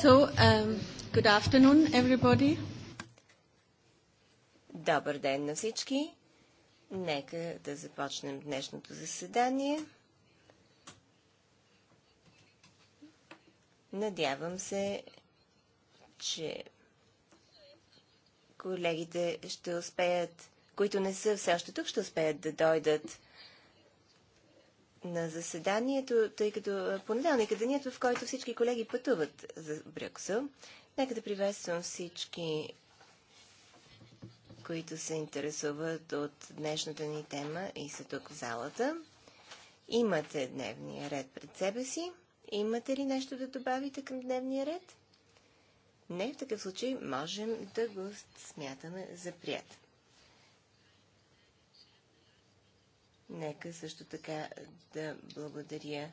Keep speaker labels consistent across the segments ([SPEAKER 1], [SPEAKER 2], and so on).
[SPEAKER 1] So, um, good afternoon,
[SPEAKER 2] everybody. Добър ден на всички. Нека да започнем днешното заседание. Надявам се, че колегите ще успеят, които не са все още тук, ще успеят да дойдат на заседанието, тъй като понеделник е денят, в който всички колеги пътуват за Брюксел. Нека да приветствам всички, които се интересуват от днешната ни тема и са тук в залата. Имате дневния ред пред себе си. Имате ли нещо да добавите към дневния ред? Не, в такъв случай можем да го смятаме за приятел. Нека също така да благодаря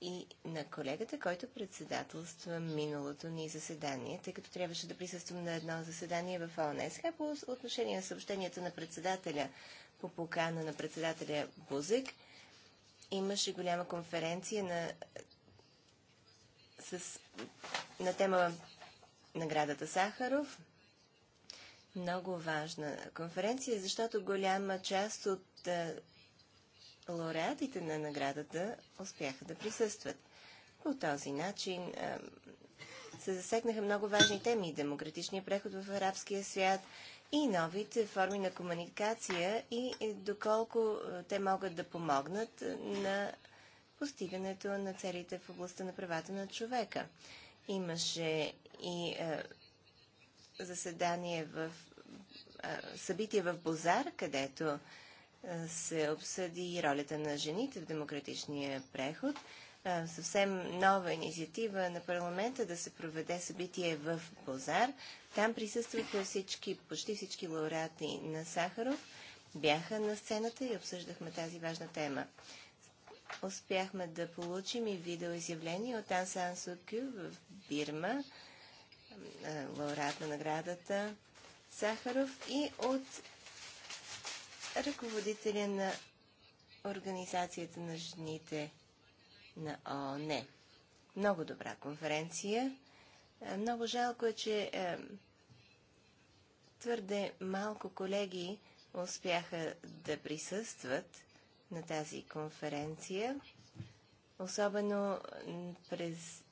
[SPEAKER 2] и на колегата, който председателства миналото ни заседание, тъй като трябваше да присъствам на едно заседание в ОНСК по отношение на съобщението на председателя по покана на председателя Бузик. Имаше голяма конференция на, с, на тема наградата Сахаров. Много важна конференция, защото голяма част от лауреатите на наградата успяха да присъстват. По този начин се засегнаха много важни теми – демократичния преход в арабския свят и новите форми на комуникация и е, доколко е, те могат да помогнат е, на постигането на целите в областта на правата на човека. Имаше и е, заседание в събития събитие в Бозар, където се обсъди и ролята на жените в демократичния преход. Съвсем нова инициатива на парламента да се проведе събитие в Бозар. Там присъстваха всички, почти всички лауреати на Сахаров. Бяха на сцената и обсъждахме тази важна тема. Успяхме да получим и видеоизявление от Сан Сукю в Бирма, лауреат на наградата Сахаров и от ръководителя на Организацията на жените на ООН. Много добра конференция. Е, много жалко е, че е, твърде малко колеги успяха да присъстват на тази конференция, особено през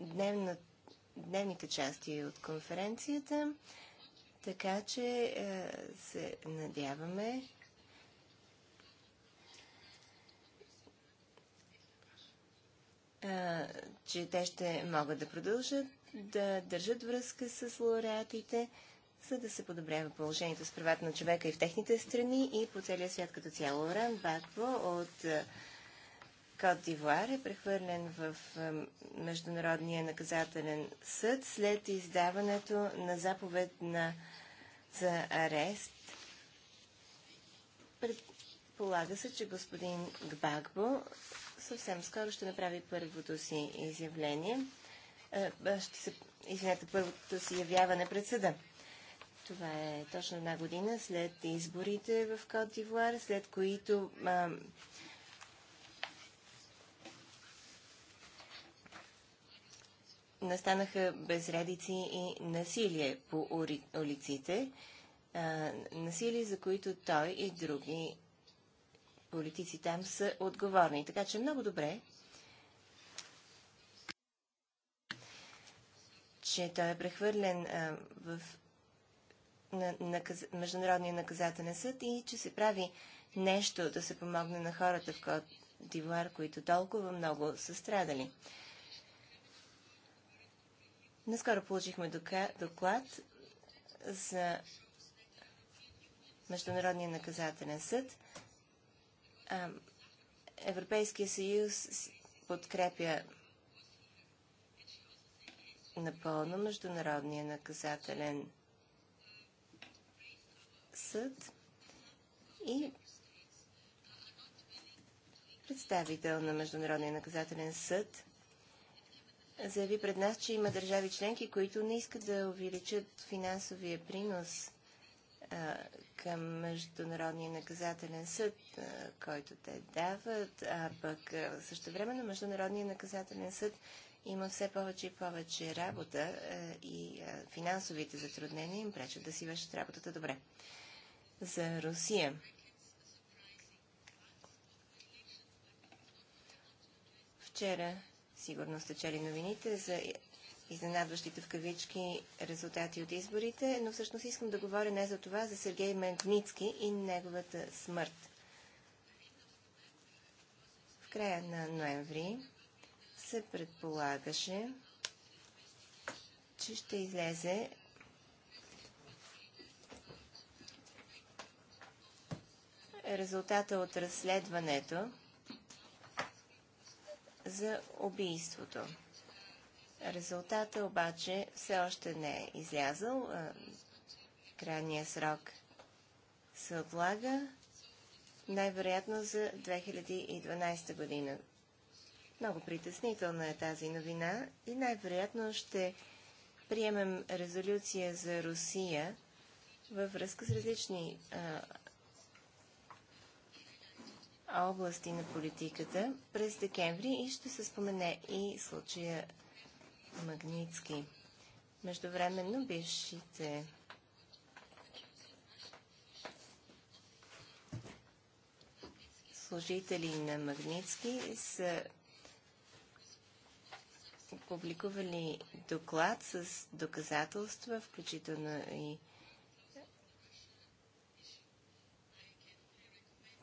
[SPEAKER 2] дневна, дневните части от конференцията. Така че е, се надяваме е, че те ще могат да продължат да държат връзка с лауреатите, за да се подобрява положението с правата на човека и в техните страни и по целия свят като цяло. ран Бакво от е, Кот Дивуар е прехвърлен в Международния наказателен съд след издаването на заповед на за арест. Предполага се, че господин Гбагбо съвсем скоро ще направи първото си изявление. Е, е, ще се, извинете, първото си явяване пред съда. Това е точно една година след изборите в Кот Дивуар, след които а, настанаха безредици и насилие по улиците. А, насилие, за които той и други политици там са отговорни. Така че много добре, че той е прехвърлен а, в на, наказ... Международния наказателен съд и че се прави нещо да се помогне на хората в Кот Дивуар, които толкова много са страдали. Наскоро получихме доклад за Международния наказателен съд. Европейския съюз подкрепя напълно Международния наказателен съд и представител на Международния наказателен съд заяви пред нас, че има държави членки, които не искат да увеличат финансовия принос а, към Международния наказателен съд, а, който те дават, а пък също време на Международния наказателен съд има все повече и повече работа а, и финансовите затруднения им пречат да си вършат работата добре. За Русия. Вчера Сигурно сте чели новините за изненадващите в кавички резултати от изборите, но всъщност искам да говоря не за това, за Сергей Ментницки и неговата смърт. В края на ноември се предполагаше, че ще излезе резултата от разследването за убийството. Резултата обаче все още не е излязъл. Крайният срок се отлага най-вероятно за 2012 година. Много притеснителна е тази новина и най-вероятно ще приемем резолюция за Русия във връзка с различни а, области на политиката през декември и ще се спомене и случая Магницки. Междувременно бившите служители на Магницки са публикували доклад с доказателства, включително и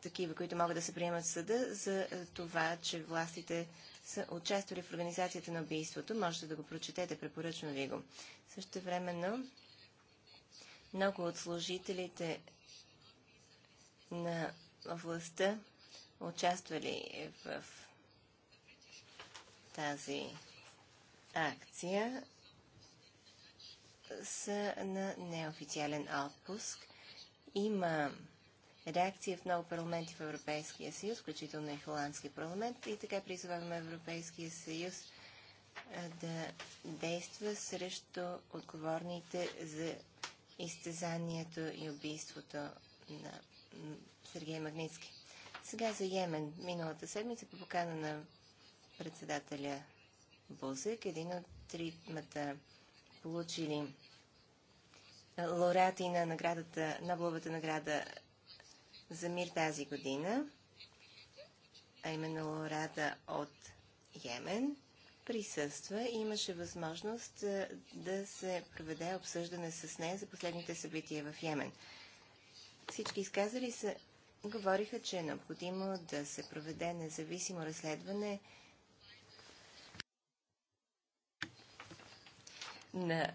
[SPEAKER 2] такива, които могат да се приемат в съда за е, това, че властите са участвали в организацията на убийството. Можете да го прочетете, препоръчвам ви го. Също времено, много от служителите на властта участвали в тази акция са на неофициален отпуск. Има реакция в много парламенти в Европейския съюз, включително и Холандския парламент. И така призоваваме Европейския съюз да действа срещу отговорните за изтезанието и убийството на Сергей Магницки. Сега за Йемен. Миналата седмица по покана на председателя Бузек, един от тримата получили лауреати на наградата, Нобеловата награда за мир тази година, а именно лауреата от Йемен, присъства и имаше възможност да се проведе обсъждане с нея за последните събития в Йемен. Всички изказали се говориха, че е необходимо да се проведе независимо разследване на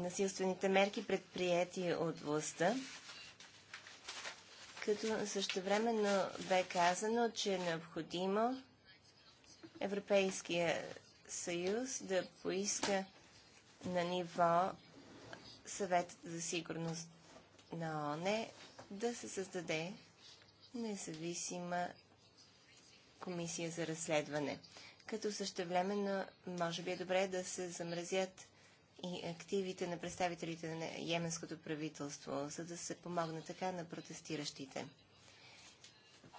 [SPEAKER 2] насилствените мерки, предприяти от властта, като същевременно бе казано, че е необходимо Европейския съюз да поиска на ниво съвет за сигурност на ОНЕ да се създаде независима комисия за разследване. Като същевременно може би е добре да се замразят и активите на представителите на Йеменското правителство, за да се помогне така на протестиращите.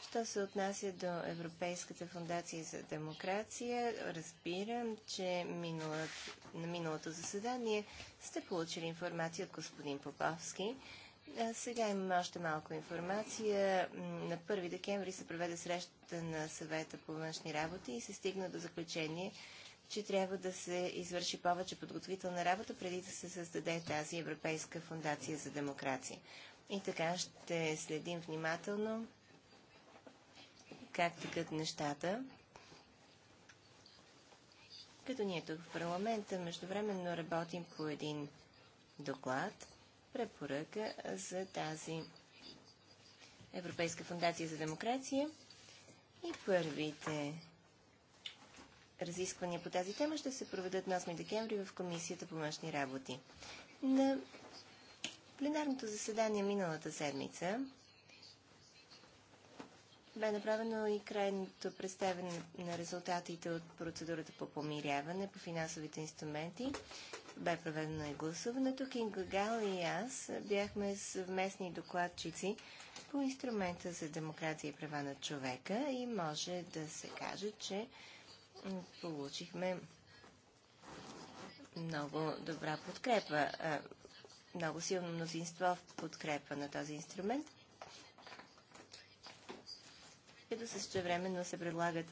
[SPEAKER 2] Що се отнася до Европейската фундация за демокрация, разбирам, че миналът, на миналото заседание сте получили информация от господин Поповски. А сега имаме още малко информация. На 1 декември се проведе среща на съвета по външни работи и се стигна до заключение, че трябва да се извърши повече подготовителна работа, преди да се създаде тази Европейска фундация за демокрация. И така ще следим внимателно как тъкат нещата. Като ние тук в парламента междувременно работим по един доклад, препоръка за тази Европейска фундация за демокрация и първите разисквания по тази тема ще се проведат на 8 декември в Комисията по външни работи. На пленарното заседание миналата седмица бе направено и крайното представяне на резултатите от процедурата по помиряване по финансовите инструменти. Бе проведено и гласуването. и Гал и аз бяхме съвместни докладчици по инструмента за демокрация и права на човека и може да се каже, че получихме много добра подкрепа, е, много силно мнозинство в подкрепа на този инструмент. Като същевременно се предлагат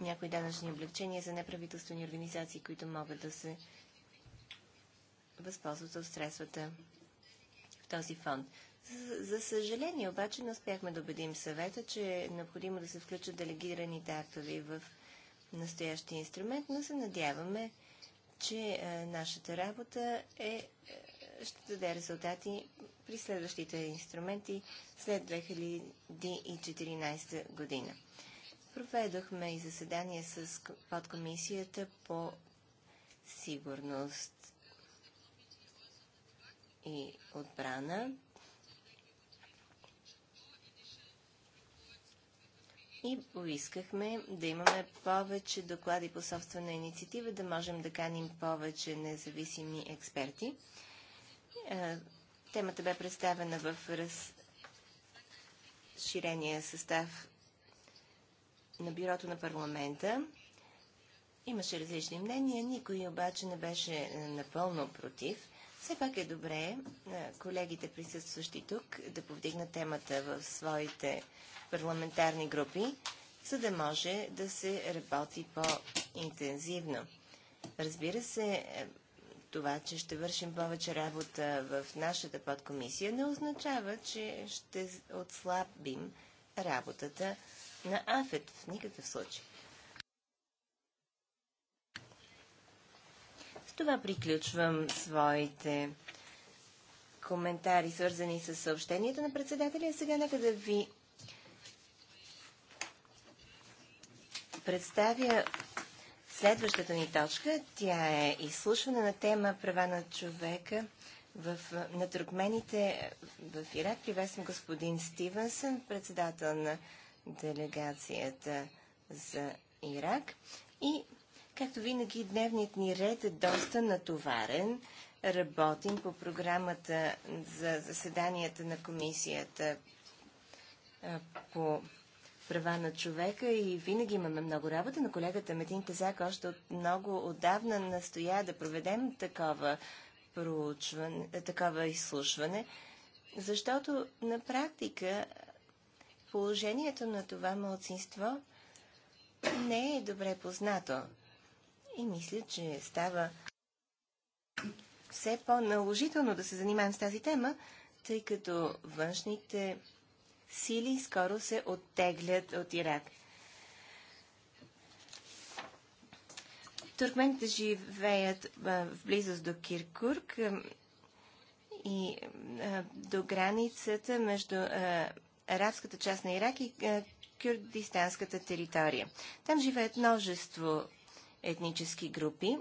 [SPEAKER 2] някои данъчни облегчения за неправителствени организации, които могат да се възползват от средствата в този фонд. За съжаление обаче не успяхме да убедим съвета, че е необходимо да се включат делегираните актови в настоящия инструмент, но се надяваме, че е, нашата работа е, е, ще даде резултати при следващите инструменти след 2014 година. Проведохме и заседание с подкомисията по сигурност и отбрана. и поискахме да имаме повече доклади по собствена инициатива, да можем да каним повече независими експерти. Е, темата бе представена в разширения състав на бюрото на парламента. Имаше различни мнения, никой обаче не беше напълно против. Все пак е добре колегите присъстващи тук да повдигнат темата в своите парламентарни групи, за да може да се работи по-интензивно. Разбира се, е, това, че ще вършим повече работа в нашата подкомисия, не означава, че ще отслабим работата на АФЕТ в никакъв случай. това приключвам своите коментари, свързани с съобщението на председателя. Сега нека да ви представя следващата ни точка. Тя е изслушване на тема права на човека в, на туркмените в Ирак. Приветствам господин Стивенсън, председател на делегацията за Ирак. И Както винаги, дневният ни ред е доста натоварен. Работим по програмата за заседанията на комисията по права на човека и винаги имаме много работа, но колегата Метин Тазак още от много отдавна настоя да проведем такова, проучване, такова изслушване, защото на практика положението на това младсинство не е добре познато и мисля, че става все по-наложително да се занимаем с тази тема, тъй като външните сили скоро се оттеглят от Ирак. Туркмените живеят в близост до Киркурк и до границата между арабската част на Ирак и кюрдистанската територия. Там живеят множество етнически групи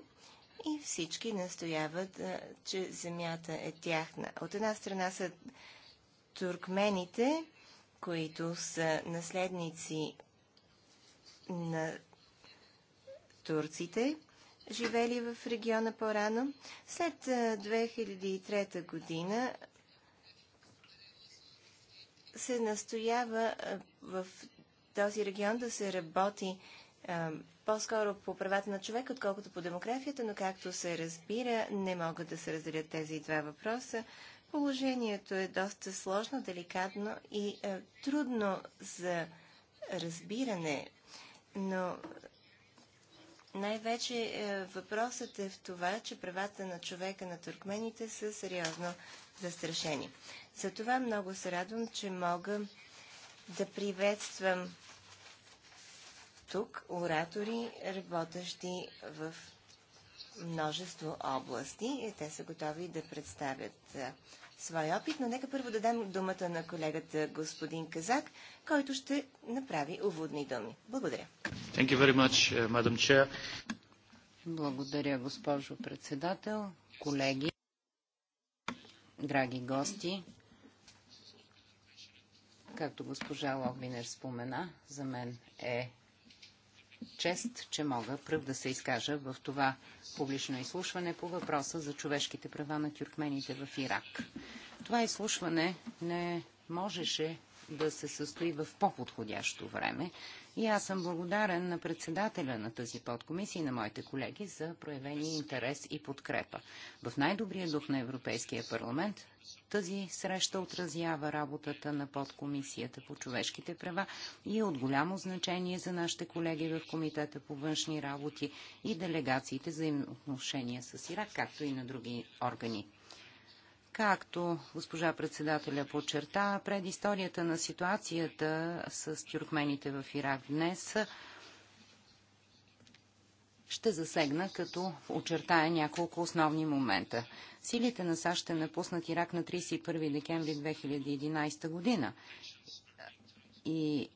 [SPEAKER 2] и всички настояват, че земята е тяхна. От една страна са туркмените, които са наследници на турците, живели в региона по-рано. След 2003 година се настоява в този регион да се работи по-скоро по правата на човек, отколкото по демографията, но както се разбира, не могат да се разделят тези два въпроса. Положението е доста сложно, деликатно и е, трудно за разбиране, но най-вече е, въпросът е в това, че правата на човека на туркмените са сериозно застрашени. Затова много се радвам, че мога да приветствам тук оратори, работещи в множество области. И те са готови да представят своя опит, но нека първо дадем думата на колегата господин Казак, който ще направи уводни думи. Благодаря.
[SPEAKER 3] Thank you very much, uh, Madam
[SPEAKER 2] Chair. Благодаря, госпожо председател, колеги,
[SPEAKER 3] драги гости. Както госпожа Логвинер спомена, за мен е чест, че мога пръв да се изкажа в това публично изслушване по въпроса за човешките права на тюркмените в Ирак. Това изслушване не можеше да се състои в по-подходящо време, и аз съм благодарен на председателя на тази подкомисия и на моите колеги за проявения интерес и подкрепа. В най-добрия дух на Европейския парламент тази среща отразява работата на подкомисията по човешките права и е от голямо значение за нашите колеги в Комитета по външни работи и делегациите за отношения с Ирак, както и на други органи. Както госпожа председателя подчерта, предисторията на ситуацията с тюркмените в Ирак днес ще засегна, като очертая няколко основни момента. Силите на САЩ ще напуснат Ирак на 31 декември 2011 година. И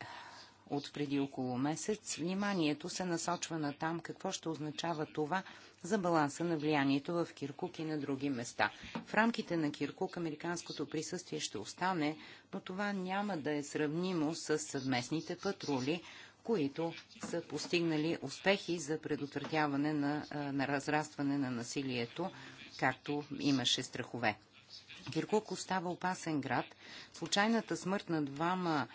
[SPEAKER 3] от преди около месец вниманието се насочва на там какво ще означава това за баланса на влиянието в Киркук и на други места. В рамките на Киркук американското присъствие ще остане, но това няма да е сравнимо с съвместните патрули, които са постигнали успехи за предотвратяване на, на разрастване на насилието, както имаше страхове. Киркук остава опасен град. Случайната смърт на двама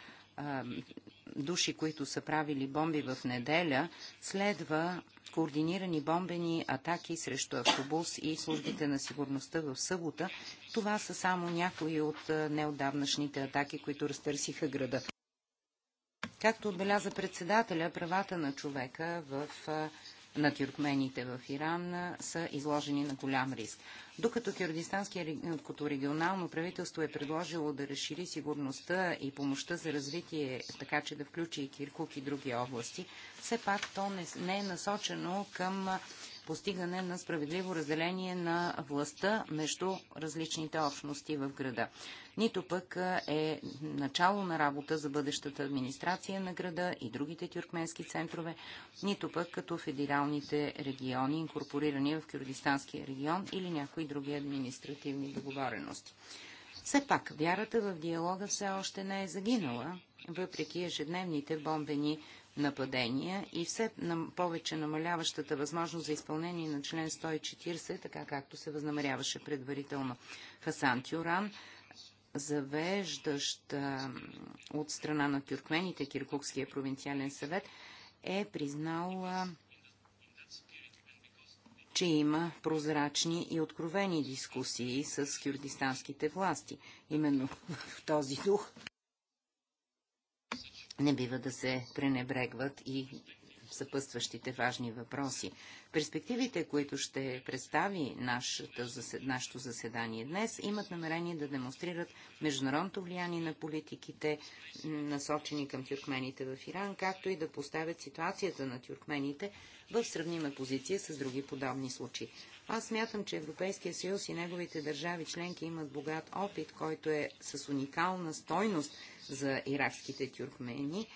[SPEAKER 3] души, които са правили бомби в неделя, следва координирани бомбени атаки срещу автобус и службите на сигурността в събота. Това са само някои от е, неодавнашните атаки, които разтърсиха града. Както отбеляза председателя, правата на човека в е, на тюркмените в Иран са изложени на голям риск. Докато Кюрдистанското регионално правителство е предложило да разшири сигурността и помощта за развитие, така че да включи и Киркук и други области, все пак то не, не е насочено към постигане на справедливо разделение на властта между различните общности в града. Нито пък е начало на работа за бъдещата администрация на града и другите тюркменски центрове, нито пък като федералните региони, инкорпорирани в Кюрдистанския регион или някои други административни договорености. Все пак, вярата в диалога все още не е загинала, въпреки ежедневните бомбени нападения и все повече намаляващата възможност за изпълнение на член 140, така както се възнамеряваше предварително. Хасан Тюран, завеждащ от страна на тюркмените Киркукския провинциален съвет, е признал, че има прозрачни и откровени дискусии с кюрдистанските власти. Именно в този дух не бива да се пренебрегват и съпътстващите важни въпроси. Перспективите, които ще представи нашето заседание днес, имат намерение да демонстрират международното влияние на политиките, насочени към тюркмените в Иран, както и да поставят ситуацията на тюркмените в сравнима позиция с други подобни случаи. Аз смятам, че Европейския съюз и неговите държави членки имат богат опит, който е с уникална стойност за иракските тюркмени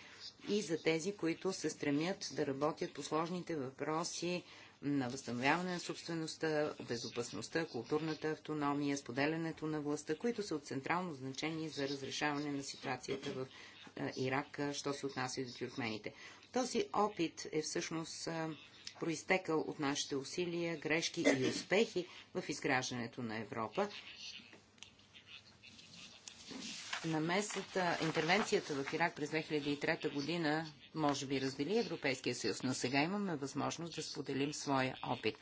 [SPEAKER 3] и за тези, които се стремят да работят по сложните въпроси на възстановяване на собствеността, безопасността, културната автономия, споделянето на властта, които са от централно значение за разрешаване на ситуацията в е, Ирак, що се отнася до тюркмените. Този опит е всъщност проистекал от нашите усилия, грешки и успехи в изграждането на Европа. Намесата, интервенцията в Ирак през 2003 година може би раздели Европейския съюз, но сега имаме възможност да споделим своя опит.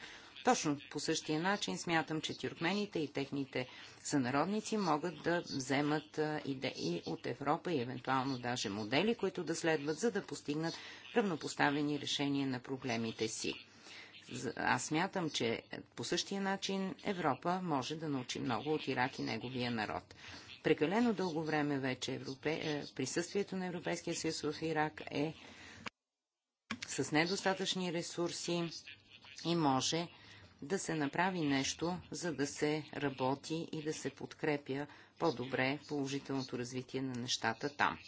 [SPEAKER 3] Точно по същия начин смятам, че тюркмените и техните сънародници могат да вземат идеи от Европа и евентуално даже модели, които да следват, за да постигнат равнопоставени решения на проблемите си. Аз смятам, че по същия начин Европа може да научи много от Ирак и неговия народ. Прекалено дълго време вече Европе... Е, присъствието на Европейския съюз в Ирак е с недостатъчни ресурси и може да се направи нещо, за да се работи и да се подкрепя по-добре положителното развитие на нещата там.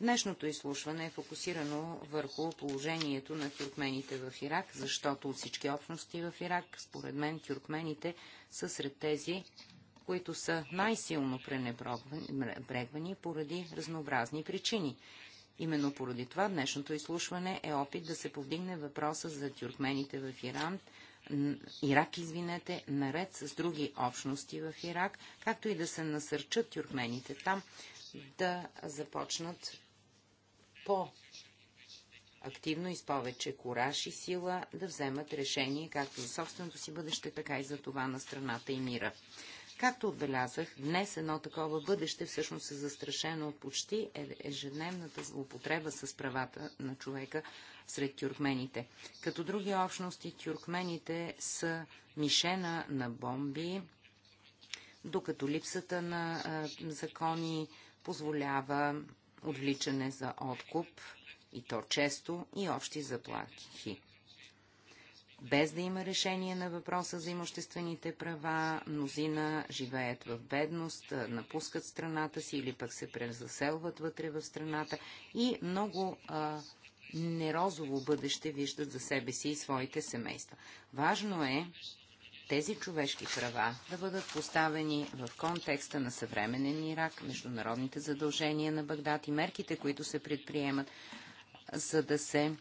[SPEAKER 3] Днешното изслушване е фокусирано върху положението на тюркмените в Ирак, защото от всички общности в Ирак, според мен, тюркмените са сред тези, които са най-силно пренебрегвани поради разнообразни причини. Именно поради това днешното изслушване е опит да се повдигне въпроса за тюркмените в Иран – Ирак, извинете, наред с други общности в Ирак, както и да се насърчат тюркмените там да започнат по активно и с повече кураж и сила да вземат решение както за собственото си бъдеще, така и за това на страната и мира. Както отбелязах, днес едно такова бъдеще всъщност е застрашено от почти е-, ежедневната злоупотреба с правата на човека сред тюркмените. Като други общности, тюркмените са мишена на бомби, докато липсата на а, закони позволява отвличане за откуп, и то често, и общи заплахи без да има решение на въпроса за имуществените права. Мнозина живеят в бедност, напускат страната си или пък се презаселват вътре в страната и много а, нерозово бъдеще виждат за себе си и своите семейства. Важно е тези човешки права да бъдат поставени в контекста на съвременен Ирак, международните задължения на Багдад и мерките, които се предприемат, за да се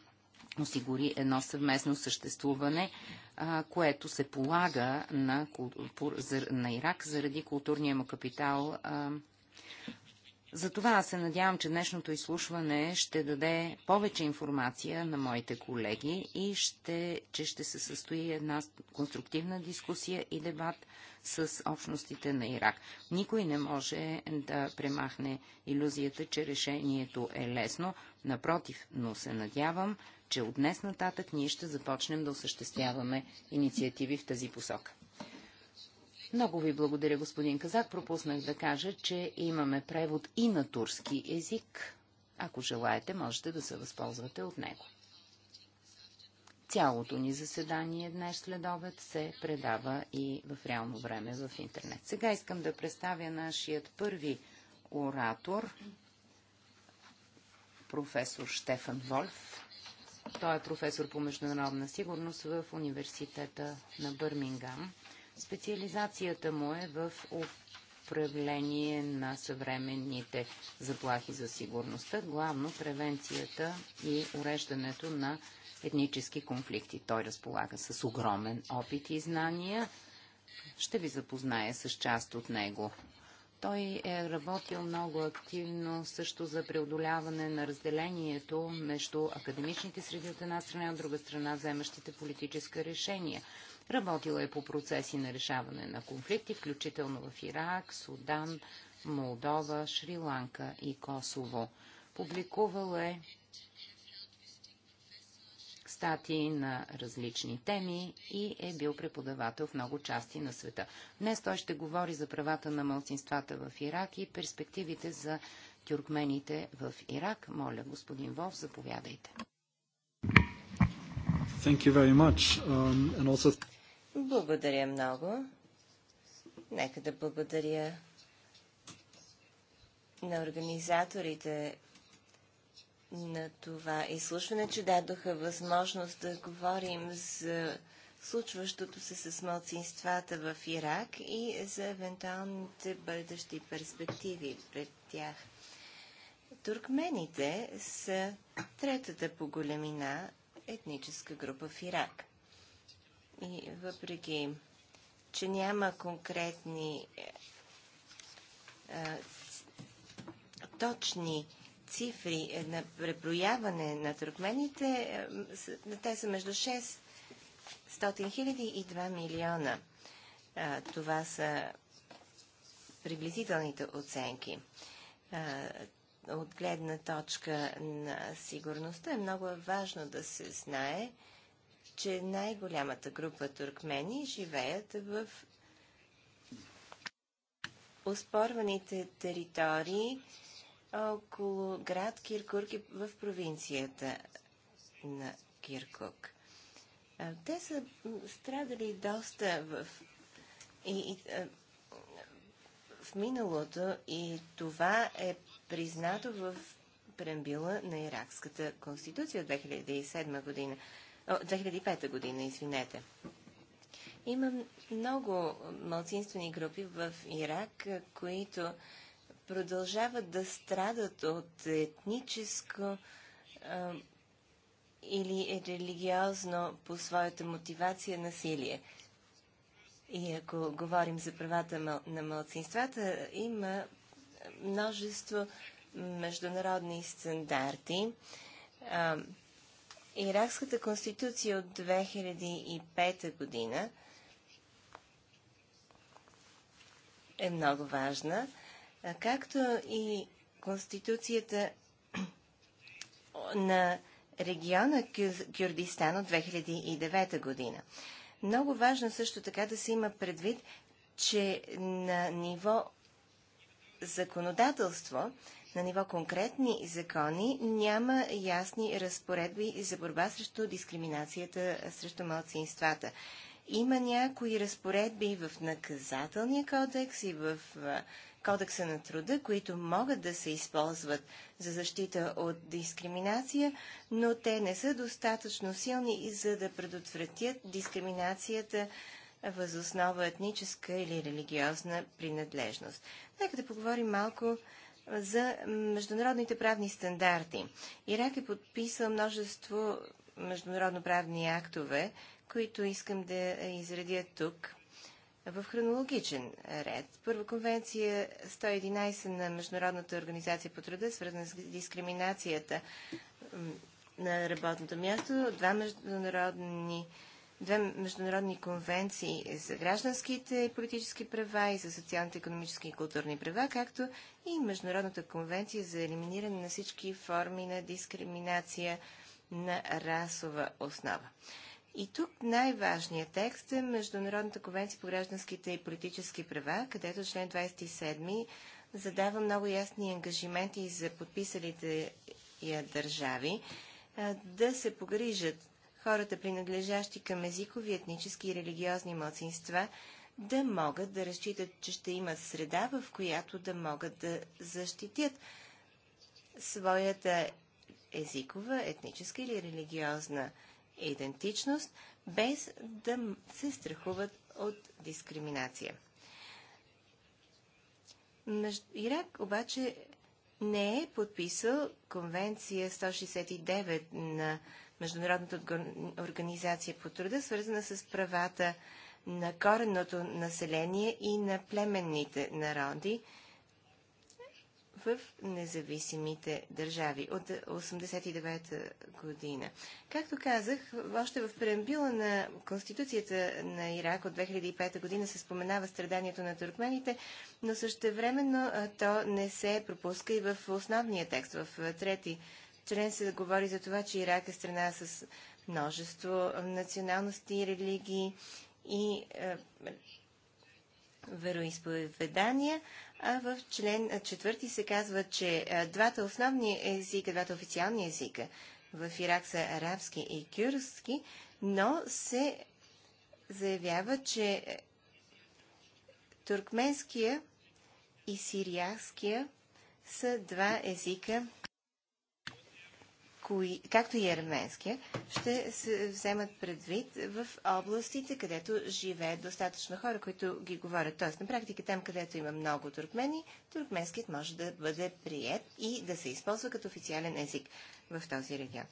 [SPEAKER 3] осигури едно съвместно съществуване, а, което се полага на, на Ирак заради културния му капитал. А, затова аз се надявам, че днешното изслушване ще даде повече информация на моите колеги и ще, че ще се състои една конструктивна дискусия и дебат с общностите на Ирак. Никой не може да премахне иллюзията, че решението е лесно. Напротив, но се надявам, че от днес нататък ние ще започнем да осъществяваме инициативи в тази посока. Много ви благодаря, господин Казак. Пропуснах да кажа, че имаме превод и на турски език. Ако желаете, можете да се възползвате от него. Цялото ни заседание днес след обед се предава и в реално време в интернет. Сега искам да представя нашият първи оратор, професор Штефан Вольф. Той е професор по международна сигурност в университета на Бърмингам. Специализацията му е в управление на съвременните заплахи за сигурността, главно превенцията и уреждането на етнически конфликти. Той разполага с огромен опит и знания. Ще ви запозная с част от него. Той е работил много активно също за преодоляване на разделението между академичните среди от една страна и от друга страна вземащите политическа решения. Работила е по процеси на решаване на конфликти, включително в Ирак, Судан, Молдова, Шри-Ланка и Косово. Публикувал е статии на различни теми и е бил преподавател в много части на света. Днес той ще говори за правата на малцинствата в Ирак и перспективите за тюркмените в
[SPEAKER 2] Ирак. Моля, господин Вов, заповядайте.
[SPEAKER 3] Thank you very much. Um, and also...
[SPEAKER 2] Благодаря много. Нека да благодаря на организаторите на това изслушване, че дадоха възможност да говорим за случващото се с младсинствата в Ирак и за евентуалните бъдещи перспективи пред тях. Туркмените са третата по големина етническа група в Ирак. И въпреки, че няма конкретни а, точни цифри е, на преброяване на туркмените, е, те са между 600 хиляди и 2 милиона. Е, това са приблизителните оценки. От гледна точка на сигурността е много важно да се знае, че най-голямата група туркмени живеят в оспорваните територии около град Киркук и в провинцията на Киркук. Те са страдали доста в, и, и, в миналото и това е признато в прембила на Иракската конституция от 2007 година. 2005 година, извинете. Има много малцинствени групи в Ирак, които продължават да страдат от етническо а, или религиозно по своята мотивация насилие. И ако говорим за правата на младсинствата, има множество международни стандарти. А, Иракската конституция от 2005 година е много важна както и Конституцията на региона Кюрдистан от 2009 година. Много важно също така да се има предвид, че на ниво законодателство, на ниво конкретни закони, няма ясни разпоредби за борба срещу дискриминацията срещу малцинствата. Има някои разпоредби в наказателния кодекс и в кодекса на труда, които могат да се използват за защита от дискриминация, но те не са достатъчно силни, и за да предотвратят дискриминацията възоснова етническа или религиозна принадлежност. Нека да поговорим малко за международните правни стандарти. Ирак е подписал множество международно правни актове, които искам да изредя тук в хронологичен ред. Първа конвенция 111 на Международната организация по труда, свързана с дискриминацията на работното място, два международни, две международни конвенции за гражданските и политически права и за социалните, економически и културни права, както и Международната конвенция за елиминиране на всички форми на дискриминация на расова основа. И тук най-важният текст е Международната конвенция по гражданските и политически права, където член 27 задава много ясни ангажименти за подписалите я държави да се погрижат хората, принадлежащи към езикови, етнически и религиозни младсинства, да могат да разчитат, че ще имат среда, в която да могат да защитят своята езикова, етническа или религиозна идентичност, без да се страхуват от дискриминация. Ирак обаче не е подписал конвенция 169 на Международната организация по труда, свързана с правата на коренното население и на племенните народи, в независимите държави от 1989 година. Както казах, още в преамбила на Конституцията на Ирак от 2005 година се споменава страданието на туркмените, но същевременно то не се пропуска и в основния текст, в трети член се говори за това, че Ирак е страна с множество националности, религии и е, вероисповедания, а в член 4 се казва, че двата основни езика, двата официални езика в Ирак са арабски и кюрски, но се заявява, че е, туркменския и сириаския са два езика, кои, както и арменския, ще се вземат предвид в областите, където живеят достатъчно хора, които ги говорят. Тоест, на практика, там, където има много туркмени, туркменският може да бъде прият и да се използва като официален език в този регион.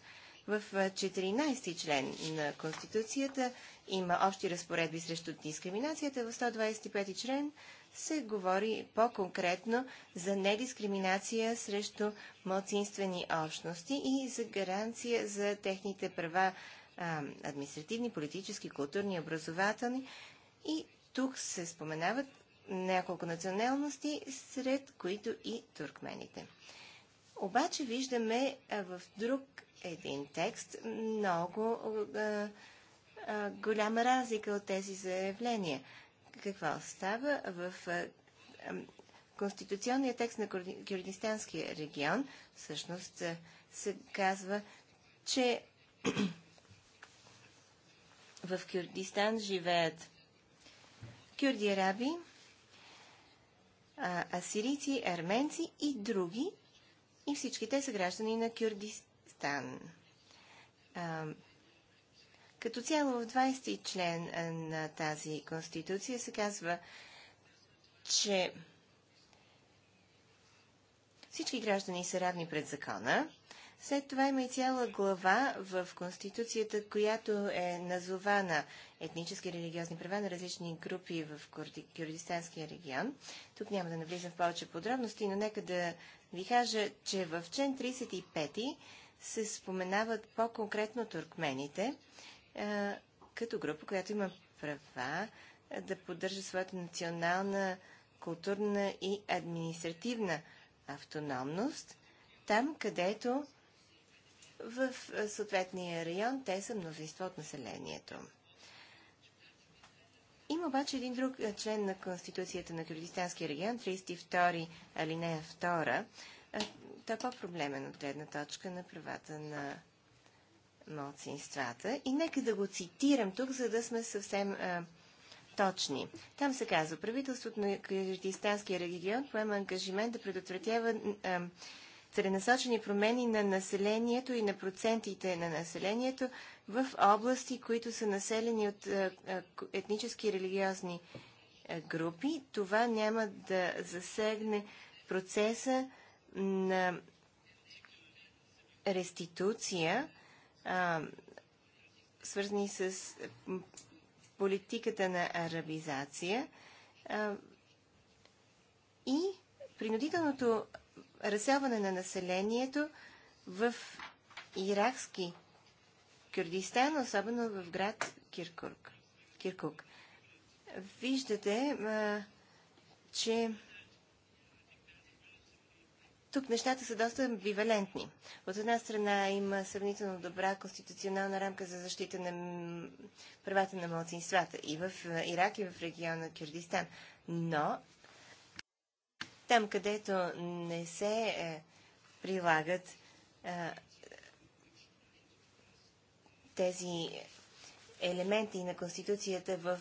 [SPEAKER 2] В 14 член на Конституцията има общи разпоредби срещу дискриминацията. В 125 член се говори по-конкретно за недискриминация срещу младсинствени общности и за гаранция за техните права административни, политически, културни, образователни. И тук се споменават няколко националности, сред които и туркмените. Обаче виждаме в друг един текст, много а, а, голяма разлика от тези заявления. Какво става в а, конституционния текст на Кюрдистанския регион? Всъщност се казва, че в Кюрдистан живеят кюрди араби, асирийци, арменци и други. И всички те са граждани на Кюрдистан. Афганистан. А, като цяло в 20-ти член на тази конституция се казва, че всички граждани са равни пред закона. След това има и цяла глава в Конституцията, която е назована етнически и религиозни права на различни групи в Кюрдистанския регион. Тук няма да навлизам в повече подробности, но нека да ви кажа, че в член 35 се споменават по-конкретно туркмените е, като група, която има права е, да поддържа своята национална, културна и административна автономност, там където в е, съответния район те са мнозинство от населението. Има обаче един друг член на Конституцията на Кюрдистанския регион, 32 алинея той е по-проблемен от гледна точка на правата на младсинствата. И нека да го цитирам тук, за да сме съвсем а, точни. Там се казва, правителството на Киргизстанския регион поема ангажимент да предотвратява а, целенасочени промени на населението и на процентите на населението в области, които са населени от а, етнически и религиозни групи. Това няма да засегне процеса на реституция, а, свързани с политиката на арабизация а, и принудителното разселване на населението в иракски Кюрдистан, особено в град Киркук. Киркук. Виждате, а, че тук нещата са доста амбивалентни. От една страна има сравнително добра конституционална рамка за защита на правата на младсинствата и в Ирак, и в региона Кюрдистан. Но там, където не се е, прилагат тези елементи на Конституцията в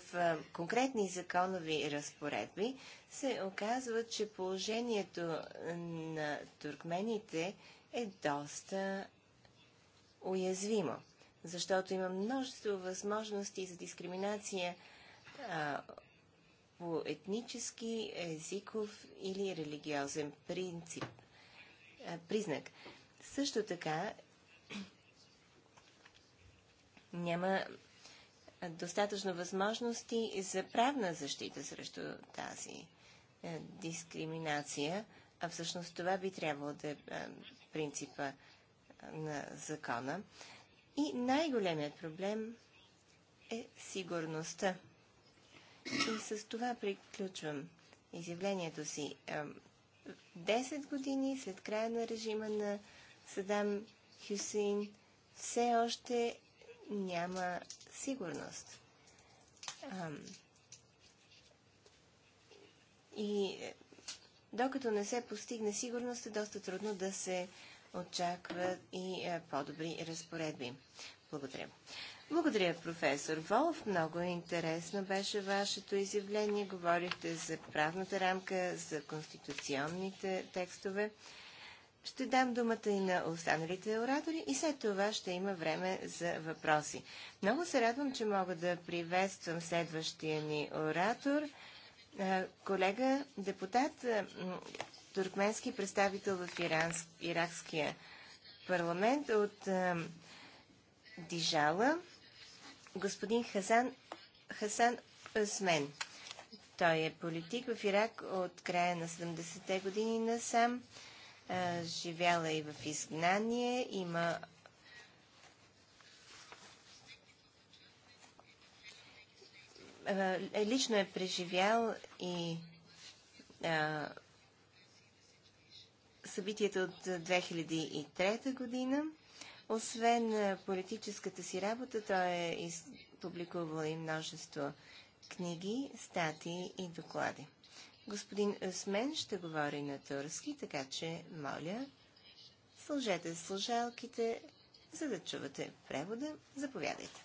[SPEAKER 2] конкретни законови разпоредби, се оказва, че положението на туркмените е доста уязвимо, защото има множество възможности за дискриминация по етнически, езиков или религиозен принцип, признак. Също така няма е, достатъчно възможности за правна защита срещу тази е, дискриминация, а всъщност това би трябвало да е, е принципа на закона. И най-големият проблем е сигурността. И с това приключвам изявлението си. Десет години след края на режима на Садам Хюсейн все още няма сигурност. Ам... И докато не се постигне сигурност, е доста трудно да се очакват и е, по-добри разпоредби. Благодаря. Благодаря, професор Волф. Много интересно беше вашето изявление. Говорихте за правната рамка, за конституционните текстове. Ще дам думата и на останалите оратори и след това ще има време за въпроси. Много се радвам, че мога да приветствам следващия ни оратор, колега депутат, туркменски представител в Иранск, Иракския парламент от Дижала, господин Хасан, Хасан Осмен. Той е политик в Ирак от края на 70-те години насам. сам е, живяла и в изгнание, има е, лично е преживял и а, събитията от 2003 година. Освен политическата си работа, той е публикувал и множество книги, статии и доклади. Господин Осмен ще говори на турски, така че, моля, сложете служалките, за да чувате превода. Заповядайте.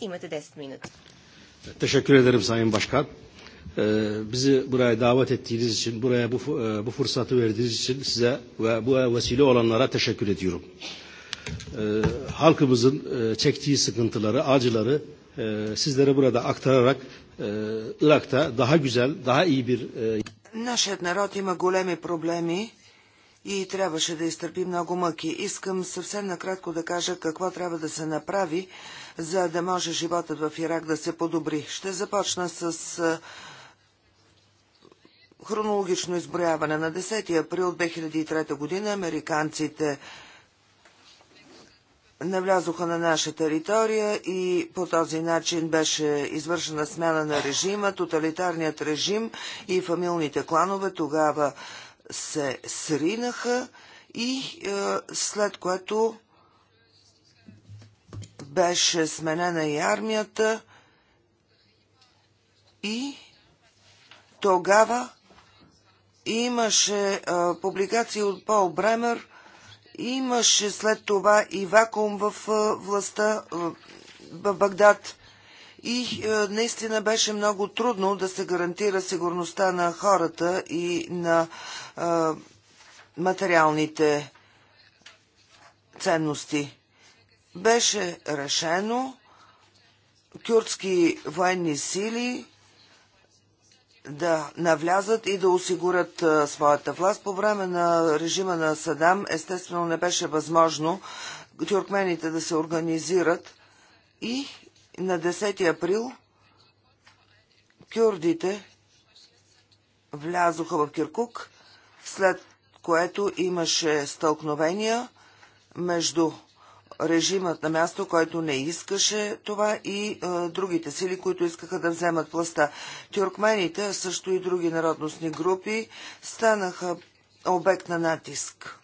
[SPEAKER 2] Имате 10 минути.
[SPEAKER 4] Teşekkür ederim Sayın Başkan. Bizi buraya davet ettiğiniz için, buraya bu, bu fırsatı verdiğiniz için size ve bu vesile olanlara teşekkür ediyorum. Halkımızın çektiği sıkıntıları, acıları sizlere burada aktararak е, е, Нашият народ има големи проблеми и трябваше да изтърпи много мъки. Искам съвсем накратко да кажа какво трябва да се направи, за да може животът в Ирак да се подобри. Ще започна с е, хронологично изброяване. На 10 април 2003 година американците навлязоха на наша територия и по този начин беше извършена смяна на режима, тоталитарният режим и фамилните кланове тогава се сринаха и е, след което беше сменена и армията и тогава имаше е, публикации от Пол Бремер – Имаше след това и вакуум в властта в Багдад и наистина беше много трудно да се гарантира сигурността на хората и на материалните ценности. Беше решено кюртски военни сили да навлязат и да осигурят своята власт. По време на режима на Садам, естествено, не беше възможно тюркмените да се организират и на 10 април кюрдите влязоха в Киркук, след което имаше стълкновения между режимът на място, който не искаше това и а, е, другите сили, които искаха да вземат властта. Тюркмените, също и други народностни групи, станаха обект на натиск.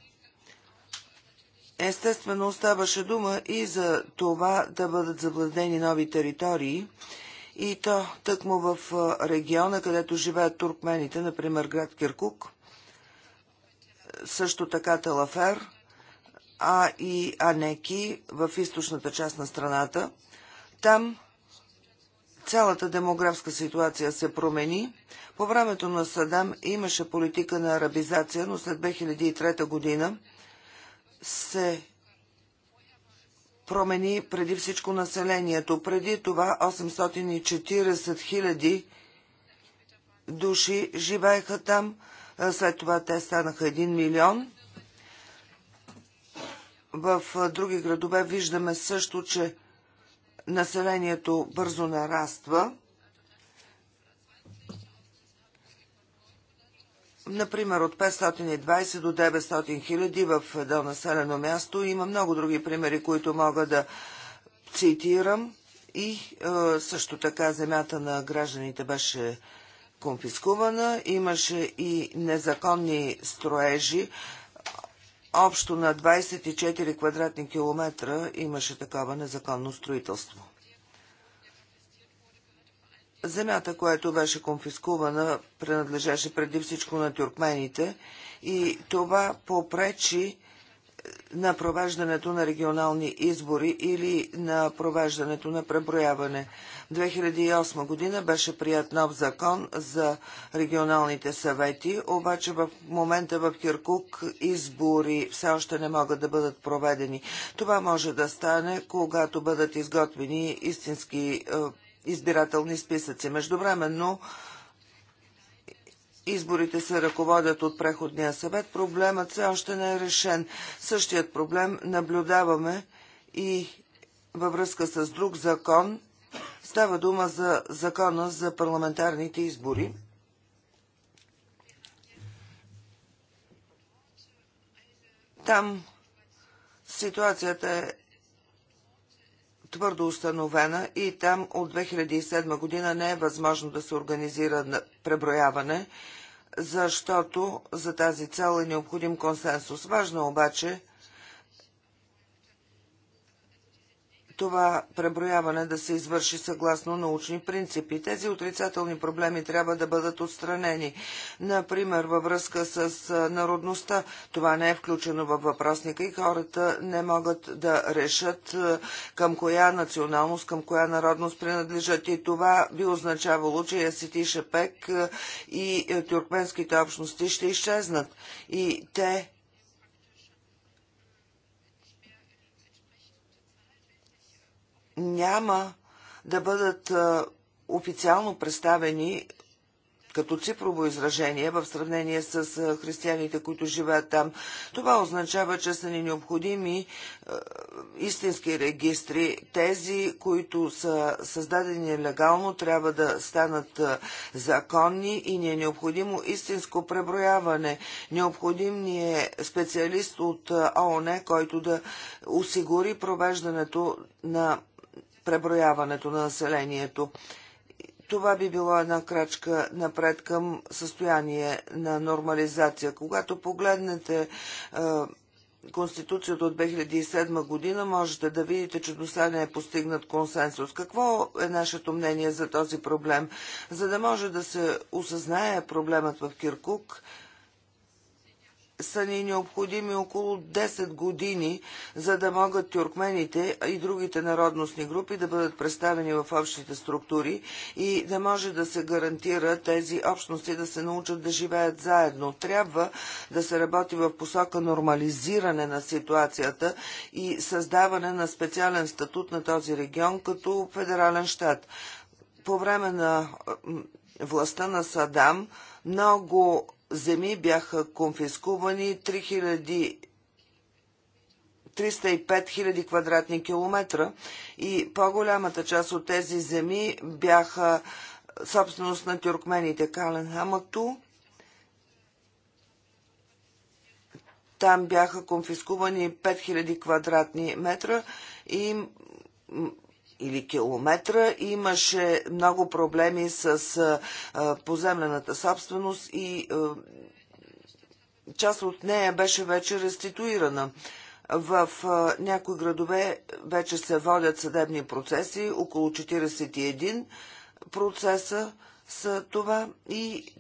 [SPEAKER 4] Естествено, оставаше дума и за това да бъдат завладени нови територии и то тъкмо в е, региона, където живеят туркмените, например град Киркук, също така Талафер – а и Анеки в източната част на страната. Там цялата демографска ситуация се промени. По времето на Садам имаше политика на арабизация, но след 2003 година се промени преди всичко населението. Преди това 840 хиляди души живееха там, след това те станаха 1 милион. В други градове виждаме също, че населението бързо нараства. Например, от 520 до 900 хиляди в едно населено място. Има много други примери, които мога да цитирам. И е, също така земята на гражданите беше конфискувана. Имаше и незаконни строежи. Общо на 24 квадратни километра имаше такова незаконно строителство. Земята, която беше конфискувана, принадлежеше преди всичко на тюркмените и това попречи на провеждането на регионални избори или на провеждането на преброяване. В 2008 година беше прият нов закон за регионалните съвети, обаче в момента в Киркук избори все още не могат да бъдат проведени. Това може да стане, когато бъдат изготвени истински е, избирателни списъци. Междувременно, изборите се ръководят от преходния съвет, проблемът все още не е решен. Същият проблем наблюдаваме и във връзка с друг закон. Става дума за закона за парламентарните избори. Там ситуацията е твърдо установена и там от 2007 година не е възможно да се организира преброяване, защото за тази цел е необходим консенсус. Важно е обаче това преброяване да се извърши съгласно научни принципи. Тези отрицателни проблеми трябва да бъдат отстранени. Например, във връзка с народността. Това не е включено във въпросника и хората не могат да решат към коя националност, към коя народност принадлежат. И това би означавало, че Ясити Шепек и тюркменските общности ще изчезнат. И те няма да бъдат официално представени като цифрово изражение в сравнение с християните, които живеят там. Това означава, че са ни необходими истински регистри. Тези, които са създадени легално, трябва да станат законни и ни е необходимо истинско преброяване. Необходим ни е специалист от ООН, който да осигури провеждането на преброяването на населението. Това би било една крачка напред към състояние на нормализация. Когато погледнете е, Конституцията от 2007 година, можете да видите, че до сега не е постигнат консенсус. Какво е нашето мнение за този проблем? За да може да се осъзнае проблемът в Киркук, са ни необходими около 10 години, за да могат тюркмените и другите народностни групи да бъдат представени в общите структури и да може да се гарантира тези общности да се научат да живеят заедно. Трябва да се работи в посока нормализиране на ситуацията и създаване на специален статут на този регион като федерален щат. По време на властта на Садам много земи бяха конфискувани 3000 305 000 квадратни километра и по-голямата част от тези земи бяха собственост на тюркмените Каленхамату. Там бяха конфискувани 5000 квадратни метра и или километра. Имаше много проблеми с поземлената собственост и част от нея беше вече реституирана. В някои градове вече се водят съдебни процеси, около 41 процеса са това и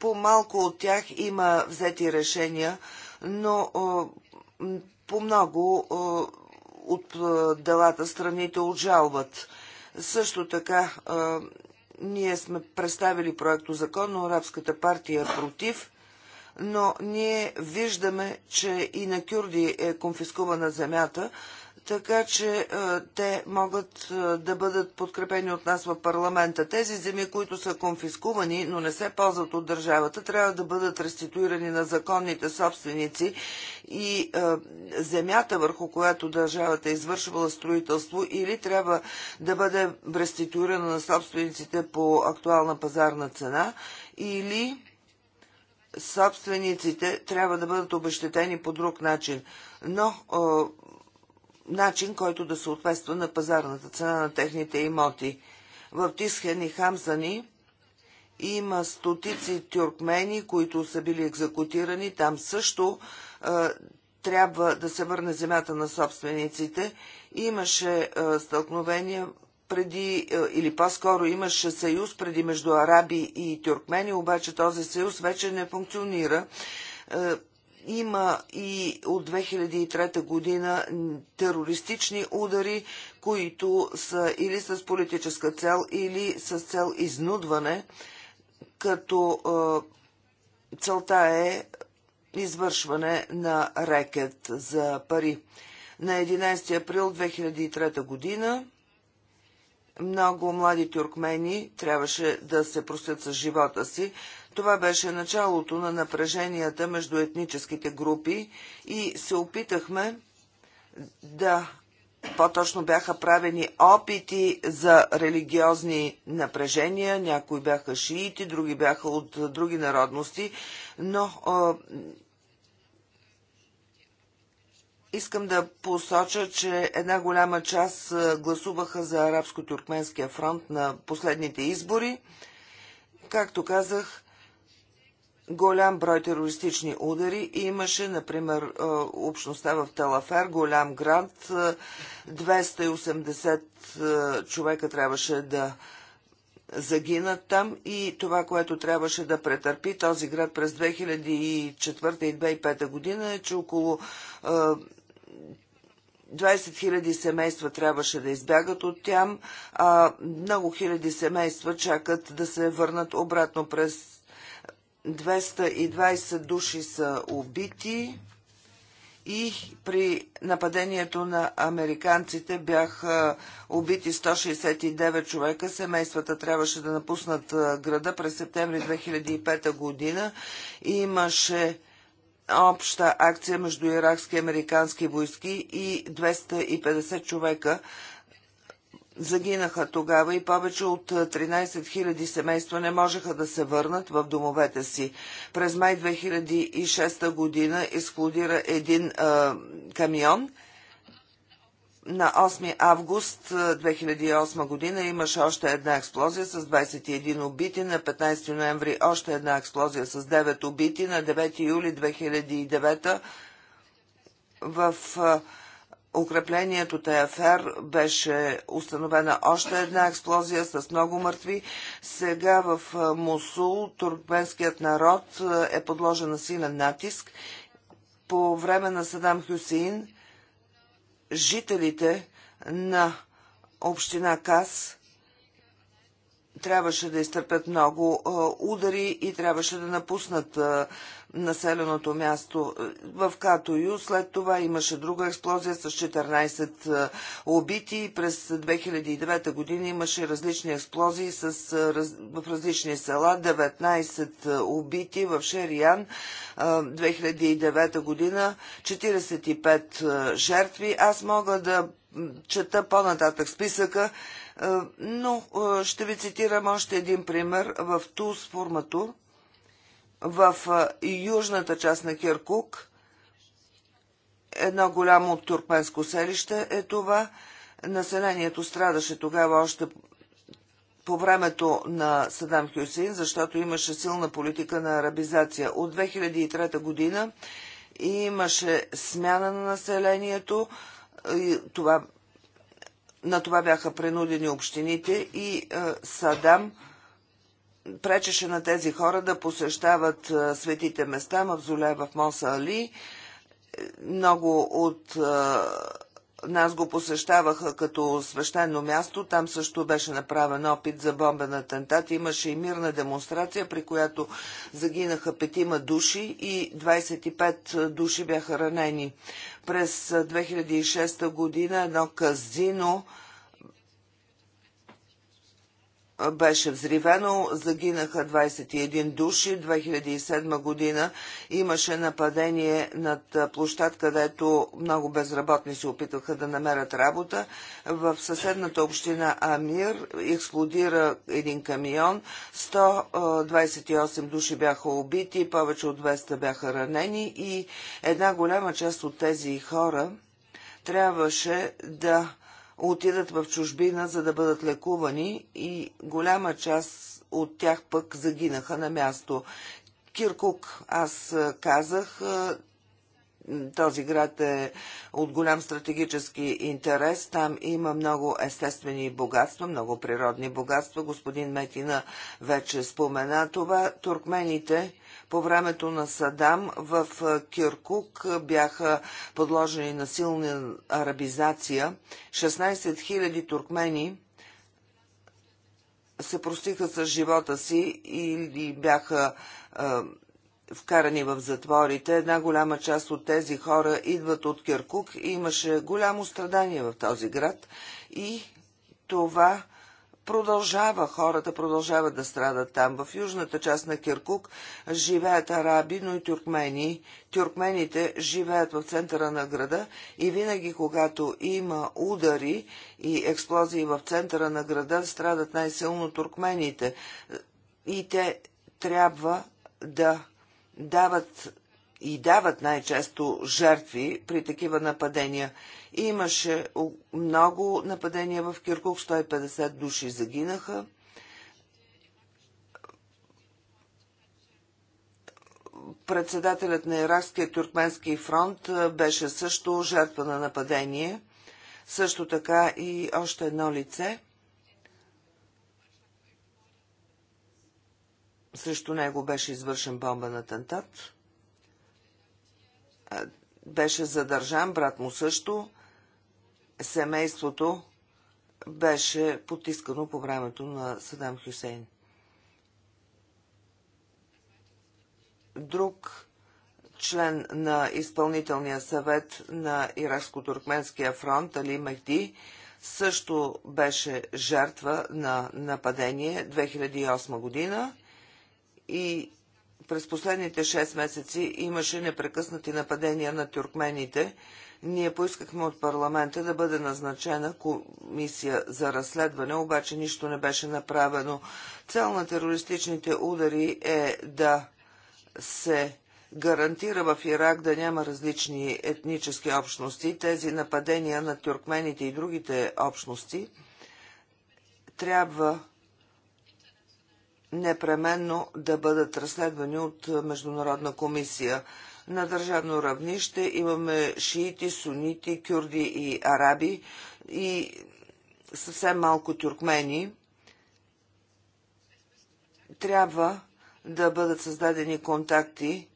[SPEAKER 4] по малко от тях има взети решения, но по много от делата страните отжалват. Също така ние сме представили проекто закон, но арабската партия е против, но ние виждаме, че и на кюрди е конфискувана земята така че е, те могат е, да бъдат подкрепени от нас в парламента. Тези земи, които са конфискувани, но не се ползват от държавата, трябва да бъдат реституирани на законните собственици и е, земята, върху която държавата е извършвала строителство, или трябва да бъде реституирана на собствениците по актуална пазарна цена, или собствениците трябва да бъдат обещетени по друг начин. Но начин, който да съответства на пазарната цена на техните имоти. В Тисхен и Хамзани има стотици тюркмени, които са били екзекутирани. Там също а, е, трябва да се върне земята на собствениците. Имаше а, е, стълкновения преди, а, е, или по-скоро имаше съюз преди между араби и тюркмени, обаче този съюз вече не функционира има и от 2003 година терористични удари, които са или с политическа цел, или с цел изнудване, като целта е извършване на рекет за пари. На 11 април 2003 година много млади тюркмени трябваше да се простят с живота си, това беше началото на напреженията между етническите групи и се опитахме да по-точно бяха правени опити за религиозни напрежения. Някои бяха шиити, други бяха от други народности, но искам да посоча, че една голяма част гласуваха за арабско туркменския фронт на последните избори. Както казах, голям брой терористични удари. Имаше, например, е, общността в Талафер, голям град. 280 е, е, човека трябваше да загинат там и това, което трябваше да претърпи този град през 2004 и 2005 година е, че около 20 хиляди семейства трябваше да избягат от тям, а много хиляди семейства чакат да се върнат обратно през 220 души са убити и при нападението на американците бяха убити 169 човека. Семействата трябваше да напуснат града през септември 2005 година. Имаше обща акция между иракски и американски войски и 250 човека загинаха тогава и повече от 13 000 семейства не можеха да се върнат в домовете си. През май 2006 година експлодира един а, камион. На 8 август 2008 година имаше още една експлозия с 21 убити, на 15 ноември още една експлозия с 9 убити, на 9 юли 2009 в а, укреплението ТФР беше установена още една експлозия с много мъртви. Сега в Мусул туркменският народ е подложен на силен натиск. По време на Садам Хюсеин жителите на община Кас трябваше да изтърпят много удари и трябваше да напуснат населеното място в Катою. След това имаше друга експлозия с 14 е, убити. През 2009 година имаше различни експлозии с, е, в различни села. 19 е, убити в Шериян 2009 година. 45 жертви. Аз мога да чета по-нататък списъка, но ще ви цитирам още един пример. В Туз Форматур в южната част на Киркук. Едно голямо турпенско селище е това. Населението страдаше тогава още по времето на Садам Хюсейн, защото имаше силна политика на арабизация. От 2003 година имаше смяна на населението. Това, на това бяха принудени общините и е, Садам пречеше на тези хора да посещават светите места, мавзолея в Моса Али. Е, много от нас го посещаваха като свещено място. Там също беше направен опит за бомбен атентат. Имаше и мирна демонстрация, при която загинаха петима души и 25 души бяха ранени. През 2006 година едно казино беше взривено, загинаха 21 души. 2007 година имаше нападение над площад, където много безработни се опитваха да намерят работа. В съседната община Амир експлодира един камион. 128 души бяха убити, повече от 200 бяха ранени и една голяма част от тези хора трябваше да отидат в чужбина, за да бъдат лекувани и голяма част от тях пък загинаха на място. Киркук, аз казах, този град е от голям стратегически интерес. Там има много естествени богатства, много природни богатства. Господин Метина вече спомена това. Туркмените по времето на Садам в Киркук бяха подложени на силна арабизация. 16 000 туркмени се простиха с живота си или бяха вкарани в затворите. Една голяма част от тези хора идват от Киркук и имаше голямо страдание в този град и това продължава, хората продължават да страдат там. В южната част на Киркук живеят араби, но и тюркмени. Тюркмените живеят в центъра на града и винаги, когато има удари и експлозии в центъра на града, страдат най-силно тюркмените. И те трябва да дават и дават най-често жертви при такива нападения. И имаше много нападения в Киркук, 150 души загинаха. Председателят на Иракския туркменски фронт беше също жертва на нападение. Също така и още едно лице. Срещу него беше извършен бомбен атентат беше задържан, брат му също. Семейството беше потискано по времето на Садам Хюсейн. Друг член на изпълнителния съвет на Иракско-Туркменския фронт, Али Мехди, също беше жертва на нападение 2008 година и през последните 6 месеци имаше непрекъснати нападения на тюркмените. Ние поискахме от парламента да бъде назначена комисия за разследване, обаче нищо не беше направено. Цел на терористичните удари е да се гарантира в Ирак да няма различни етнически общности. Тези нападения на тюркмените и другите общности трябва непременно да бъдат разследвани от Международна комисия. На държавно равнище имаме шиити, сунити, кюрди и араби и съвсем малко тюркмени. Трябва да бъдат създадени контакти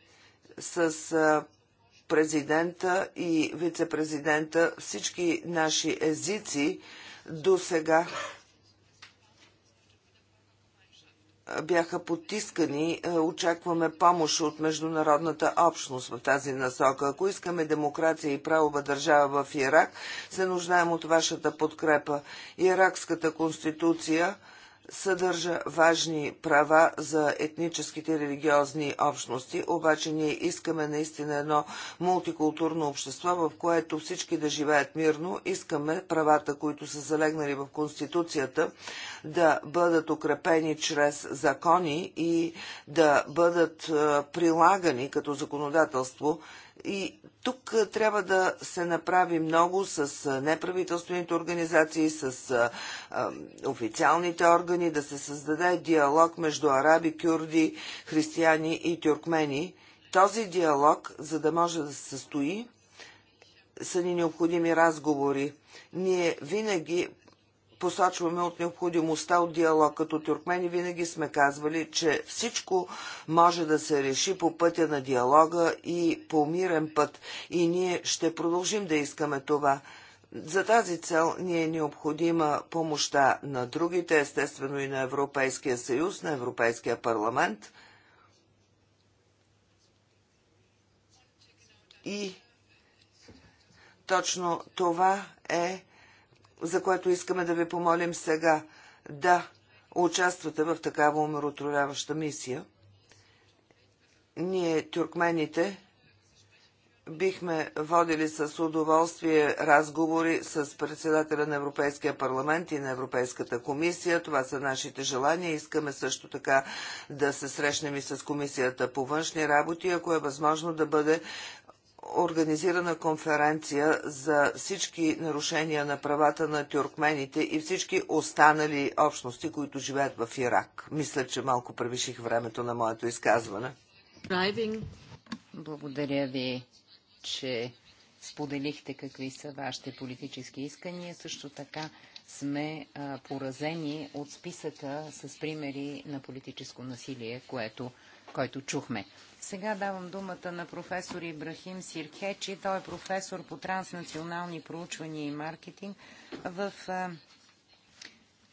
[SPEAKER 4] с президента и вице-президента всички наши езици до сега бяха потискани. Е, очакваме помощ от международната общност в тази насока. Ако искаме демокрация и правова държава в Ирак, се нуждаем от вашата подкрепа. Иракската конституция съдържа важни права за етническите и религиозни общности, обаче ние искаме наистина едно мултикултурно общество, в което всички да живеят мирно. Искаме правата, които са залегнали в Конституцията, да бъдат укрепени чрез закони и да бъдат прилагани като законодателство и тук трябва да се направи много с неправителствените организации, с официалните органи, да се създаде диалог между араби, кюрди, християни и тюркмени. Този диалог, за да може да се състои, са ни необходими разговори. Ние винаги посочваме от необходимостта от диалог. Като тюркмени винаги сме казвали, че всичко може да се реши по пътя на диалога и по мирен път. И ние ще продължим да искаме това. За тази цел ни е необходима помощта на другите, естествено и на Европейския съюз, на Европейския парламент. И точно това е за което искаме да ви помолим сега да участвате в такава умиротворяваща мисия. Ние, тюркмените, бихме водили с удоволствие разговори с председателя на Европейския парламент и на Европейската комисия. Това са нашите желания. Искаме също така да се срещнем и с комисията по външни работи, ако е възможно да бъде организирана конференция за всички нарушения на правата на тюркмените и всички останали общности, които живеят в Ирак. Мисля, че малко превиших времето на моето изказване.
[SPEAKER 3] Благодаря ви, че споделихте какви са вашите политически искания. Също така сме поразени от списъка с примери на политическо насилие, което, който чухме. Сега давам думата на професор Ибрахим Сирхечи. Той е професор по транснационални проучвания и маркетинг в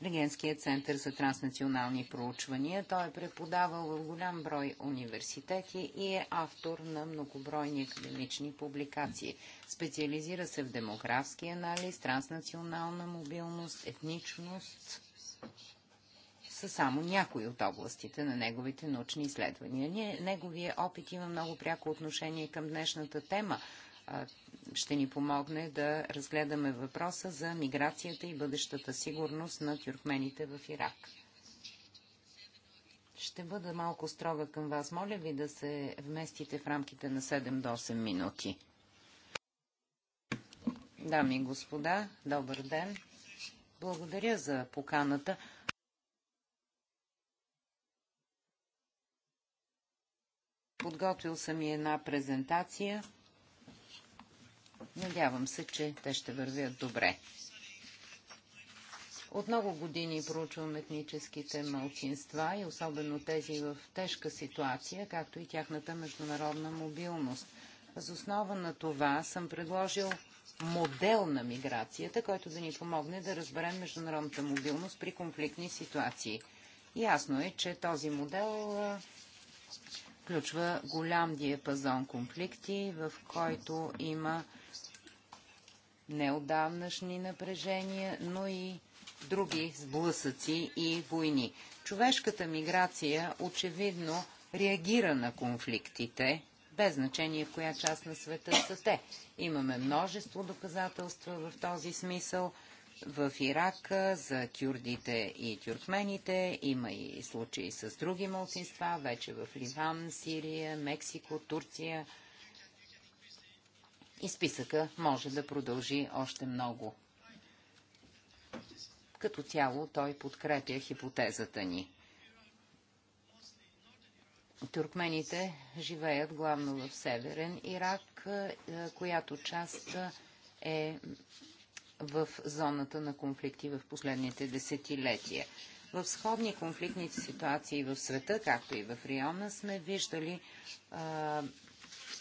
[SPEAKER 3] Регенския център за транснационални проучвания. Той е преподавал в голям брой университети и е автор на многобройни академични публикации. Специализира се в демографски анализ, транснационална мобилност, етничност, са само някои от областите на неговите научни изследвания. Ние Неговия опит има много пряко отношение към днешната тема. Ще ни помогне да разгледаме въпроса за миграцията и бъдещата сигурност на тюркмените в Ирак. Ще бъда малко строга към вас. Моля ви да се вместите в рамките на 7 до 8 минути. Дами и господа, добър ден! Благодаря за поканата. Подготвил съм и една презентация. Надявам се, че те ще вървят добре. От много години проучвам етническите малцинства и особено тези в тежка ситуация, както и тяхната международна мобилност. Въз основа на това съм предложил модел на миграцията, който да ни помогне да разберем международната мобилност при конфликтни ситуации. Ясно е, че този модел включва голям диапазон конфликти, в който има неодавнашни напрежения, но и други сблъсъци и войни. Човешката миграция очевидно реагира на конфликтите, без значение в коя част на света са те. Имаме множество доказателства в този смисъл – в Ирак за кюрдите и тюркмените. Има и случаи с други малцинства, вече в Ливан, Сирия, Мексико, Турция. И списъка може да продължи още много. Като цяло той подкрепя хипотезата ни. Туркмените живеят главно в Северен Ирак, е, която част е в зоната на конфликти в последните десетилетия. В сходни конфликтни ситуации в света, както и в района, сме виждали а,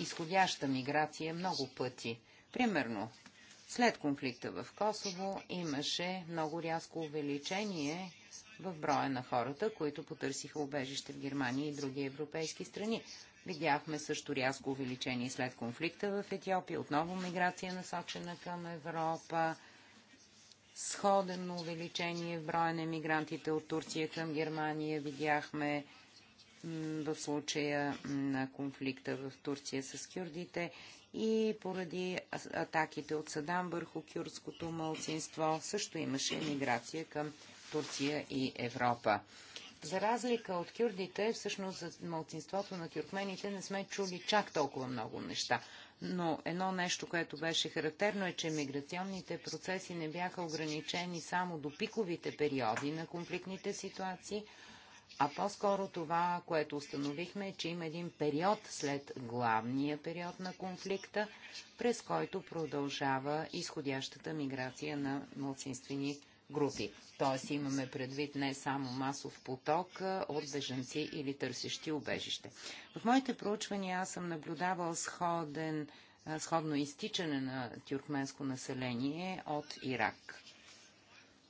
[SPEAKER 3] изходяща миграция много пъти. Примерно, след конфликта в Косово имаше много рязко увеличение в броя на хората, които потърсиха убежище в Германия и други европейски страни. Видяхме също рязко увеличение след конфликта в Етиопия, отново миграция насочена към Европа, сходено увеличение в броя на емигрантите от Турция към Германия. Видяхме в случая на конфликта в Турция с кюрдите и поради атаките от Садам върху кюрдското малцинство, също имаше емиграция към Турция и Европа. За разлика от кюрдите, всъщност за малцинството на кюркмените не сме чули чак толкова много неща но едно нещо, което беше характерно е, че миграционните процеси не бяха ограничени само до пиковите периоди на конфликтните ситуации, а по-скоро това, което установихме е, че има един период след главния период на конфликта, през който продължава изходящата миграция на младсинствени групи. Тоест имаме предвид не само масов поток от бежанци или търсещи убежище. В моите проучвания аз съм наблюдавал сходен, сходно изтичане на тюркменско население от Ирак.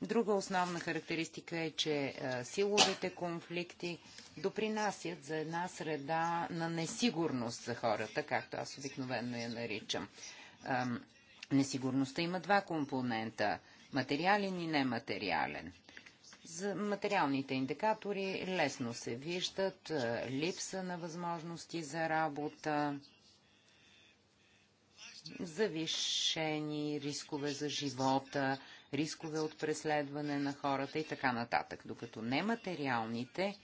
[SPEAKER 3] Друга основна характеристика е, че силовите конфликти допринасят за една среда на несигурност за хората, както аз обикновено я наричам. Несигурността има два компонента материален и нематериален. За материалните индикатори лесно се виждат е, липса на възможности за работа, завишени рискове за живота, рискове от преследване на хората и така нататък. Докато нематериалните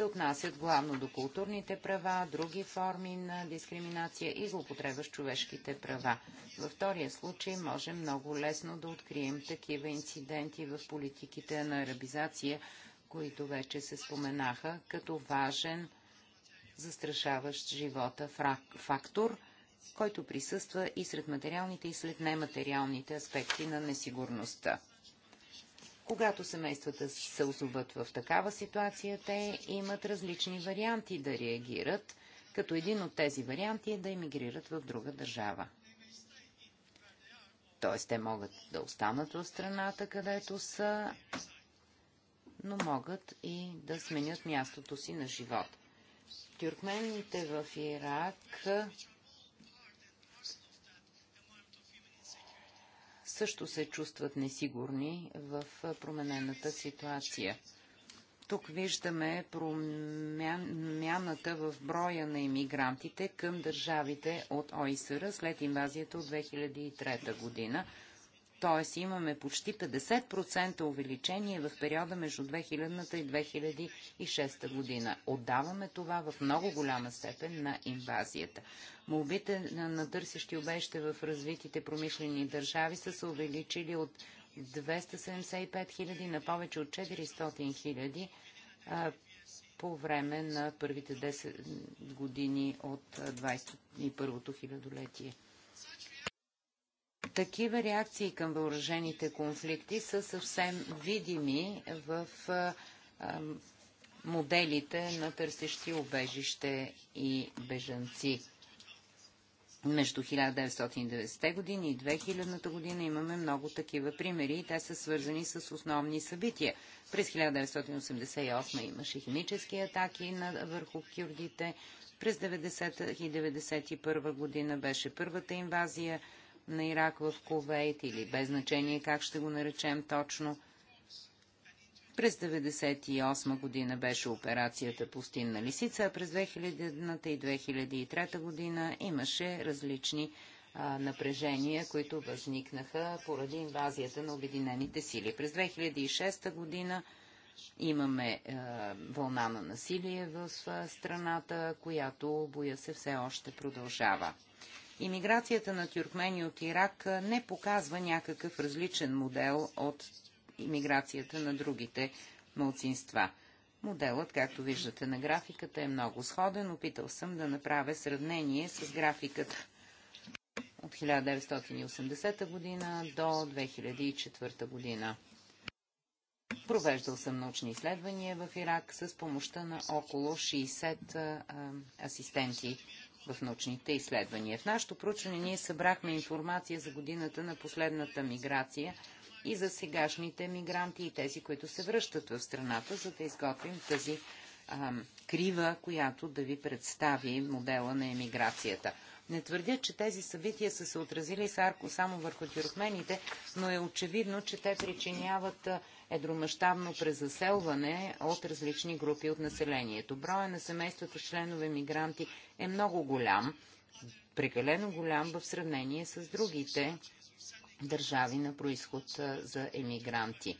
[SPEAKER 3] се отнасят главно до културните права, други форми на дискриминация и злоупотреба с човешките права. Във втория случай може много лесно да открием такива инциденти в политиките на арабизация, които вече се споменаха като важен застрашаващ живота фактор, който присъства и сред материалните и след нематериалните аспекти на несигурността. Когато семействата се озоват в такава ситуация, те имат различни варианти да реагират, като един от тези варианти е да емигрират в друга държава. Т.е. те могат да останат в страната, където са, но могат и да сменят мястото си на живот. Тюркмените в Ирак също се чувстват несигурни в променената ситуация. Тук виждаме промяната в броя на иммигрантите към държавите от ОИСР след инвазията от 2003 година т.е. имаме почти 50% увеличение в периода между 2000-та и 2006 година. Отдаваме това в много голяма степен на инвазията. Молбите на, на търсещи обеща в развитите промишлени държави са се увеличили от 275 000 на повече от 400 000 по време на първите 10 години от 21-то хилядолетие. Такива реакции към въоръжените конфликти са съвсем видими в моделите на търсещи обежище и бежанци. Между 1990 години и 2000 година имаме много такива примери и те са свързани с основни събития. През 1988 имаше химически атаки на, върху кюрдите. През 1990 и 1991 година беше първата инвазия на Ирак в Кувейт или без значение как ще го наречем точно. През 1998 година беше операцията Пустинна лисица, а през 2000 и 2003 година имаше различни а, напрежения, които възникнаха поради инвазията на Обединените сили. През 2006 година имаме а, вълна на насилие в страната, която боя се все още продължава. Имиграцията на тюркмени от Ирак не показва някакъв различен модел от имиграцията на другите малцинства. Моделът, както виждате на графиката, е много сходен. Опитал съм да направя сравнение с графиката от 1980 година до 2004 година. Провеждал съм научни изследвания в Ирак с помощта на около 60 а, асистенти в научните изследвания. В нашето проучване ние събрахме информация за годината на последната миграция и за сегашните мигранти и тези, които се връщат в страната, за да изготвим тази а, крива, която да ви представи модела на емиграцията. Не твърдя, че тези събития са се отразили сарко само върху тюркмените, но е очевидно, че те причиняват едромащабно презаселване от различни групи от населението. Броя на семейството членове мигранти е много голям, прекалено голям в сравнение с другите държави на происход за емигранти.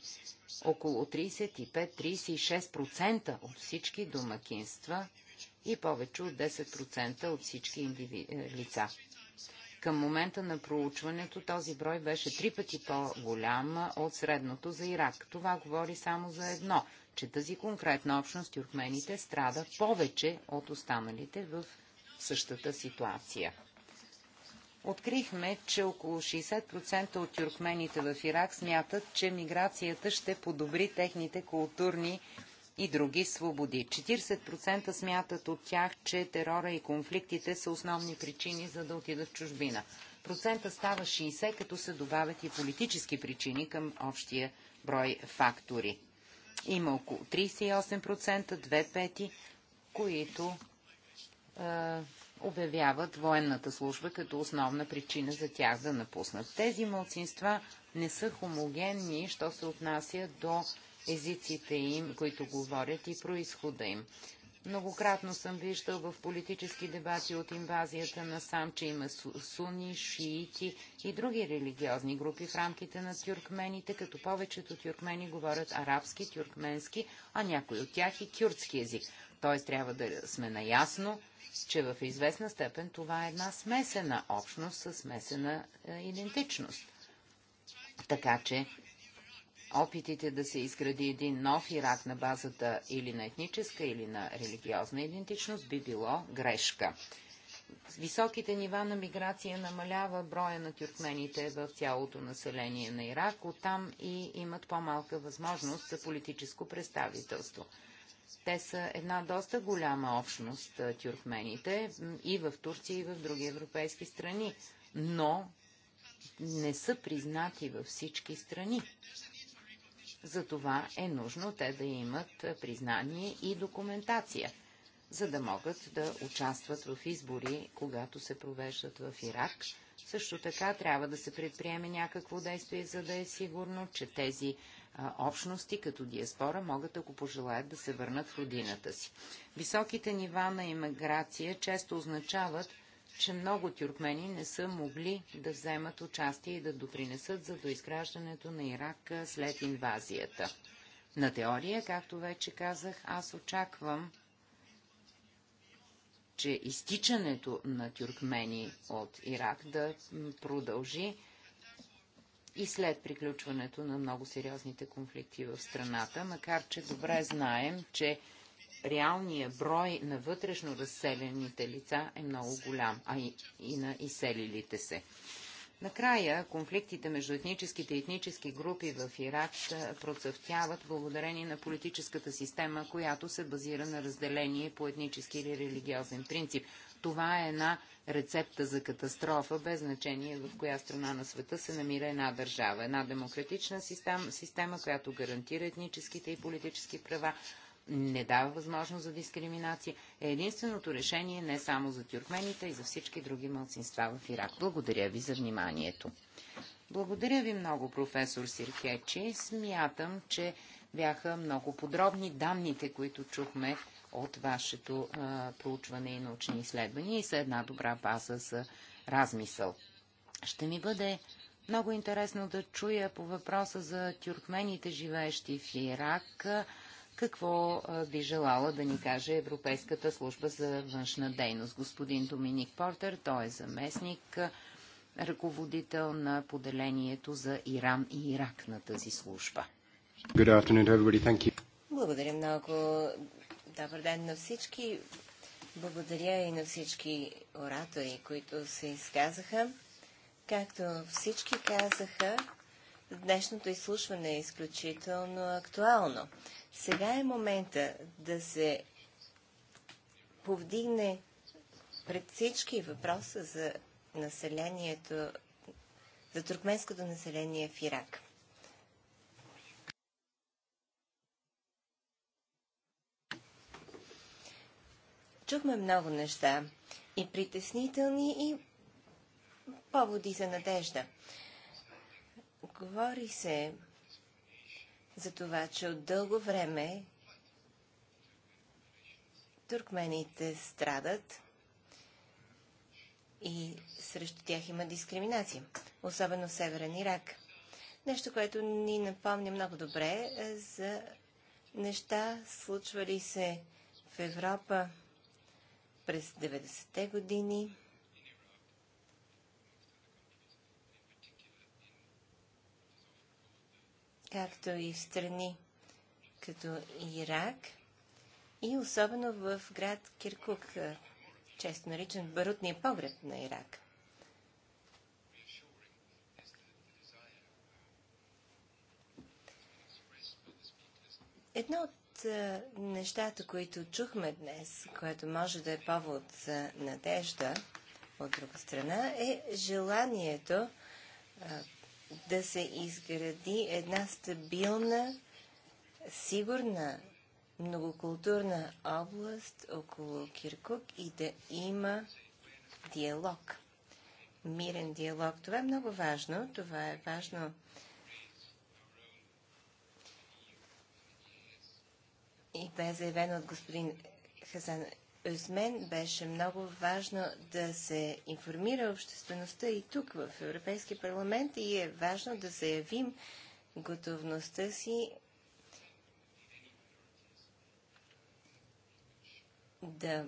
[SPEAKER 3] Около 35-36% от всички домакинства и повече от 10% от всички е, лица към момента на проучването този брой беше три пъти по-голям от средното за Ирак. Това говори само за едно, че тази конкретна общност тюркмените страда повече от останалите в същата ситуация. Открихме, че около 60% от тюркмените в Ирак смятат, че миграцията ще подобри техните културни и други свободи. 40% смятат от тях, че терора и конфликтите са основни причини за да отидат в чужбина. Процента става 60, като се добавят и политически причини към общия брой фактори. Има около 38%, две пети, които е, обявяват военната служба като основна причина за тях да напуснат. Тези младсинства не са хомогенни, що се отнася до езиците им, които говорят и происхода им. Многократно съм виждал в политически дебати от инвазията на сам, че има суни, шиити и други религиозни групи в рамките на тюркмените, като повечето тюркмени говорят арабски, тюркменски, а някои от тях и кюртски език. Т.е. трябва да сме наясно, че в известна степен това е една смесена общност с смесена е, идентичност. Така че опитите да се изгради един нов Ирак на базата или на етническа, или на религиозна идентичност би било грешка. високите нива на миграция намалява броя на тюркмените в цялото население на Ирак, оттам и имат по-малка възможност за политическо представителство. Те са една доста голяма общност, тюркмените, и в Турция, и в други европейски страни, но не са признати във всички страни. За това е нужно те да имат признание и документация, за да могат да участват в избори, когато се провеждат в Ирак. Също така трябва да се предприеме някакво действие, за да е сигурно, че тези а, общности като диаспора могат, ако пожелаят, да се върнат в родината си. Високите нива на иммиграция често означават че много тюркмени не са могли да вземат участие и да допринесат за доизграждането на Ирак след инвазията. На теория, както вече казах, аз очаквам, че изтичането на тюркмени от Ирак да продължи и след приключването на много сериозните конфликти в страната, макар че добре знаем, че реалния брой на вътрешно разселените лица е много голям, а и, и на изселилите се. Накрая, конфликтите между етническите и етнически групи в Ирак процъфтяват благодарение на политическата система, която се базира на разделение по етнически или религиозен принцип. Това е една рецепта за катастрофа, без значение в коя страна на света се намира една държава. Една демократична система, система която гарантира етническите и политически права, не дава възможност за дискриминация, е единственото решение е не само за тюркмените, и за всички други мълцинства в Ирак. Благодаря ви за вниманието. Благодаря ви много, професор Сиркечи. Смятам, че бяха много подробни данните, които чухме от вашето а, проучване и научни изследвания и са една добра база за размисъл. Ще ми бъде много интересно да чуя по въпроса за тюркмените, живеещи в Ирак какво би желала да ни каже Европейската служба за външна дейност. Господин Доминик Портер, той е заместник, ръководител на поделението за Иран и Ирак на тази служба.
[SPEAKER 2] Благодаря много. Добър ден на всички. Благодаря и на всички оратори, които се изказаха. Както всички казаха, днешното изслушване е изключително актуално. Сега е момента да се повдигне пред всички въпроса за населението, за туркменското население в Ирак. Чухме много неща и притеснителни, и поводи за надежда. Говори се за това, че от дълго време туркмените страдат и срещу тях има дискриминация, особено в Северен Ирак. Нещо, което ни напомня много добре е за неща, случвали се в Европа през 90-те години както и в страни като Ирак и особено в град Киркук, често наричан барутния погреб на Ирак. Едно от нещата, които чухме днес, което може да е повод за надежда, от друга страна, е желанието да се изгради една стабилна, сигурна, многокултурна област около Киркук и да има диалог. Мирен диалог. Това е много важно. Това е важно и бе заявено от господин Хазан с мен беше много важно да се информира обществеността и тук в Европейския парламент и е важно да заявим готовността си да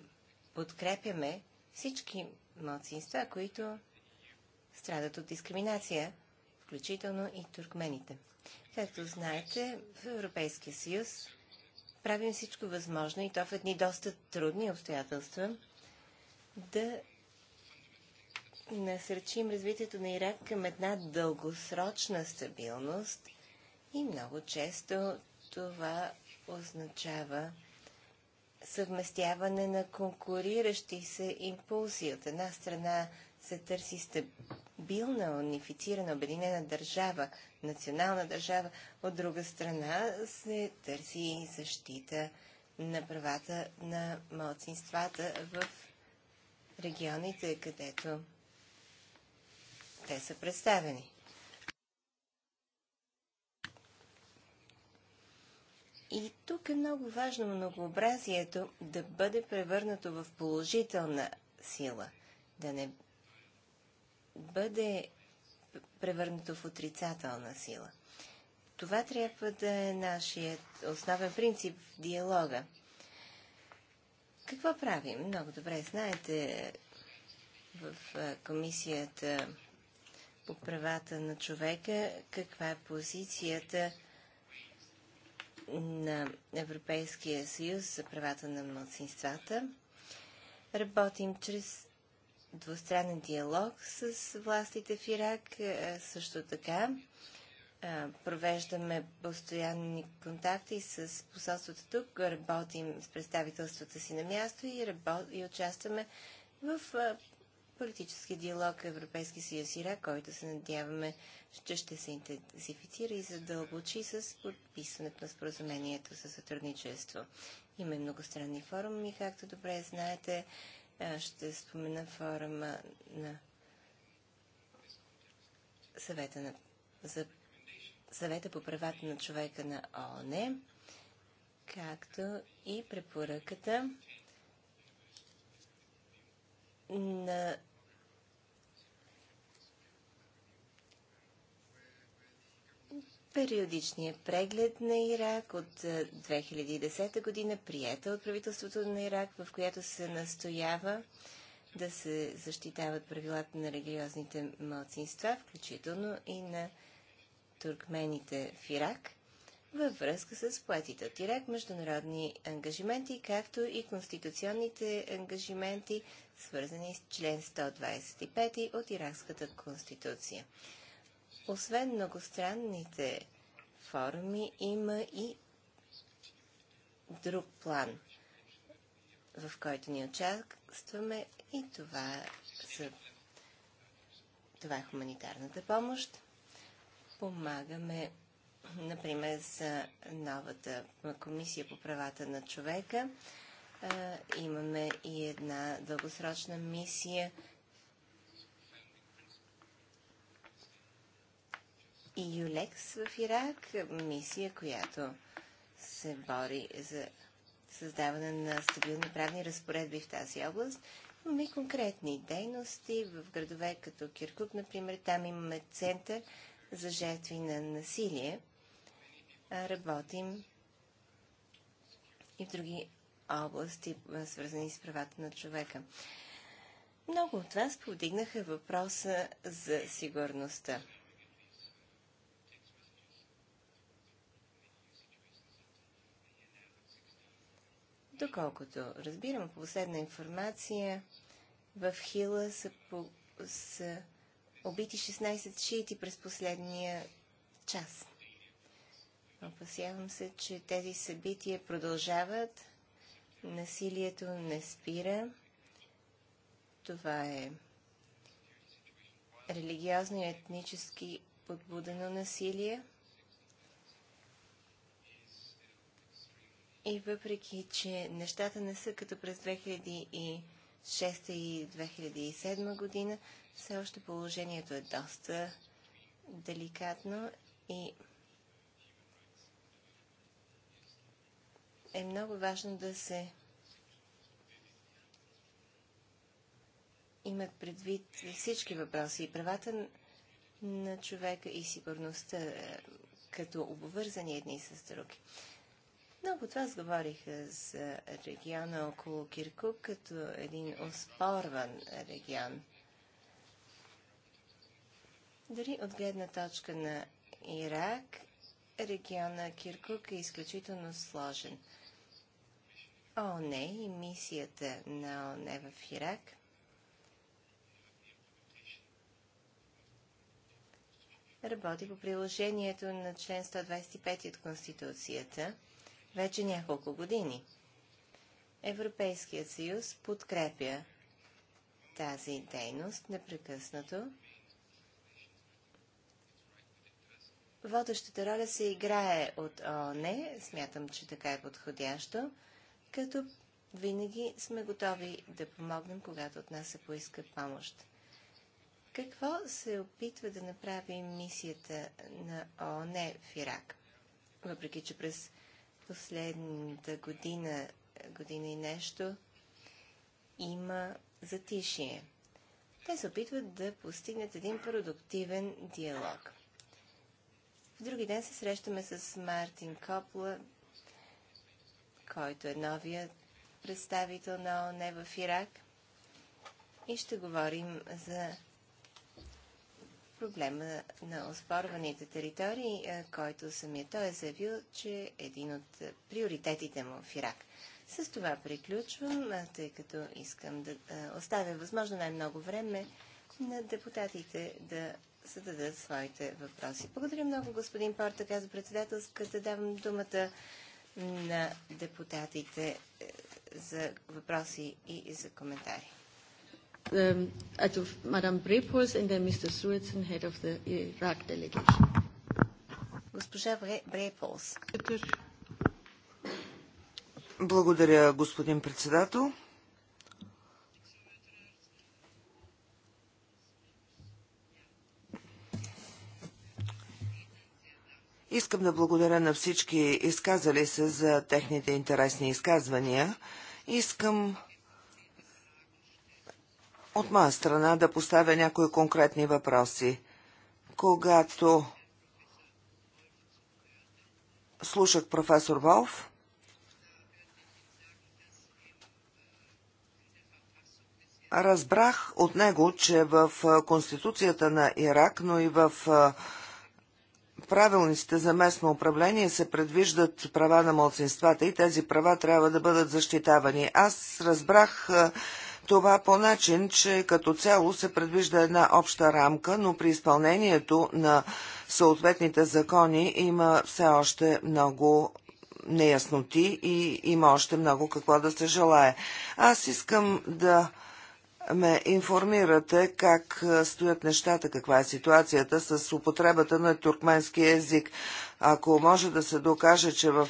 [SPEAKER 2] подкрепяме всички младсинства, които страдат от дискриминация, включително и туркмените. Както знаете, в Европейския съюз правим всичко възможно и то в едни доста трудни обстоятелства да насърчим развитието на Ирак към една дългосрочна стабилност и много често това означава съвместяване на конкуриращи се импулси. От една страна се търси стабилност на унифицирана, обединена държава, национална държава, от друга страна се търси защита на правата на малцинствата в регионите, където те са представени. И тук е много важно многообразието да бъде превърнато в положителна сила, да не бъде превърнато в отрицателна сила. Това трябва да е нашият основен принцип в диалога. Какво правим? Много добре знаете в комисията по правата на човека каква е позицията на Европейския съюз за правата на младсинствата. Работим чрез двустранен диалог с властите в Ирак. Е, също така е, провеждаме постоянни контакти с посолството тук, работим с представителствата си на място и, работ... и участваме в е, политически диалог Европейски съюз Ирак, който се надяваме, че ще се интензифицира и задълбочи с подписването на споразумението за сътрудничество. Има и многостранни форуми, както добре знаете. Ще спомена форума на съвета, на, за, съвета по правата на човека на ООН, както и препоръката на Периодичният преглед на Ирак от 2010 е, година, прията от правителството на Ирак, в която се настоява да се защитават правилата на религиозните малцинства, включително и на туркмените в Ирак, във връзка с платите от Ирак, международни ангажименти, както и конституционните ангажименти, свързани с член 125 от Иракската конституция освен многостранните форми, има и друг план, в който ни участваме и това, са, това е хуманитарната помощ. Помагаме, например, за новата комисия по правата на човека. Имаме и една дългосрочна мисия и Юлекс в Ирак, мисия, която се бори за създаване на стабилни правни разпоредби в тази област. Имаме конкретни дейности в градове като Киркук, например. Там имаме център за жертви на насилие. Работим и в други области, свързани с правата на човека. Много от вас повдигнаха въпроса за сигурността. Доколкото разбирам, по последна информация, в Хила са, по, са убити 16 шиити през последния час. Опасявам се, че тези събития продължават, насилието не спира. Това е религиозно и етнически подбудено насилие. И въпреки, че нещата не са като през 2006 и 2007 година, все още положението е доста деликатно и е много важно да се имат предвид всички въпроси и правата на човека и сигурността е, като обвързани едни с други. Много от вас говориха за региона около Киркук като един оспорван регион. Дори от гледна точка на Ирак, региона Киркук е изключително сложен. ОНЕ и мисията на ОНЕ в Ирак работи по приложението на член 125 от Конституцията – вече няколко години. Европейският съюз подкрепя тази дейност непрекъснато. Водещата роля се играе от ООН, смятам, че така е подходящо, като винаги сме готови да помогнем, когато от нас се поиска помощ. Какво се опитва да направи мисията на ООН в Ирак? Въпреки, че през последната година, година и нещо, има затишие. Те се опитват да постигнат един продуктивен диалог. В други ден се срещаме с Мартин Копла, който е новият представител на ОНЕ в Ирак. И ще говорим за проблема на оспорваните територии, е, който самият. той е заявил, че е един от приоритетите му в Ирак. С това приключвам, тъй като искам да оставя възможно най-много време на депутатите да зададат своите въпроси. Благодаря много, господин Порта, каза председателската. Давам думата на депутатите е, за въпроси и за коментари.
[SPEAKER 1] Um, Madame Brepols and then Mr. head of the Iraq
[SPEAKER 4] delegation.
[SPEAKER 2] Госпожа Брейполс.
[SPEAKER 4] Благодаря, господин председател. Искам да благодаря на всички изказали се за техните интересни изказвания. Искам от моя страна да поставя някои конкретни въпроси. Когато слушах професор Волф, разбрах от него, че в Конституцията на Ирак, но и в правилниците за местно управление се предвиждат права на младсинствата и тези права трябва да бъдат защитавани. Аз разбрах това по начин, че като цяло се предвижда една обща рамка, но при изпълнението на съответните закони има все още много неясноти и има още много какво да се желае. Аз искам да ме информирате как стоят нещата, каква е ситуацията с употребата на туркменски език. Ако може да се докаже, че в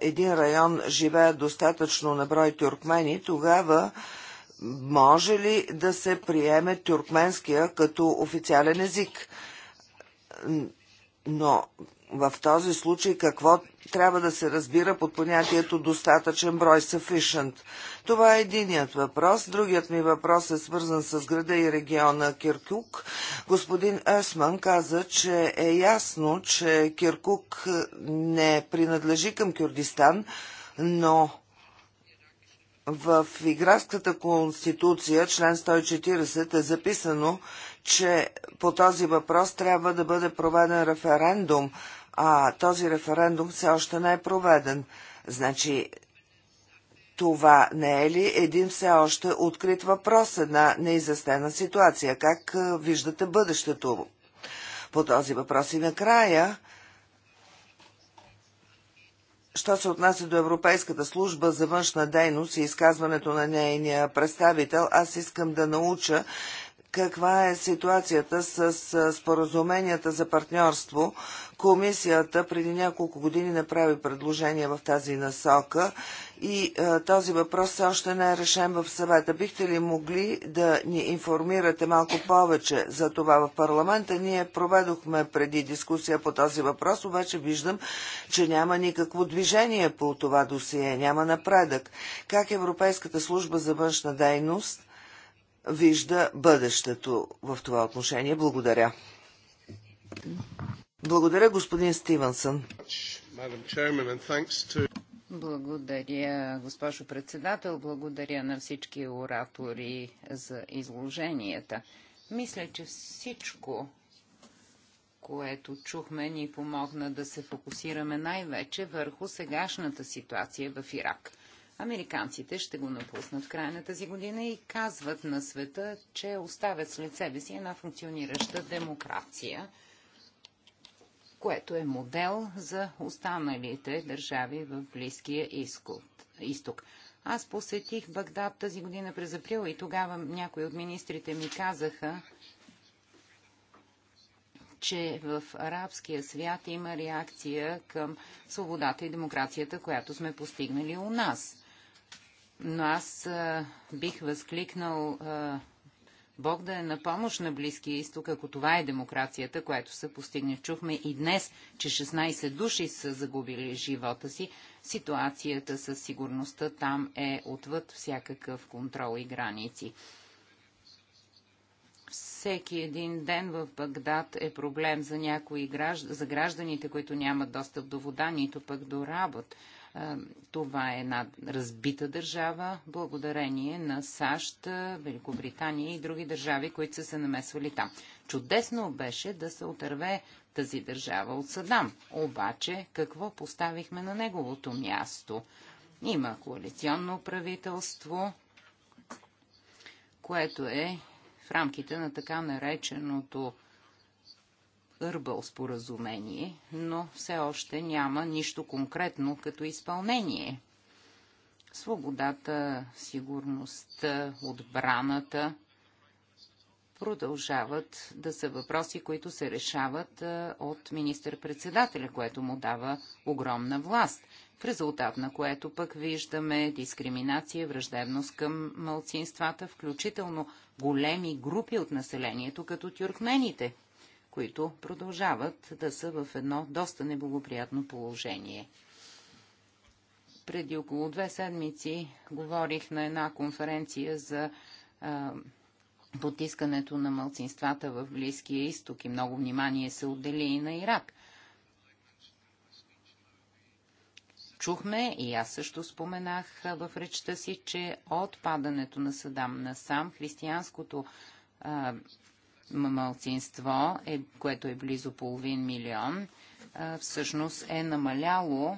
[SPEAKER 4] един район живеят достатъчно наброй тюркмени, тогава може ли да се приеме тюркменския като официален език? Но в този случай какво трябва да се разбира под понятието достатъчен брой sufficient? Това е единият въпрос. Другият ми въпрос е свързан с града и региона Киркук. Господин Есман каза, че е ясно, че Киркук не принадлежи към Кюрдистан, но в Игравската конституция, член 140, е записано, че по този въпрос трябва да бъде проведен референдум, а този референдум все още не е проведен. Значи, това не е ли един все още открит въпрос, една неизяснена ситуация? Как виждате бъдещето по този въпрос? И накрая, Що се отнася до Европейската служба за външна дейност и изказването на нейния представител, аз искам да науча каква е ситуацията с споразуменията за партньорство. Комисията преди няколко години направи предложение в тази насока и а, този въпрос все още не е решен в съвета. Бихте ли могли да ни информирате малко повече за това в парламента? Ние проведохме преди дискусия по този въпрос, обаче виждам, че няма никакво движение по това досие, няма напредък. Как Европейската служба за външна дейност – вижда бъдещето в това отношение. Благодаря. Благодаря, господин Стивенсън.
[SPEAKER 3] Благодаря, госпожо председател. Благодаря на всички оратори за изложенията. Мисля, че всичко, което чухме, ни помогна да се фокусираме най-вече върху сегашната ситуация в Ирак. Американците ще го напуснат в края на тази година и казват на света, че оставят след себе си една функционираща демокрация, което е модел за останалите държави в Близкия изток. Аз посетих Багдад тази година през април и тогава някои от министрите ми казаха, че в арабския свят има реакция към свободата и демокрацията, която сме постигнали у нас. Но аз а, бих възкликнал а, Бог да е на помощ на Близкия изток, ако това е демокрацията, която се постигне. Чухме и днес, че 16 души са загубили живота си. Ситуацията със сигурността там е отвъд всякакъв контрол и граници. Всеки един ден в Багдад е проблем за някои граждан, за гражданите, които нямат достъп до вода, нито пък до работа е, това е една разбита държава, благодарение на САЩ, Великобритания и други държави, които са се намесвали там. Чудесно беше да се отърве тази държава от Садам. Обаче, какво поставихме на неговото място? Има коалиционно правителство, което е в рамките на така нареченото Ърбъл споразумение, но все още няма нищо конкретно като изпълнение. Свободата, сигурността, отбраната продължават да са въпроси, които се решават от министър-председателя, което му дава огромна власт, в резултат на което пък виждаме дискриминация, враждебност към малцинствата, включително големи групи от населението, като тюркмените – които продължават да са в едно доста неблагоприятно положение. Преди около две седмици говорих на една конференция за а, потискането на мълцинствата в Близкия изток и много внимание се отдели и на Ирак. Чухме и аз също споменах в речта си, че от падането на Садам насам християнското а, малцинство, е, което е близо половин милион, всъщност е намаляло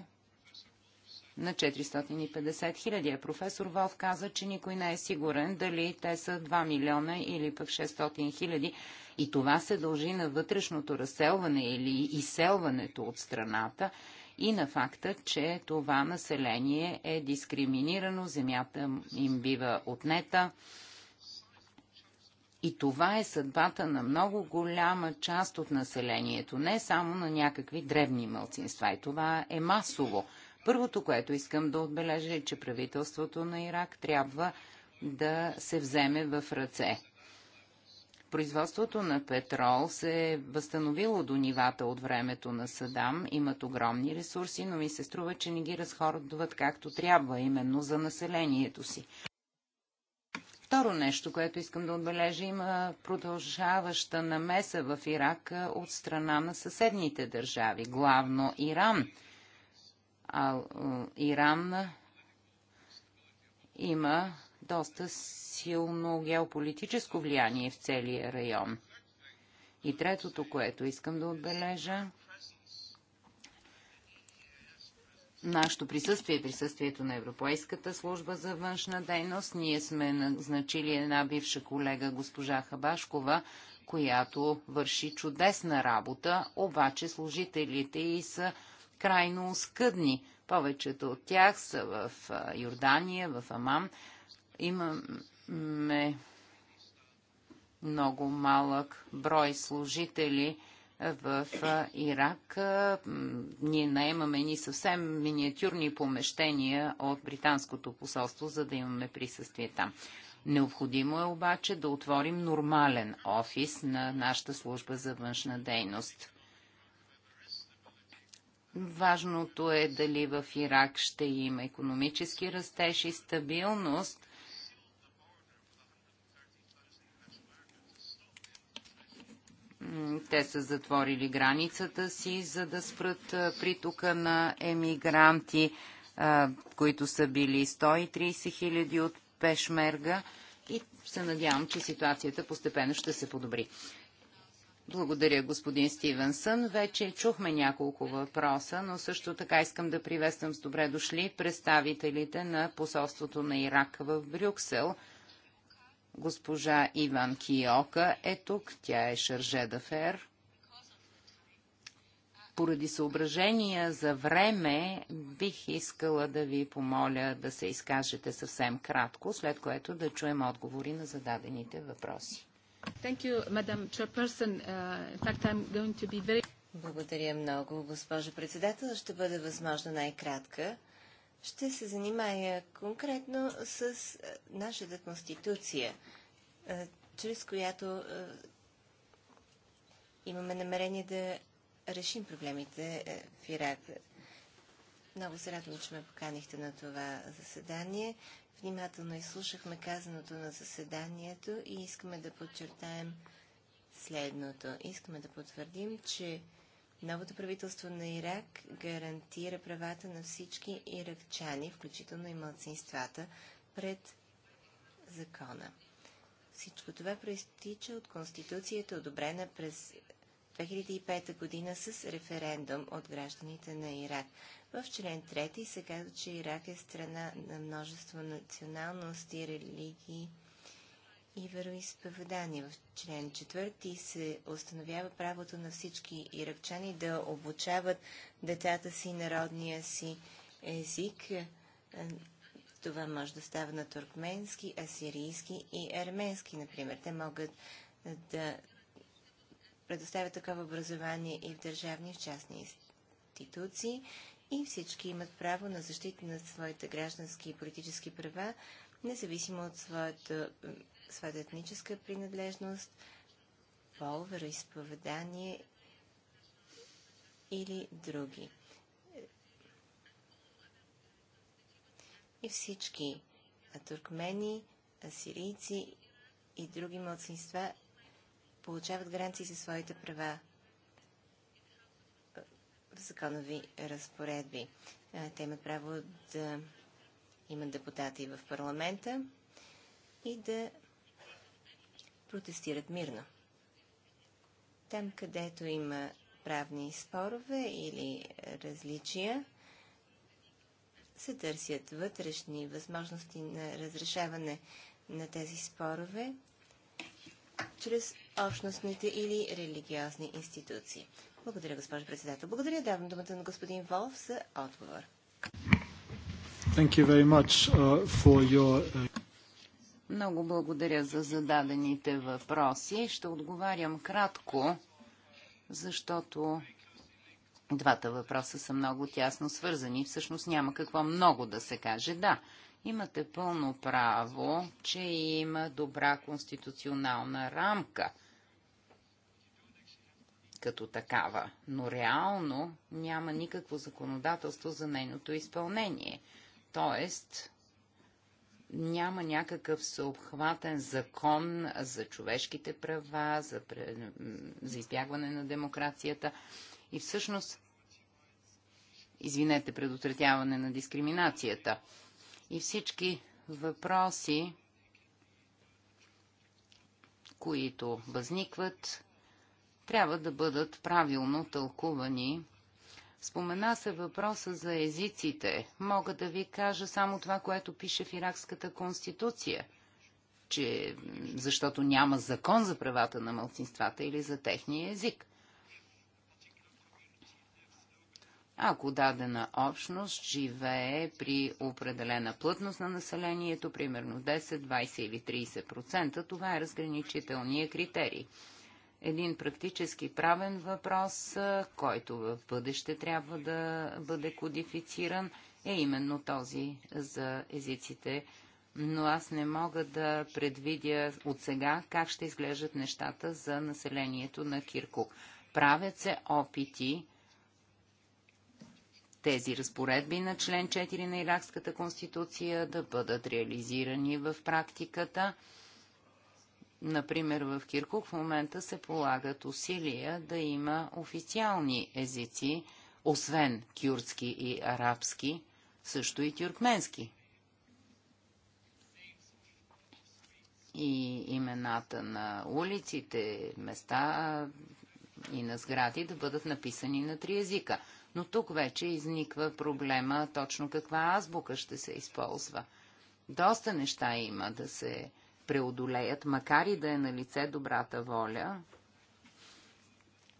[SPEAKER 3] на 450 хиляди. Професор Волф каза, че никой не е сигурен дали те са 2 милиона или пък 600 хиляди. И това се дължи на вътрешното разселване или изселването от страната и на факта, че това население е дискриминирано, земята им бива отнета и това е съдбата на много голяма част от населението, не само на някакви древни мълцинства. И това е масово. Първото, което искам да отбележа е, че правителството на Ирак трябва да се вземе в ръце. Производството на петрол се е възстановило до нивата от времето на Садам. Имат огромни ресурси, но ми се струва, че не ги разходват както трябва, именно за населението си. Второ нещо, което искам да отбележа, има продължаваща намеса в Ирак от страна на съседните държави, главно Иран. А, Иран има доста силно геополитическо влияние в целия район. И третото, което искам да отбележа, нашето присъствие, е присъствието на Европейската служба за външна дейност. Ние сме назначили една бивша колега, госпожа Хабашкова, която върши чудесна работа, обаче служителите и са крайно скъдни. Повечето от тях са в Йордания, в Амам. Имаме много малък брой служители – в Ирак. Ние наемаме ни съвсем миниатюрни помещения от британското посолство, за да имаме присъствие там. Необходимо е обаче да отворим нормален офис на нашата служба за външна дейност. Важното е дали в Ирак ще има економически растеж и стабилност – Те са затворили границата си, за да спрат притока на емигранти, които са били 130 хиляди от пешмерга и се надявам, че ситуацията постепенно ще се подобри. Благодаря, господин Стивенсън. Вече чухме няколко въпроса, но също така искам да приветствам с добре дошли представителите на посолството на Ирак в Брюксел – Госпожа Иван Киока е тук. Тя е Шарже Дафер. Поради съображения за време, бих искала да ви помоля да се изкажете съвсем кратко, след което да чуем отговори на зададените въпроси.
[SPEAKER 2] Uh, Благодаря много, госпожо председател. Ще бъде възможно най-кратка ще се занимая конкретно с е, нашата конституция, е, чрез която е, имаме намерение да решим проблемите в Ирак. Много се радвам, че ме поканихте на това заседание. Внимателно изслушахме казаното на заседанието и искаме да подчертаем следното. Искаме да потвърдим, че Новото правителство на Ирак гарантира правата на всички иракчани, включително и младсинствата, пред закона. Всичко това проистича от Конституцията, одобрена през 2005 година с референдум от гражданите на Ирак. В член 3 се казва, че Ирак е страна на множество националности, религии, и вероисповедание. В член 4 се установява правото на всички иракчани да обучават децата си народния си език. Е, това може да става на туркменски, асирийски и арменски, например. Те могат да предоставят такова образование и в държавни, и в частни институции и всички имат право на защита на своите граждански и политически права, независимо от своето своята етническа принадлежност, пол, вероисповедание или други. И всички туркмени, асирийци и други младсинства получават гаранции за своите права в законови разпоредби. Те имат право да имат депутати в парламента и да протестират мирно. Там, където има правни спорове или различия, се търсят вътрешни възможности на разрешаване на тези спорове чрез общностните или религиозни институции. Благодаря, госпожо председател. Благодаря. Давам думата на господин Волф за
[SPEAKER 4] отговор.
[SPEAKER 3] Thank you very much, uh, for your, uh...
[SPEAKER 2] Много благодаря за
[SPEAKER 3] зададените въпроси. Ще отговарям кратко, защото двата въпроса са много тясно свързани. Всъщност няма какво много да се каже. Да, имате пълно право, че има добра конституционална рамка като такава, но реално няма никакво законодателство за нейното изпълнение. Тоест, няма някакъв съобхватен закон за човешките права, за, за избягване на демокрацията и всъщност, извинете, предотвратяване на дискриминацията. И всички въпроси, които възникват, трябва да бъдат правилно тълкувани Спомена се въпроса за езиците. Мога да ви кажа само това, което пише в Иракската конституция, че защото няма закон за правата на малцинствата или за техния език. Ако дадена общност живее при определена плътност на населението, примерно 10, 20 или 30%, това е разграничителния критерий един практически правен въпрос, който в бъдеще трябва да бъде кодифициран, е именно този за езиците. Но аз не мога да предвидя от сега как ще изглеждат нещата за населението на Киркук. Правят се опити тези разпоредби на член 4 на Иракската конституция да бъдат реализирани в практиката. Например, в Киркук в момента се полагат усилия да има официални езици, освен кюрдски и арабски, също и тюркменски. И имената на улиците, места и на сгради да бъдат написани на три езика. Но тук вече изниква проблема точно каква азбука ще се използва. Доста неща има да се преодолеят, макар и да е на лице добрата воля.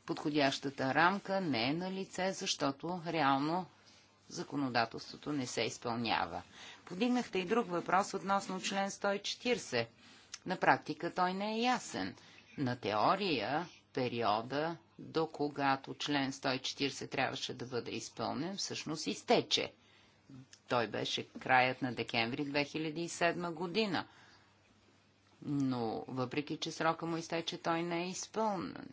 [SPEAKER 3] Подходящата рамка не е на лице, защото реално законодателството не се изпълнява. Подигнахте и друг въпрос относно член 140. На практика той не е ясен. На теория периода, до когато член 140 трябваше да бъде изпълнен, всъщност изтече. Той беше краят на декември 2007 година но въпреки, че срока му изтече, той не е изпълнен.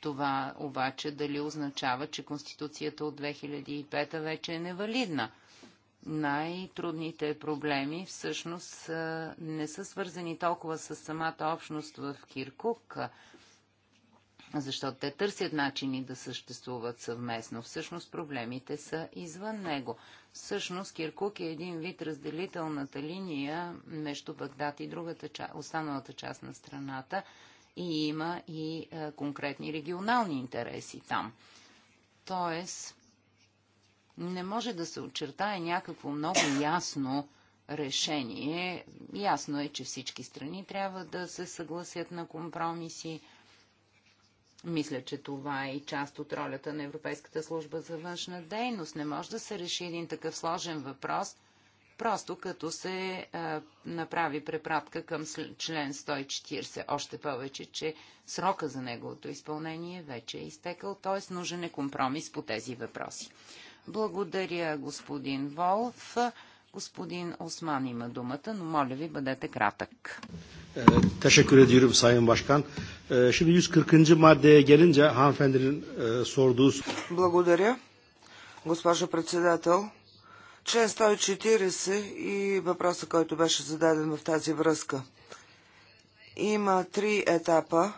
[SPEAKER 3] Това обаче дали означава, че Конституцията от 2005 вече е невалидна? Най-трудните проблеми всъщност не са свързани толкова с самата общност в Киркук, защото те търсят начини да съществуват съвместно. Всъщност проблемите са извън него. Всъщност Киркук е един вид разделителната линия между Багдад и другата, част, останалата част на страната и има и е, конкретни регионални интереси там. Тоест, не може да се очертае някакво много ясно решение. Ясно е, че всички страни трябва да се съгласят на компромиси мисля, че това е и част от ролята на Европейската служба за външна дейност. Не може да се реши един такъв сложен въпрос, просто като се а, направи препратка към член 140. Още повече, че срока за неговото изпълнение вече е изтекал, т.е. нужен е компромис по тези въпроси. Благодаря, господин Волф. Господин Осман има думата, но моля ви, бъдете кратък.
[SPEAKER 4] Teşekkür ediyorum Sayın Şimdi 140. maddeye gelince hanımefendinin e, sorduğu... Благодаря, госпожо председател. Член 140 и въпроса, който беше зададен в тази връзка. Има три етапа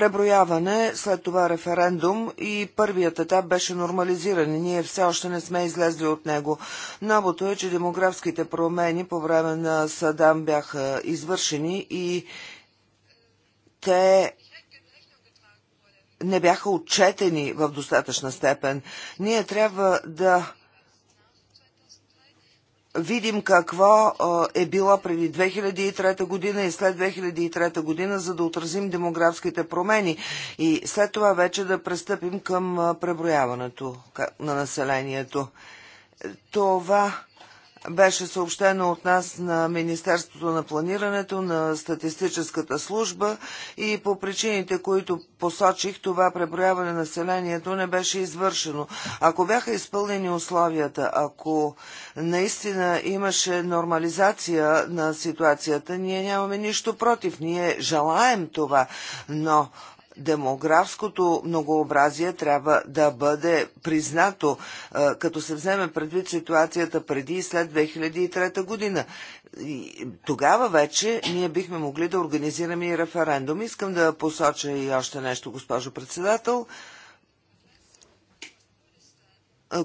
[SPEAKER 4] преброяване, след това референдум и първият етап беше нормализиран и ние все още не сме излезли от него. Новото е, че демографските промени по време на Садам бяха извършени и те не бяха отчетени в достатъчна степен. Ние трябва да видим какво е било преди 2003 година и след 2003 година, за да отразим демографските промени и след това вече да престъпим към преброяването на населението. Е, това беше съобщено от нас на Министерството на планирането, на статистическата служба и по причините, които посочих, това преброяване на населението не беше извършено. Ако бяха изпълнени условията, ако наистина имаше нормализация на ситуацията, ние нямаме нищо против. Ние желаем това, но демографското многообразие трябва да бъде признато, е, като се вземе предвид ситуацията преди и след 2003 година. И тогава вече ние бихме могли да организираме и референдум. Искам да посоча и още нещо, госпожо председател.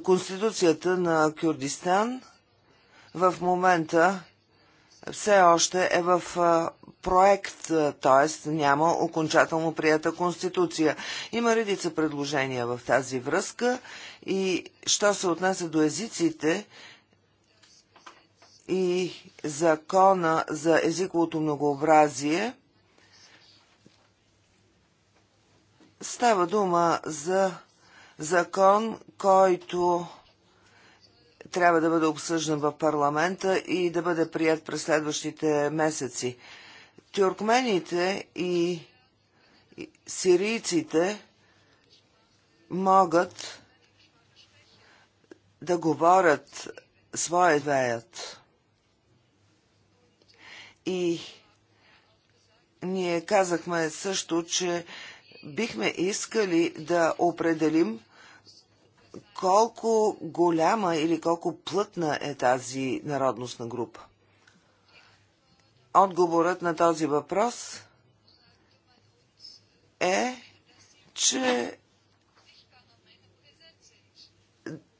[SPEAKER 4] Конституцията на Кюрдистан в момента все още е в проект, т.е. няма окончателно прията конституция. Има редица предложения в тази връзка и що се отнася до езиците и закона за езиковото многообразие, става дума за закон, който трябва да бъде обсъждан в парламента и да бъде прият през следващите месеци. Тюркмените и сирийците могат да говорят своя веят. И ние казахме също, че бихме искали да определим колко голяма или колко плътна е тази народностна група? Отговорът на този въпрос е, че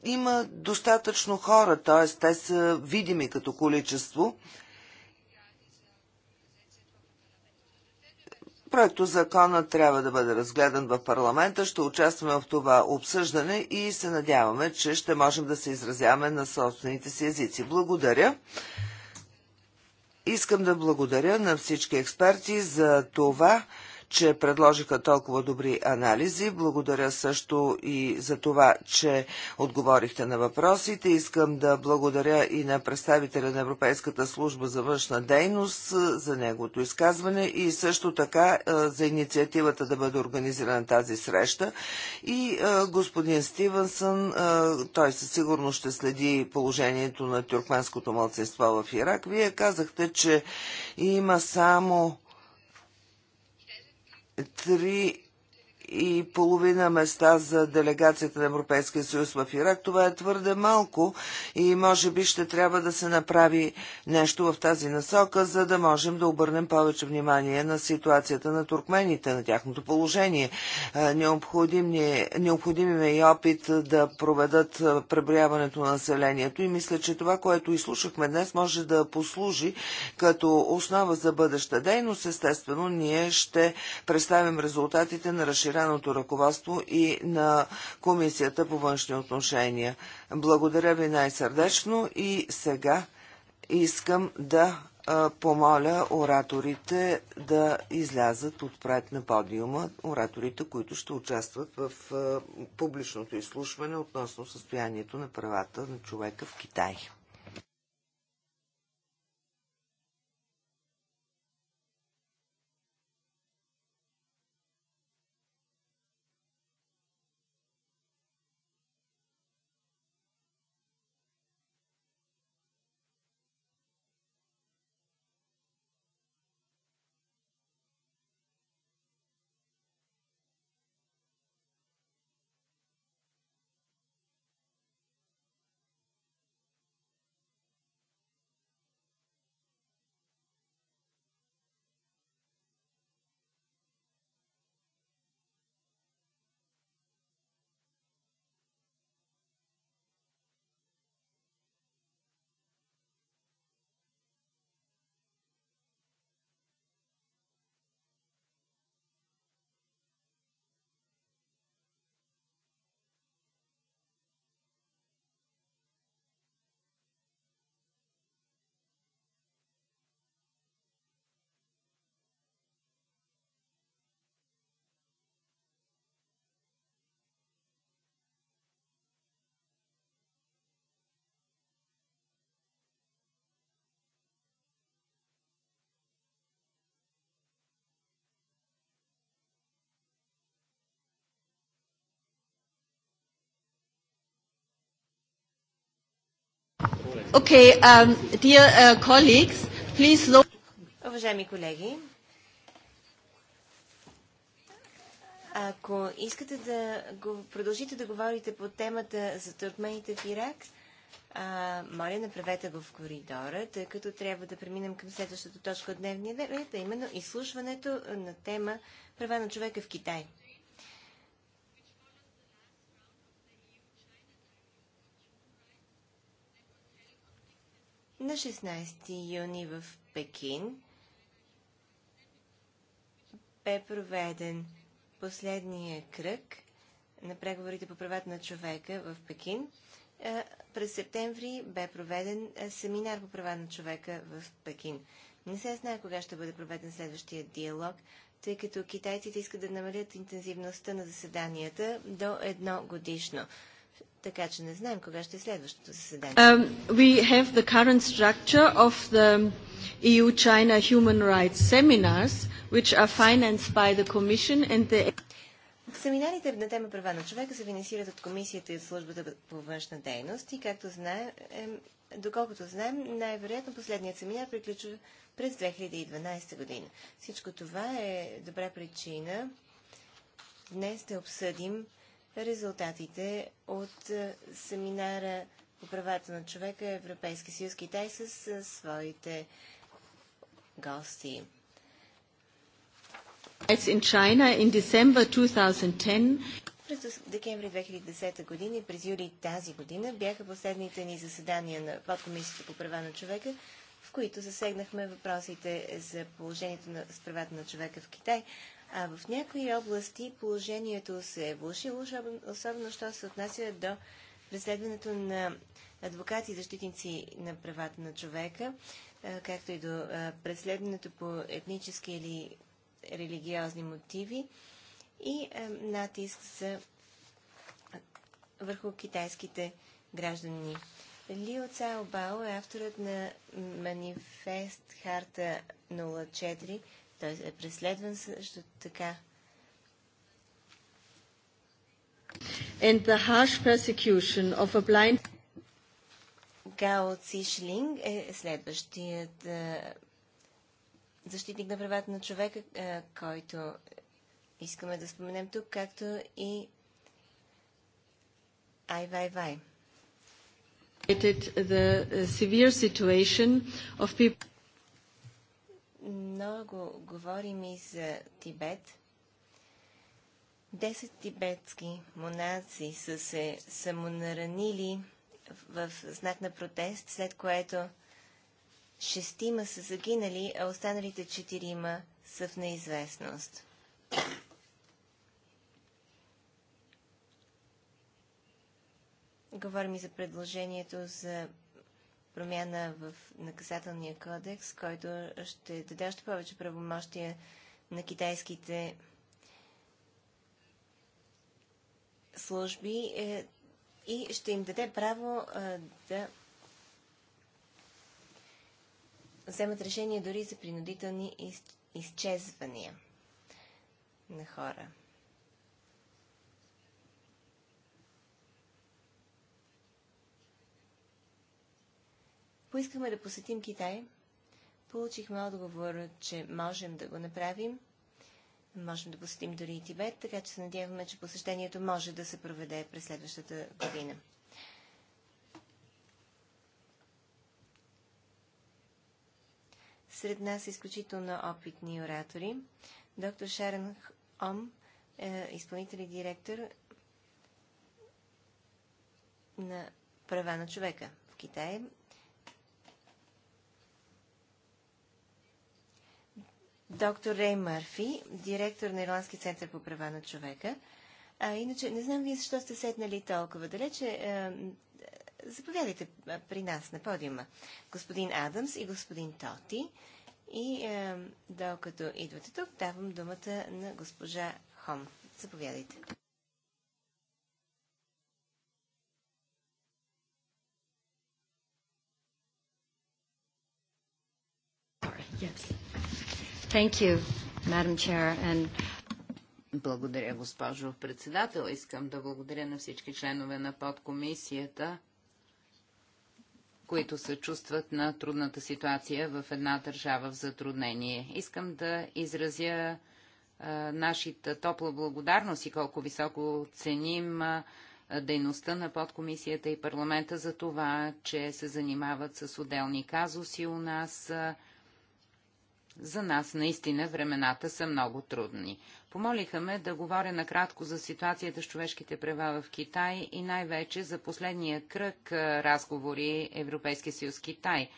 [SPEAKER 4] има достатъчно хора, т.е. те са видими като количество Проекто закона трябва да бъде разгледан в парламента. Ще участваме в това обсъждане и се надяваме, че ще можем да се изразяваме на собствените си езици. Благодаря. Искам да благодаря на всички експерти за това, че предложиха толкова добри анализи. Благодаря също и за това, че отговорихте на въпросите. Искам да благодаря и на представителя на Европейската служба за външна дейност за неговото изказване и също така за инициативата да бъде организирана тази среща. И господин Стивенсън, той със сигурност ще следи положението на тюркманското младсинство в Ирак. Вие казахте, че има само три и половина места за делегацията на Европейския съюз в Ирак. Това е твърде малко и може би ще трябва да се направи нещо в тази насока, за да можем да обърнем повече внимание на ситуацията на туркмените, на тяхното положение. Необходим, ни, е- необходим е и опит да проведат преброяването на населението и мисля, че това, което изслушахме днес, може да послужи като основа за бъдеща дейност. Естествено, ние ще представим резултатите на разширението разширеното ръководство и на Комисията по външни отношения. Благодаря ви най-сърдечно и сега искам да помоля ораторите да излязат отпред на подиума, ораторите, които ще участват в публичното изслушване относно състоянието на правата на човека в Китай.
[SPEAKER 1] Okay, um, dear uh, colleagues, please
[SPEAKER 2] look... Уважаеми колеги, ако искате да го, продължите да говорите по темата за туркмените в Ирак, а, моля, направете го в коридора, тъй като трябва да преминем към следващата точка от дневния ред, а именно изслушването на тема права на човека в Китай. на 16 юни в Пекин бе проведен последния кръг на преговорите по правата на човека в Пекин. Е, през септември бе проведен е, семинар по права на човека в Пекин. Не се знае кога ще бъде проведен следващия диалог, тъй като китайците искат да намалят интензивността на заседанията до едно годишно така че не знаем кога ще е следващото заседание. Um,
[SPEAKER 1] we have the current structure of the EU-China human rights seminars, which are financed by the Commission and the...
[SPEAKER 2] Семинарите на тема права на човека се финансират от комисията и от службата по външна дейност и както знаем, доколкото знаем, най-вероятно последният семинар приключва през 2012 година. Всичко това е добра причина днес да обсъдим резултатите от е, семинара по правата на човека Европейски съюз Китай с е, своите гости.
[SPEAKER 1] In China in 2010.
[SPEAKER 2] През декември 2010 година и през юли тази година бяха последните ни заседания на подкомисията по права на човека, в които засегнахме въпросите за положението на, с правата на човека в Китай, а в някои области положението се е влушило, особено що се отнася до преследването на адвокати и защитници на правата на човека, както и до преследването по етнически или религиозни мотиви и натиск за върху китайските граждани. Лио Цао Бао е авторът на манифест Харта 04 той е преследван също така.
[SPEAKER 1] And the harsh persecution of a blind...
[SPEAKER 2] Гао Цишлинг е следващият е, защитник на правата на човека, е, който искаме да споменем тук, както и Ай Вай Вай.
[SPEAKER 1] The uh, severe situation of people
[SPEAKER 2] много говорим и за Тибет. Десет тибетски монаци са се самонаранили в знак на протест, след което шестима са загинали, а останалите четирима са в неизвестност. Говорим и за предложението за промяна в наказателния кодекс, който ще даде още повече правомощия на китайските служби е, и ще им даде право е, да вземат решение дори за принудителни изчезвания на хора. Поискахме да посетим Китай. Получихме отговор, че можем да го направим. Можем да посетим дори и Тибет, така че се надяваме, че посещението може да се проведе през следващата година. Сред нас изключително опитни оратори. Доктор Шарен Ом, е и директор на права на човека в Китай. доктор Рей Мърфи, директор на Ирландски център по права на човека. А, иначе, не знам вие защо сте седнали толкова далече. Е, а, заповядайте при нас на подиума. Господин Адамс и господин Тоти. И а, е, докато идвате тук, давам думата на госпожа Хом. Заповядайте.
[SPEAKER 3] Yes. Thank you, Madam Chair, and... Благодаря, госпожо председател. Искам да благодаря на всички членове на подкомисията, които се чувстват на трудната ситуация в една държава в затруднение. Искам да изразя нашата топла благодарност и колко високо ценим дейността на подкомисията и парламента за това, че се занимават с отделни казуси у нас, за нас наистина времената са много трудни. Помолиха ме да говоря накратко за ситуацията с човешките права в Китай и най-вече за последния кръг разговори Европейски съюз Китай.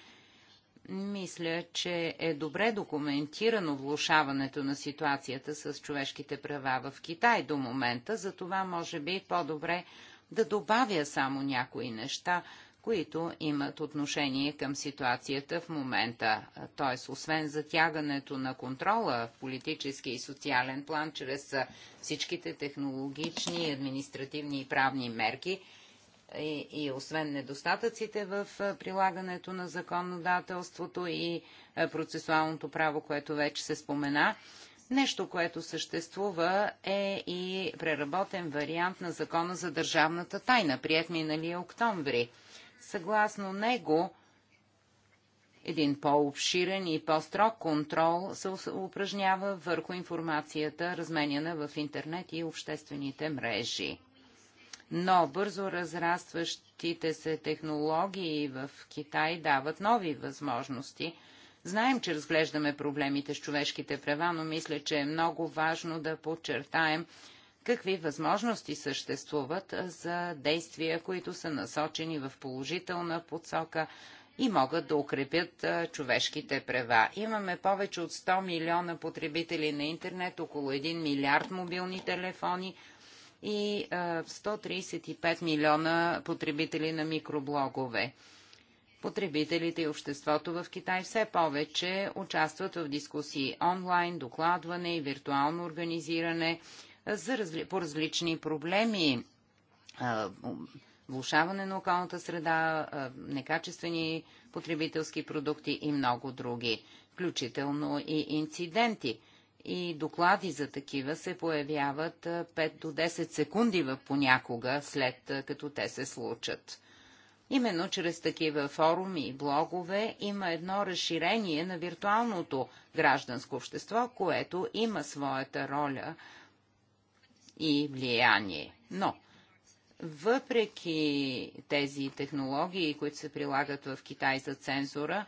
[SPEAKER 3] Мисля, че е добре документирано влушаването на ситуацията с човешките права в Китай до момента, за това може би по-добре да добавя само някои неща, които имат отношение към ситуацията в момента. Т.е. освен затягането на контрола в политически и социален план, чрез всичките технологични, административни и правни мерки, и, и освен недостатъците в прилагането на законодателството и процесуалното право, което вече се спомена, Нещо, което съществува е и преработен вариант на закона за държавната тайна, прият миналия октомври. Съгласно него, един по-обширен и по-строг контрол се упражнява върху информацията, разменяна в интернет и обществените мрежи. Но бързо разрастващите се технологии в Китай дават нови възможности. Знаем, че разглеждаме проблемите с човешките права, но мисля, че е много важно да подчертаем, какви възможности съществуват за действия, които са насочени в положителна подсока и могат да укрепят човешките права. Имаме повече от 100 милиона потребители на интернет, около 1 милиард мобилни телефони и 135 милиона потребители на микроблогове. Потребителите и обществото в Китай все повече участват в дискусии онлайн, докладване и виртуално организиране за, по различни проблеми. Влушаване на околната среда, некачествени потребителски продукти и много други, включително и инциденти. И доклади за такива се появяват 5 до 10 секунди понякога, след като те се случат. Именно чрез такива форуми и блогове има едно разширение на виртуалното гражданско общество, което има своята роля и влияние. Но въпреки тези технологии, които се прилагат в Китай за цензура,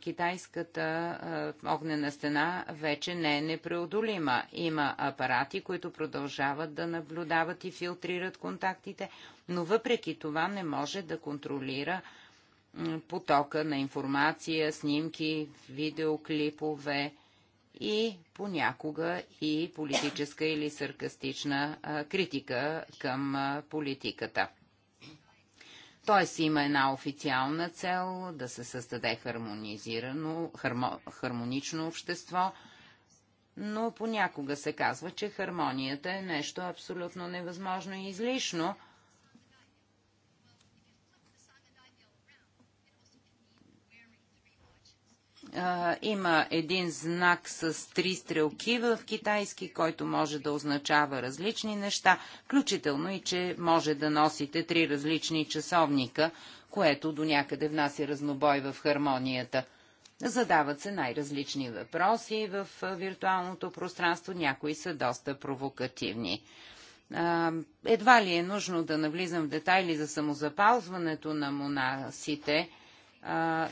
[SPEAKER 3] китайската огнена стена вече не е непреодолима. Има апарати, които продължават да наблюдават и филтрират контактите, но въпреки това не може да контролира потока на информация, снимки, видеоклипове, и понякога и политическа или саркастична критика към политиката. политиката. Тоест има една официална цел да се създаде хармонизирано, хармо, хармонично общество, но понякога се казва, че хармонията е нещо абсолютно невъзможно и излишно – има един знак с три стрелки в китайски, който може да означава различни неща, включително и, че може да носите три различни часовника, което до някъде внася разнобой в хармонията. Задават се най-различни въпроси в виртуалното пространство, някои са доста провокативни. Едва ли е нужно да навлизам в детайли за самозапалзването на монасите,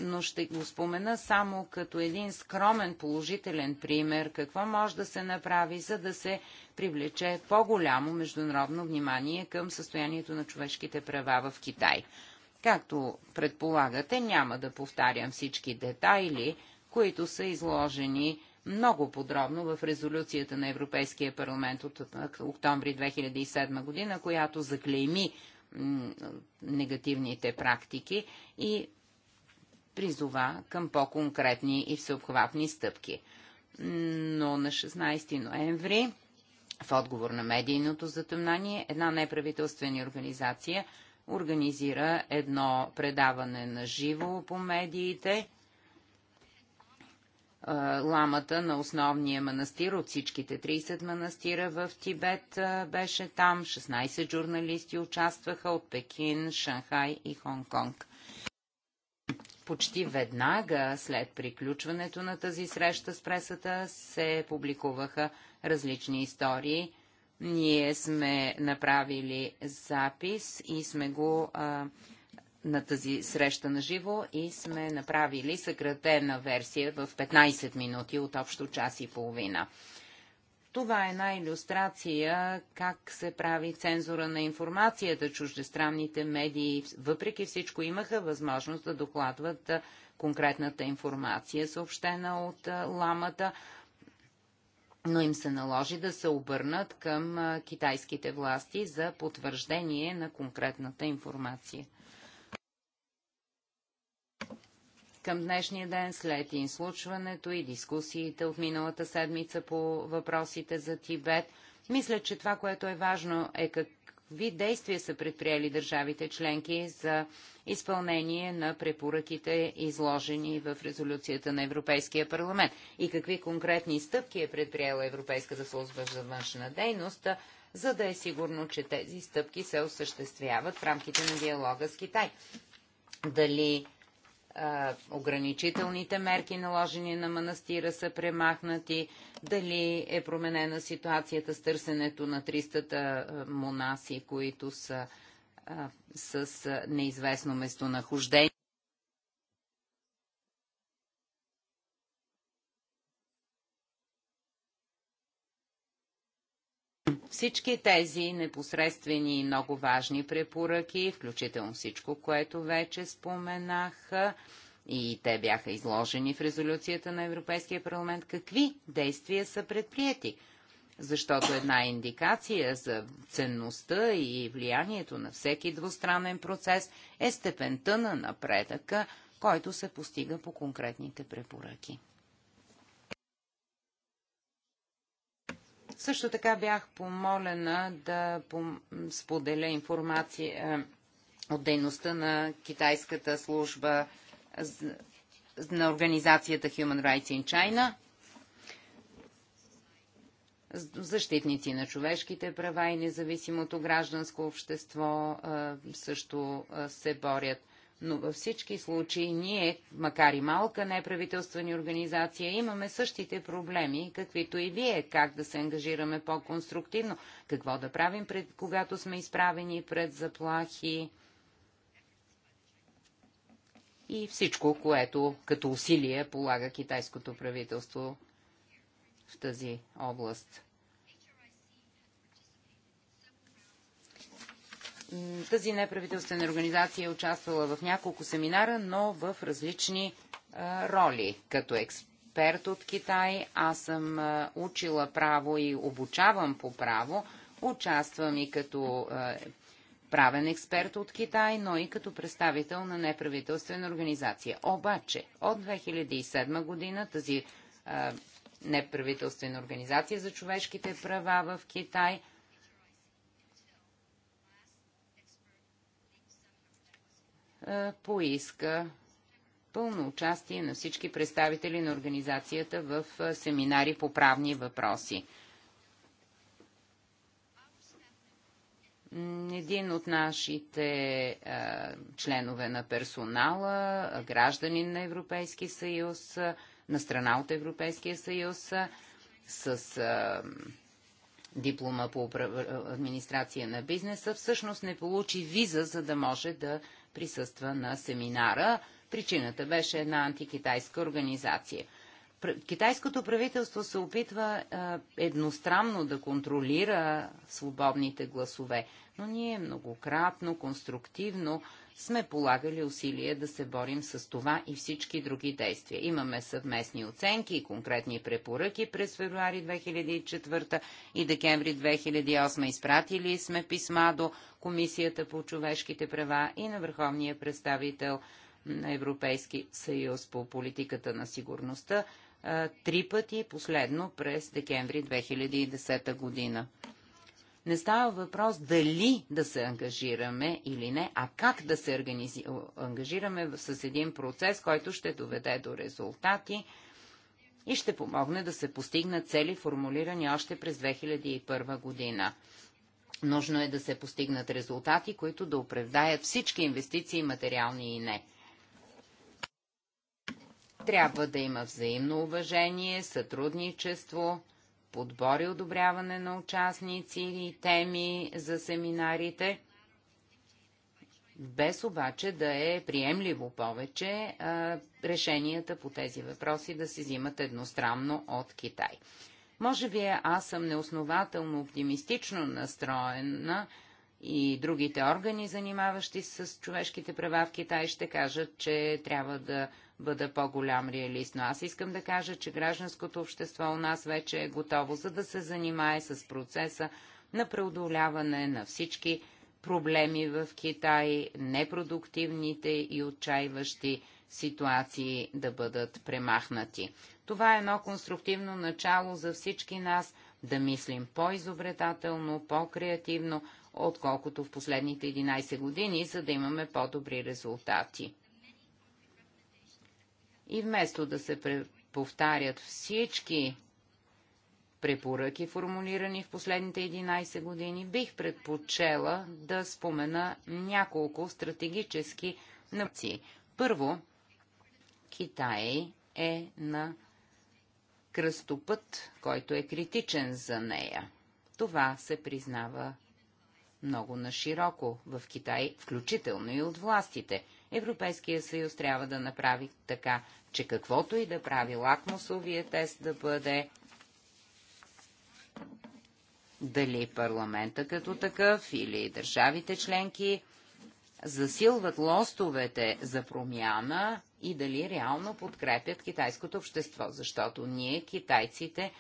[SPEAKER 3] но ще го спомена само като един скромен положителен пример какво може да се направи, за да се привлече по-голямо международно внимание към състоянието на човешките права в Китай. Както предполагате, няма да повтарям всички детайли, които са изложени много подробно в резолюцията на Европейския парламент от октомври 2007 година, която заклейми негативните практики и призова към по-конкретни и всеобхватни стъпки. Но на 16 ноември, в отговор на медийното затъмнание, една неправителствена организация организира едно предаване на живо по медиите. Ламата на основния манастир от всичките 30 манастира в Тибет беше там. 16 журналисти участваха от Пекин, Шанхай и Хонг-Конг почти веднага след приключването на тази среща с пресата се публикуваха различни истории. Ние сме направили запис и сме го а, на тази среща на живо и сме направили съкратена версия в 15 минути от общо час и половина. Това е една иллюстрация как се прави цензура на информацията. Чуждестранните медии, въпреки всичко, имаха възможност да докладват конкретната информация, съобщена от ламата, но им се наложи да се обърнат към китайските власти за потвърждение на конкретната информация. към днешния ден след инслучването и дискусиите от миналата седмица по въпросите за Тибет. Мисля, че това, което е важно е какви действия са предприели държавите членки за изпълнение на препоръките, изложени в резолюцията на Европейския парламент и какви конкретни стъпки е предприела Европейската служба за външна дейност, за да е сигурно, че тези стъпки се осъществяват в рамките на диалога с Китай. Дали ограничителните мерки наложени на манастира са премахнати, дали е променена ситуацията с търсенето на 300 монаси, които са с неизвестно местонахождение. Всички тези непосредствени и много важни препоръки, включително всичко, което вече споменах, и те бяха изложени в резолюцията на Европейския парламент, какви действия са предприяти? Защото една индикация за ценността и влиянието на всеки двустранен процес е степента на напредъка, който се постига по конкретните препоръки. Също така бях помолена да споделя информация е, от дейността на китайската служба на организацията Human Rights in China, защитници на човешките права и независимото гражданско общество е, също е, се борят но във всички случаи ние, макар и малка неправителствени организация, имаме същите проблеми, каквито и вие, как да се ангажираме по-конструктивно, какво да правим, пред, когато сме изправени пред заплахи и всичко, което като усилие полага китайското правителство в тази област. Тази неправителствена организация е участвала в няколко семинара, но в различни роли. Като експерт от Китай, аз съм учила право и обучавам по право. Участвам и като правен експерт от Китай, но и като представител на неправителствена организация. Обаче, от 2007 година тази неправителствена организация за човешките права в Китай – Е, поиска пълно участие на всички представители на организацията в е, семинари по правни въпроси. Един от нашите а, е, членове на персонала, гражданин на Европейски съюз, на страна от Европейския съюз, с а, диплома по администрация на бизнеса, всъщност не получи виза, за да може да присъства на семинара. Причината беше една антикитайска организация. Китайското правителство се опитва едностранно да контролира свободните гласове, но ние многократно, конструктивно сме полагали усилия да се борим с това и всички други действия. Имаме съвместни оценки и конкретни препоръки през февруари 2004 и декември 2008. Изпратили сме писма до Комисията по човешките права и на Върховния представител на Европейски съюз по политиката на сигурността три пъти, последно през декември 2010 година. Не става въпрос дали да се ангажираме или не, а как да се организи... ангажираме с един процес, който ще доведе до резултати и ще помогне да се постигнат цели, формулирани още през 2001 година. Нужно е да се постигнат резултати, които да оправдаят всички инвестиции, материални и не. Трябва да има взаимно уважение, сътрудничество, подбор и одобряване на участници и теми за семинарите, без обаче да е приемливо повече а, решенията по тези въпроси да се взимат едностранно от Китай. Може би е, аз съм неоснователно оптимистично настроена и другите органи, занимаващи с човешките права в Китай, ще кажат, че трябва да бъда по-голям реалист, но аз искам да кажа, че гражданското общество у нас вече е готово, за да се занимае с процеса на преодоляване на всички проблеми в Китай, непродуктивните и отчаиващи ситуации да бъдат премахнати. Това е едно конструктивно начало за всички нас да мислим по-изобретателно, по-креативно, отколкото в последните 11 години, за да имаме по-добри резултати. И вместо да се повтарят всички препоръки, формулирани в последните 11 години, бих предпочела да спомена няколко стратегически нации. Първо, Китай е на кръстопът, който е критичен за нея. Това се признава много на широко в Китай, включително и от властите – Европейския съюз трябва да направи така, че каквото и да прави лакмусовия тест да бъде дали парламента като такъв или държавите членки засилват лостовете за промяна и дали реално подкрепят китайското общество, защото ние, китайците,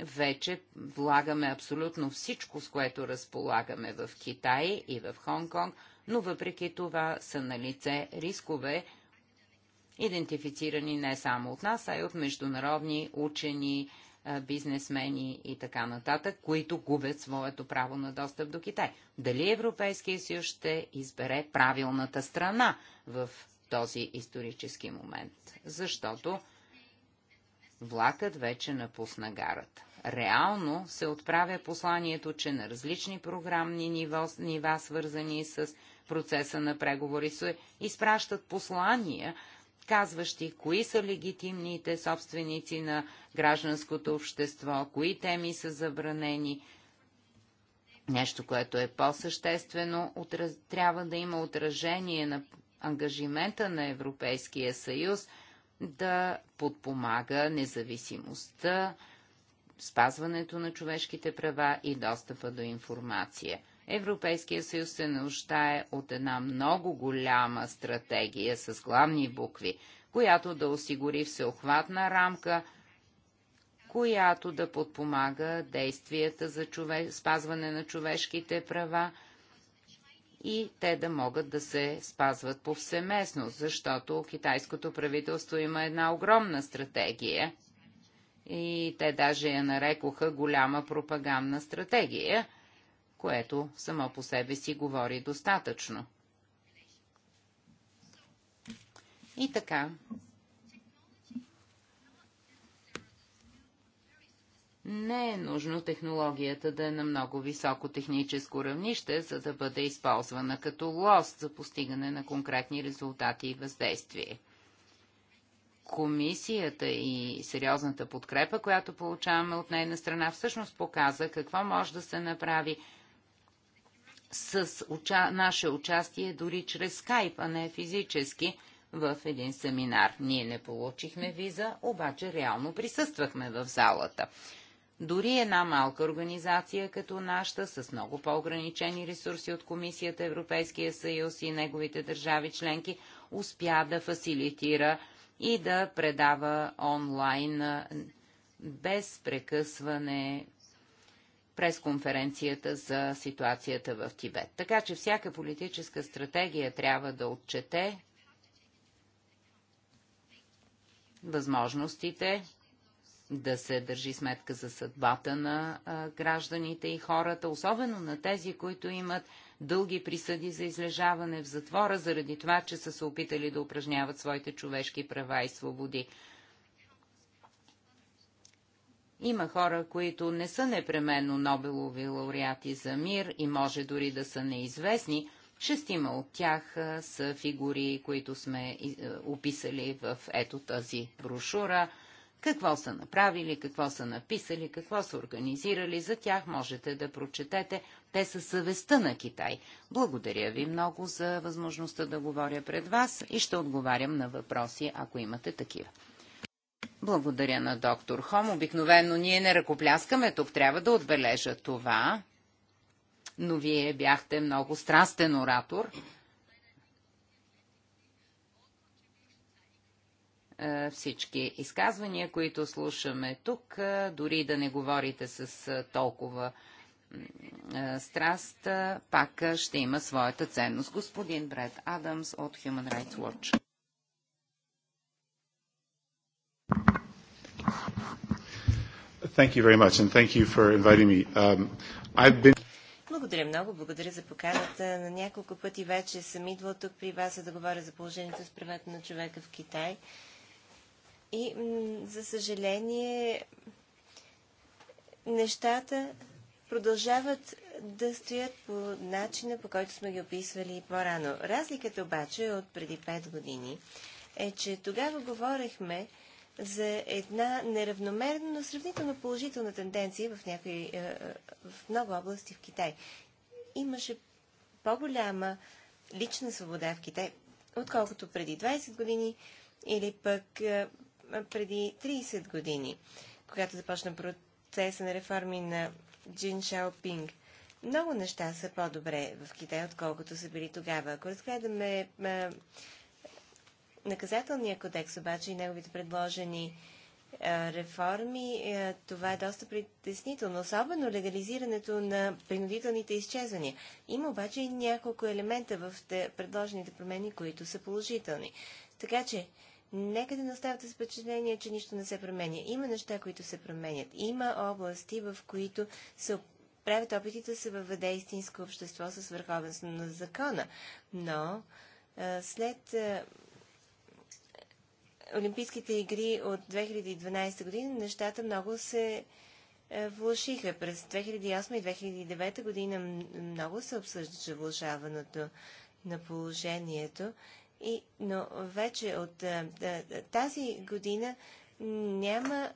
[SPEAKER 3] вече влагаме абсолютно всичко, с което разполагаме в Китай и в Хонг-Конг – но въпреки това са на лице рискове, идентифицирани не само от нас, а и от международни учени, бизнесмени и така нататък, които губят своето право на достъп до Китай. Дали Европейския съюз ще избере правилната страна в този исторически момент? Защото влакът вече напусна гарата. Реално се отправя посланието, че на различни програмни нива, нива свързани с процеса на преговори, се изпращат послания, казващи кои са легитимните собственици на гражданското общество, кои теми са забранени. Нещо, което е по-съществено, отраз... трябва да има отражение на ангажимента на Европейския съюз да подпомага независимостта, спазването на човешките права и достъпа до информация – Европейския съюз се нуждае от една много голяма стратегия с главни букви, която да осигури всеохватна рамка, която да подпомага действията за чове... спазване на човешките права и те да могат да се спазват повсеместно, защото китайското правителство има една огромна стратегия и те даже я нарекоха голяма пропагандна стратегия – което само по себе си говори достатъчно. И така. Не е нужно технологията да е на много високо техническо равнище, за да бъде използвана като лост за постигане на конкретни резултати и въздействие. Комисията и сериозната подкрепа, която получаваме от нейна страна, всъщност показа какво може да се направи с уча... наше участие дори чрез скайп, а не физически в един семинар. Ние не получихме виза, обаче реално присъствахме в залата. Дори една малка организация като нашата, с много по-ограничени ресурси от Комисията Европейския съюз и неговите държави членки, успя да фасилитира и да предава онлайн без прекъсване през конференцията за ситуацията в Тибет. Така че всяка политическа стратегия трябва да отчете възможностите, да се държи сметка за съдбата на гражданите и хората, особено на тези, които имат дълги присъди за излежаване в затвора, заради това, че са се опитали да упражняват своите човешки права и свободи. Има хора, които не са непременно Нобелови лауреати за мир и може дори да са неизвестни. Шестима от тях са фигури, които сме описали в ето тази брошура. Какво са направили, какво са написали, какво са организирали, за тях можете да прочетете. Те са съвестта на Китай. Благодаря ви много за възможността да говоря пред вас и ще отговарям на въпроси, ако имате такива. Благодаря на доктор Хом. Обикновено ние не ръкопляскаме, тук трябва да отбележа това. Но вие бяхте много страстен оратор. Е, всички изказвания, които слушаме тук, е, дори да не говорите с е, толкова страст, пак ще има своята ценност. Господин Бред Адамс от Human Rights Watch.
[SPEAKER 1] Thank you very much and thank you for inviting me. Um,
[SPEAKER 4] I've been...
[SPEAKER 2] Благодаря много. Благодаря за поканата. На няколко пъти вече съм идвал тук при вас, за да говоря за положението с правата на човека в Китай. И, за съжаление, нещата продължават да стоят по начина, по който сме ги описвали по-рано. Разликата обаче от преди 5 години е, че тогава говорихме за една неравномерна, но сравнително положителна тенденция в, някои, е, е, в много области в Китай. Имаше по-голяма лична свобода в Китай, отколкото преди 20 години или пък е, преди 30 години, когато започна процеса на реформи на Джин Шаопинг. Много неща са по-добре в Китай, отколкото са били тогава. Ако разгледаме наказателния кодекс, обаче и неговите предложени реформи, това е доста притеснително, особено легализирането на принудителните изчезвания. Има обаче и няколко елемента в предложените промени, които са положителни. Така че, нека да не оставате с впечатление, че нищо не се променя. Има неща, които се променят. Има области, в които се правят опити да се въведе истинско общество с върховенство на закона. Но след Олимпийските игри от 2012 година нещата много се е, влушиха. През 2008 и 2009 година много се обсъждаше влушаването на положението. И, но вече от е, е, тази година няма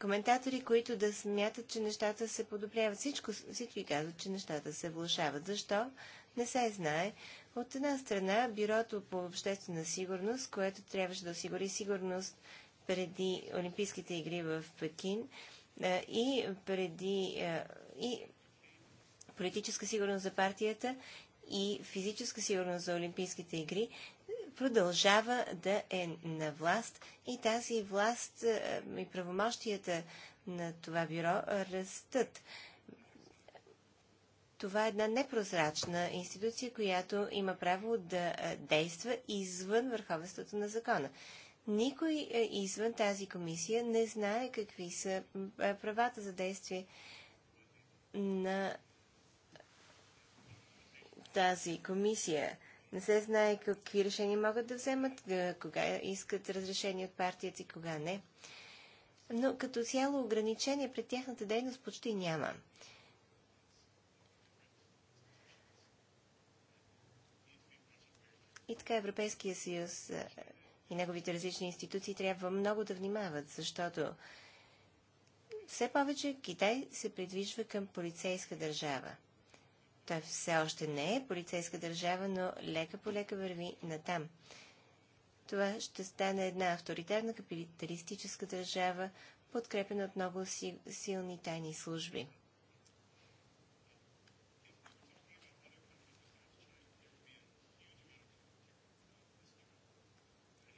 [SPEAKER 2] коментатори, които да смятат, че нещата се подобряват. Всичко, всички казват, че нещата се влушават. Защо? Не се знае. От една страна, Бюрото по обществена сигурност, което трябваше да осигури сигурност преди Олимпийските игри в Пекин и преди и политическа сигурност за партията и физическа сигурност за Олимпийските игри, продължава да е на власт и тази власт и правомощията на това бюро растат. Това е една непрозрачна институция, която има право да е, действа извън върховенството на закона. Никой е, извън тази комисия не знае какви са е, правата за действие на тази комисия. Не се знае какви решения могат да вземат, кога искат разрешение от партията и кога не. Но като цяло ограничение пред тяхната дейност почти няма. И така Европейския съюз и неговите различни институции трябва много да внимават, защото все повече Китай се придвижва към полицейска държава. Той все още не е полицейска държава, но лека по лека върви натам. Това ще стане една авторитарна капиталистическа държава, подкрепена от много силни тайни служби.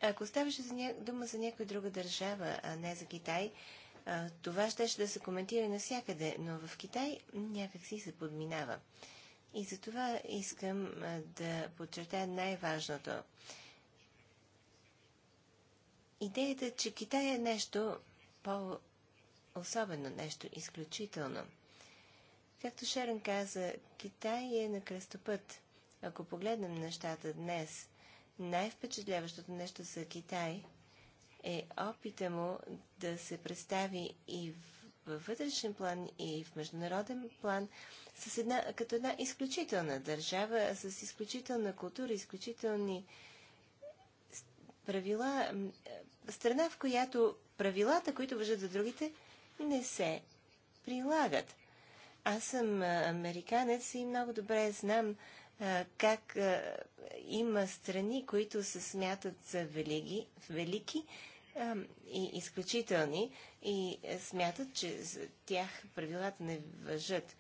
[SPEAKER 2] Ако ставаше за ня... дума за някоя друга държава, а не за Китай, а, това щеше да се коментира навсякъде, но в Китай някакси се подминава. И за това искам да подчертая най-важното. Идеята, че Китай е нещо по-особено, нещо изключително. Както Шерен каза, Китай е на кръстопът. Ако погледнем нещата днес – най-впечатляващото нещо за Китай е опита му да се представи и във вътрешен план, и в международен план с една, като една изключителна държава, с изключителна култура, изключителни правила. Е, страна, в която правилата, които въжат за другите, не се прилагат. Аз съм е, американец и много добре знам как има страни, които се смятат за велики, велики и изключителни и е, смятат, че за тях правилата не въжат.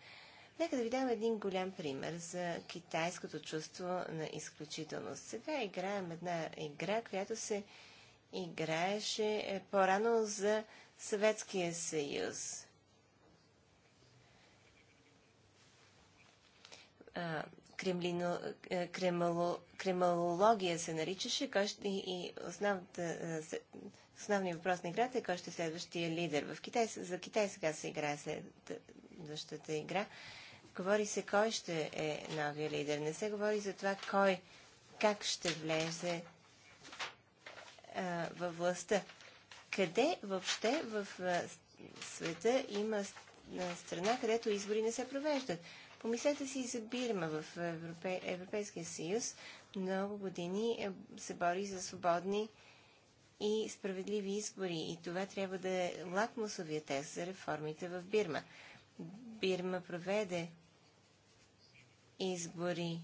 [SPEAKER 2] Нека да ви дам един голям пример за китайското чувство на изключителност. Сега играем една игра, която се играеше е, по-рано за Съветския съюз кремлино, е, кремало, кремалология се наричаше, кой ще, и основната, е, основният въпрос на играта е кой ще е следващия лидер. В Китай, за Китай сега се играе следващата игра. Говори се кой ще е новия лидер. Не се говори за това кой, как ще влезе а, е, във властта. Къде въобще в а, света има страна, където избори не се провеждат? Помислете си за Бирма в Европе... Европейския съюз. Много години е, се бори за свободни и справедливи избори. И това трябва да е лакмусовия тест за реформите в Бирма. Бирма проведе избори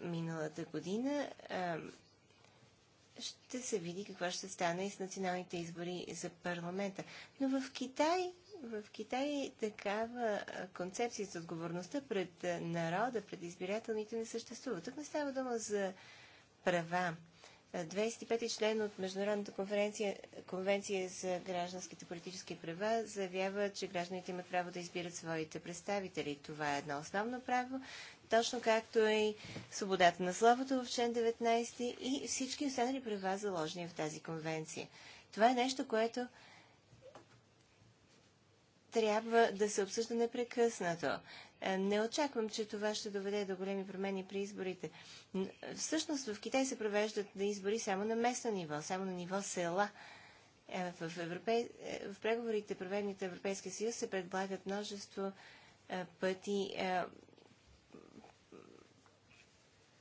[SPEAKER 2] миналата година. ще се види какво ще стане и с националните избори за парламента. Но в Китай в Китай такава концепция за отговорността пред народа, пред избирателните не съществува. Тук не става дума за права. 25 ти член от Международната конференция, конвенция за гражданските политически права заявява, че гражданите имат право да избират своите представители. Това е едно основно право, точно както е и свободата на словото в член 19 и всички останали права, заложени в тази конвенция. Това е нещо, което трябва да се обсъжда непрекъснато. Е, не очаквам, че това ще доведе до големи промени при изборите. Всъщност в Китай се провеждат на избори само на местно ниво, само на ниво села. Е, в, европей... Е, в преговорите, проведени от Европейския съюз, се предлагат множество пъти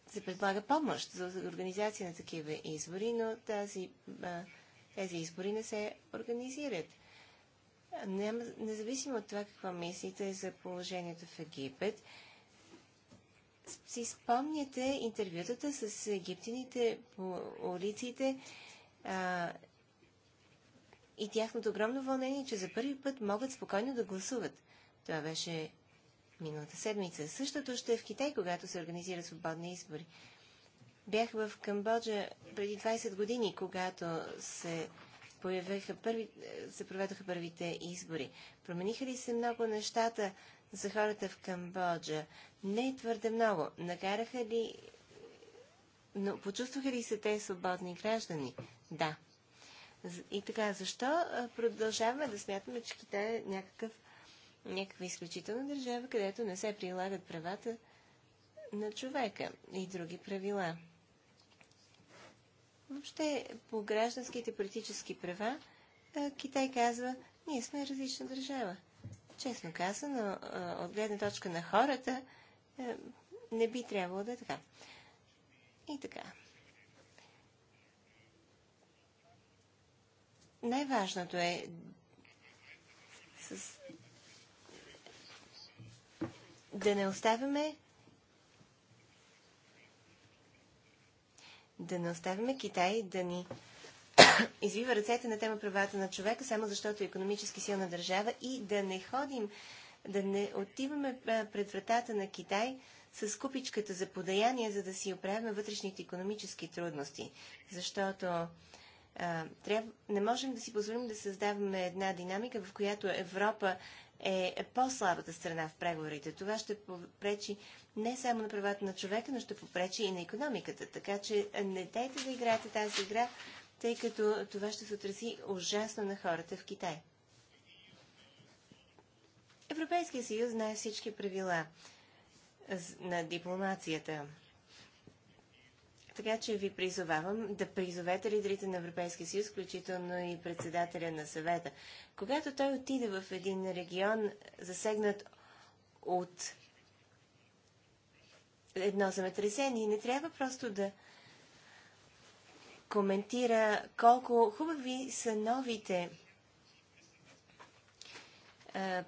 [SPEAKER 2] се предлага помощ за организация на такива избори, но тази, тези избори не се организират независимо от това какво мислите за положението в Египет, си спомняте интервютата с египтяните по улиците а, и тяхното огромно вълнение, че за първи път могат спокойно да гласуват. Това беше миналата седмица. Същото ще е в Китай, когато се организират свободни избори. Бях в Камбоджа преди 20 години, когато се появиха първи, се проведоха първите избори. Промениха ли се много нещата за хората в Камбоджа? Не твърде много. Накараха ли... Но почувстваха ли се те свободни граждани? Да. И така, защо продължаваме да смятаме, че Китай е някакъв, някаква изключителна държава, където не се прилагат правата на човека и други правила? Въобще по гражданските политически права Китай казва, ние сме различна държава. Честно казано, от гледна точка на хората, не би трябвало да е така. И така. Най-важното е да не оставяме да не оставяме Китай да ни извива ръцете на тема правата на човека, само защото е економически силна държава и да не ходим, да не отиваме пред вратата на Китай с купичката за подаяние, за да си оправяме вътрешните економически трудности. Защото а, трябва, не можем да си позволим да създаваме една динамика, в която Европа е по-слабата страна в преговорите. Това ще попречи не само на правата на човека, но ще попречи и на економиката. Така че не дайте да играете тази игра, тъй като това ще се отрази ужасно на хората в Китай. Европейския съюз знае всички правила на дипломацията. Така че ви призовавам да призовете лидерите на Европейския съюз, включително и председателя на съвета. Когато той отиде в един регион, засегнат от едно земетресение, не трябва просто да коментира колко хубави са новите а,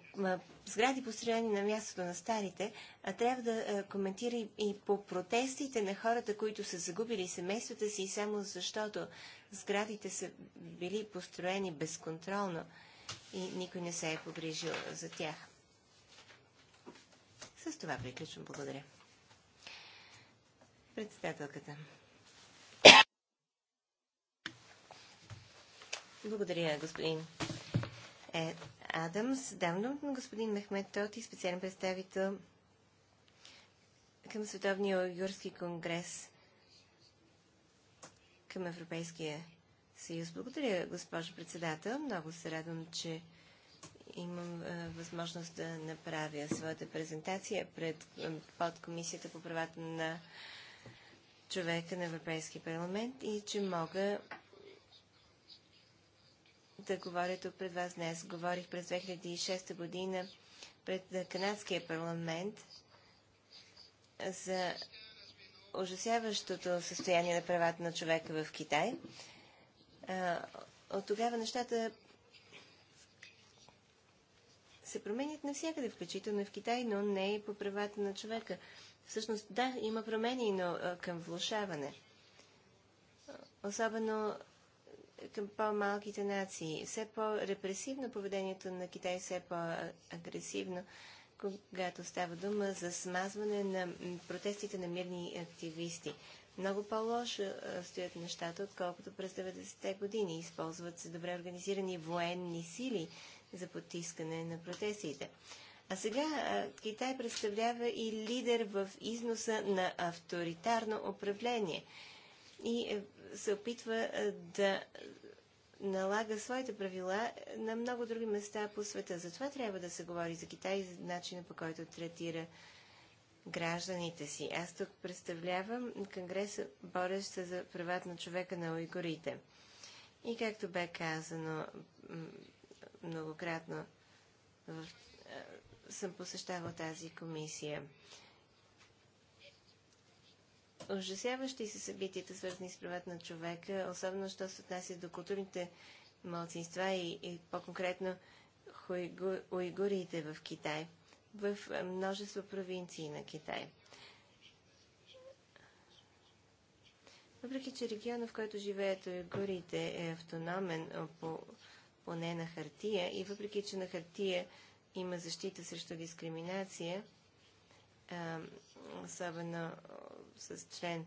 [SPEAKER 2] сгради построени на мястото на старите, а трябва да коментира и, и по протестите на хората, които са загубили семействата си, само защото сградите са били построени безконтролно и никой не се е погрижил за тях. С това приключвам. Благодаря. Председателката. Благодаря, господин е, Адамс. Давам думата на господин Мехмед Тоти, специален представител към Световния юрски конгрес към Европейския съюз. Благодаря, госпожо председател. Много се радвам, че имам възможност да направя своята презентация пред подкомисията по правата на човека на Европейския парламент и че мога да говоря тук пред вас днес. Говорих през 2006 година пред Канадския парламент за ужасяващото състояние на правата на човека в Китай. От тогава нещата се променят навсякъде, включително и в Китай, но не и по правата на човека. Всъщност, да, има промени, но към влушаване. Особено към по-малките нации. Все по-репресивно поведението на Китай, все по-агресивно, когато става дума за смазване на протестите на мирни активисти. Много по-лошо стоят нещата, отколкото през 90-те години. Използват се добре организирани военни сили за потискане на протестите. А сега Китай представлява и лидер в износа на авторитарно управление. И е, се опитва да налага своите правила на много други места по света. Затова трябва да се говори за Китай и за начина по който третира гражданите си. Аз тук представлявам Конгреса, борещ се за правата на човека на уйгурите. И както бе казано многократно, в, съм посещавал тази комисия ужасяващи са събитията, свързани с правата на човека, особено що се отнася до културните малцинства и, и по-конкретно уйгурите в Китай, в е, множество провинции на Китай. Въпреки, че региона, в който живеят уйгурите, е автономен по, поне на хартия и въпреки, че на хартия има защита срещу дискриминация, особено с член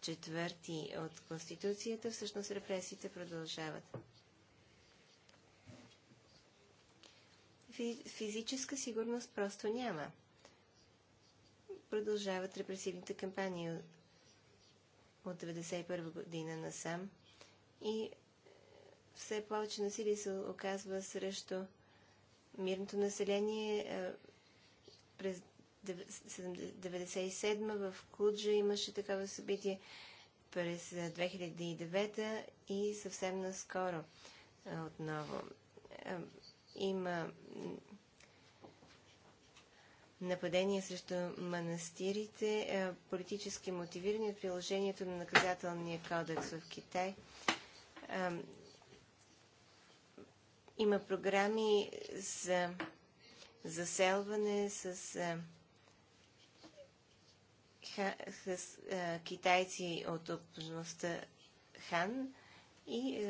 [SPEAKER 2] четвърти от Конституцията, всъщност репресиите продължават. Физическа сигурност просто няма. Продължават репресивните кампании от 1991 година насам и все повече насилие се оказва срещу мирното население. Е, през 1997 в Куджа имаше такова събитие през 2009 и съвсем наскоро отново. Има нападения срещу манастирите, политически мотивирани от приложението на наказателния кодекс в Китай. Има програми за заселване с с китайци от общността Хан и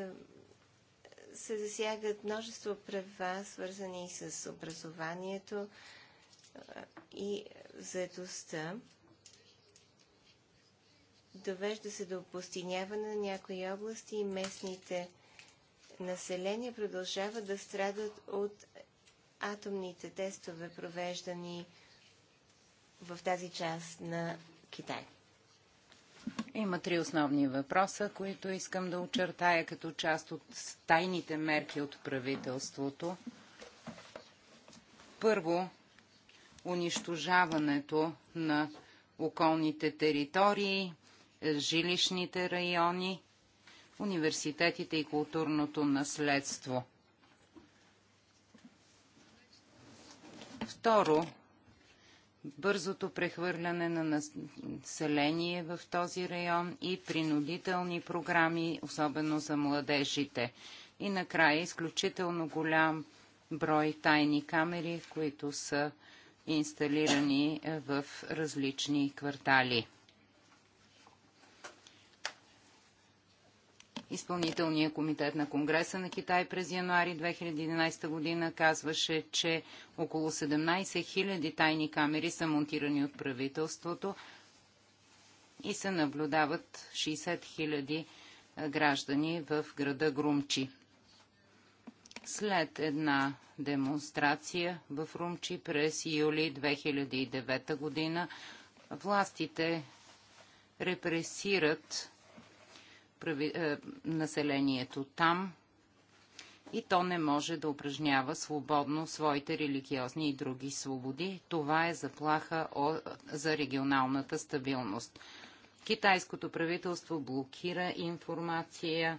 [SPEAKER 2] се засягат множество права, свързани с образованието и заедостта. Довежда се до опустиняване на някои области и местните населения продължават да страдат от атомните тестове, провеждани в тази част на Китай?
[SPEAKER 3] Има три основни въпроса, които искам да очертая като част от тайните мерки от правителството. Първо, унищожаването на околните територии, жилищните райони, университетите и културното наследство. Второ, бързото прехвърляне на население в този район и принудителни програми, особено за младежите. И накрая изключително голям брой тайни камери, които са инсталирани е, в различни квартали. Изпълнителния комитет на Конгреса на Китай през януари 2011 година казваше, че около 17 000 тайни камери са монтирани от правителството и се наблюдават 60 000 граждани в града Грумчи. След една демонстрация в Румчи през юли 2009 година, властите репресират прави, е, населението там и то не може да упражнява свободно своите религиозни и други свободи. Това е заплаха о, за регионалната стабилност. Китайското правителство блокира информация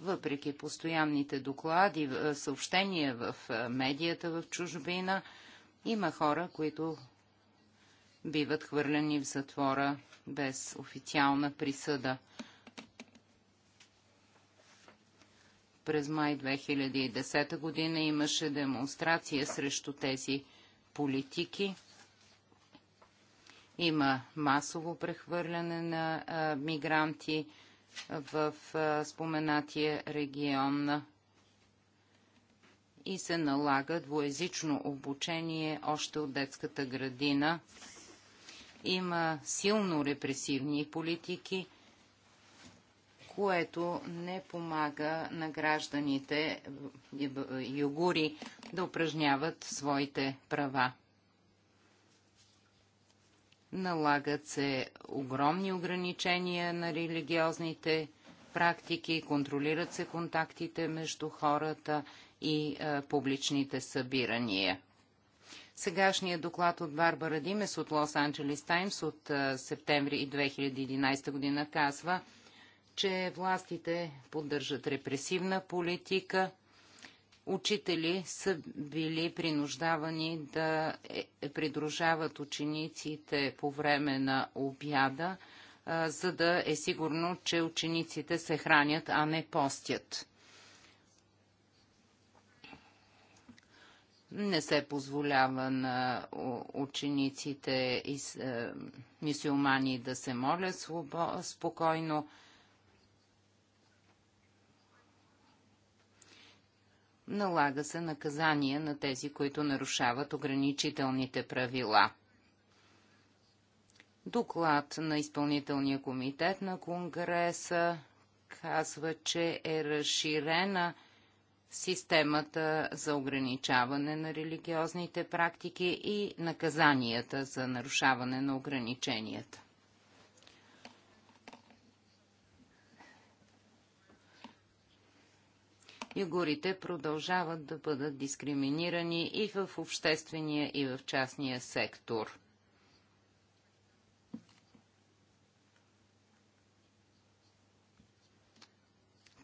[SPEAKER 3] въпреки постоянните доклади, е, съобщения в е, медията в чужбина, има хора, които биват хвърлени в затвора без официална присъда. През май 2010 година имаше демонстрация срещу тези политики. Има масово прехвърляне на а, мигранти в а, споменатия регион и се налага двоезично обучение още от детската градина има силно репресивни политики, което не помага на гражданите югури да упражняват своите права. Налагат се огромни ограничения на религиозните практики, контролират се контактите между хората и а, публичните събирания. Сегашният доклад от Барбара Димес от Лос Анджелес Таймс от септември 2011 година казва, че властите поддържат репресивна политика, учители са били принуждавани да е, е, придружават учениците по време на обяда, за да е сигурно, че учениците се хранят, а не постят. не се позволява на учениците и е, мисиомани да се молят спокойно. Налага се наказание на тези, които нарушават ограничителните правила. Доклад на изпълнителния комитет на Конгреса казва, че е разширена системата за ограничаване на религиозните практики и наказанията за нарушаване на ограниченията. Югорите продължават да бъдат дискриминирани и в обществения, и в частния сектор –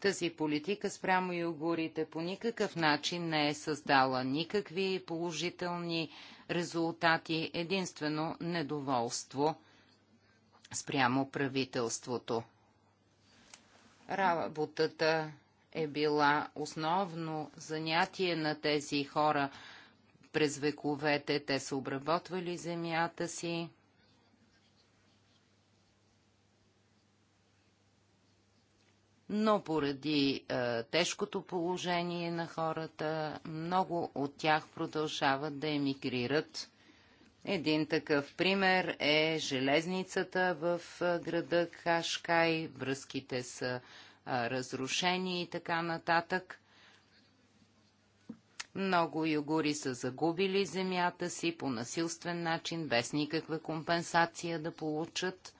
[SPEAKER 3] Тази политика спрямо югурите по никакъв начин не е създала никакви положителни резултати, единствено недоволство спрямо правителството. Работата е била основно занятие на тези хора. През вековете те са обработвали земята си, но поради е, тежкото положение на хората, много от тях продължават да емигрират. Един такъв пример е железницата в е, града Кашкай, връзките са а, е, разрушени и така нататък. Много югури са загубили земята си по насилствен начин, без никаква компенсация да получат.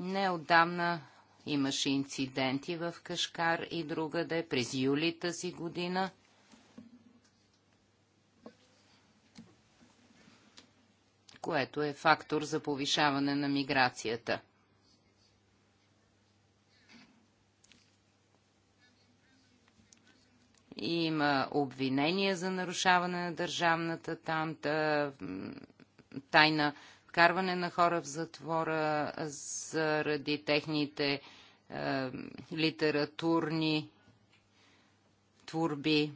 [SPEAKER 3] Неодавна имаше инциденти в Кашкар и другаде през юли тази година. което е фактор за повишаване на миграцията. Има обвинения за нарушаване на държавната там, тайна вкарване на хора в затвора заради техните е, литературни творби.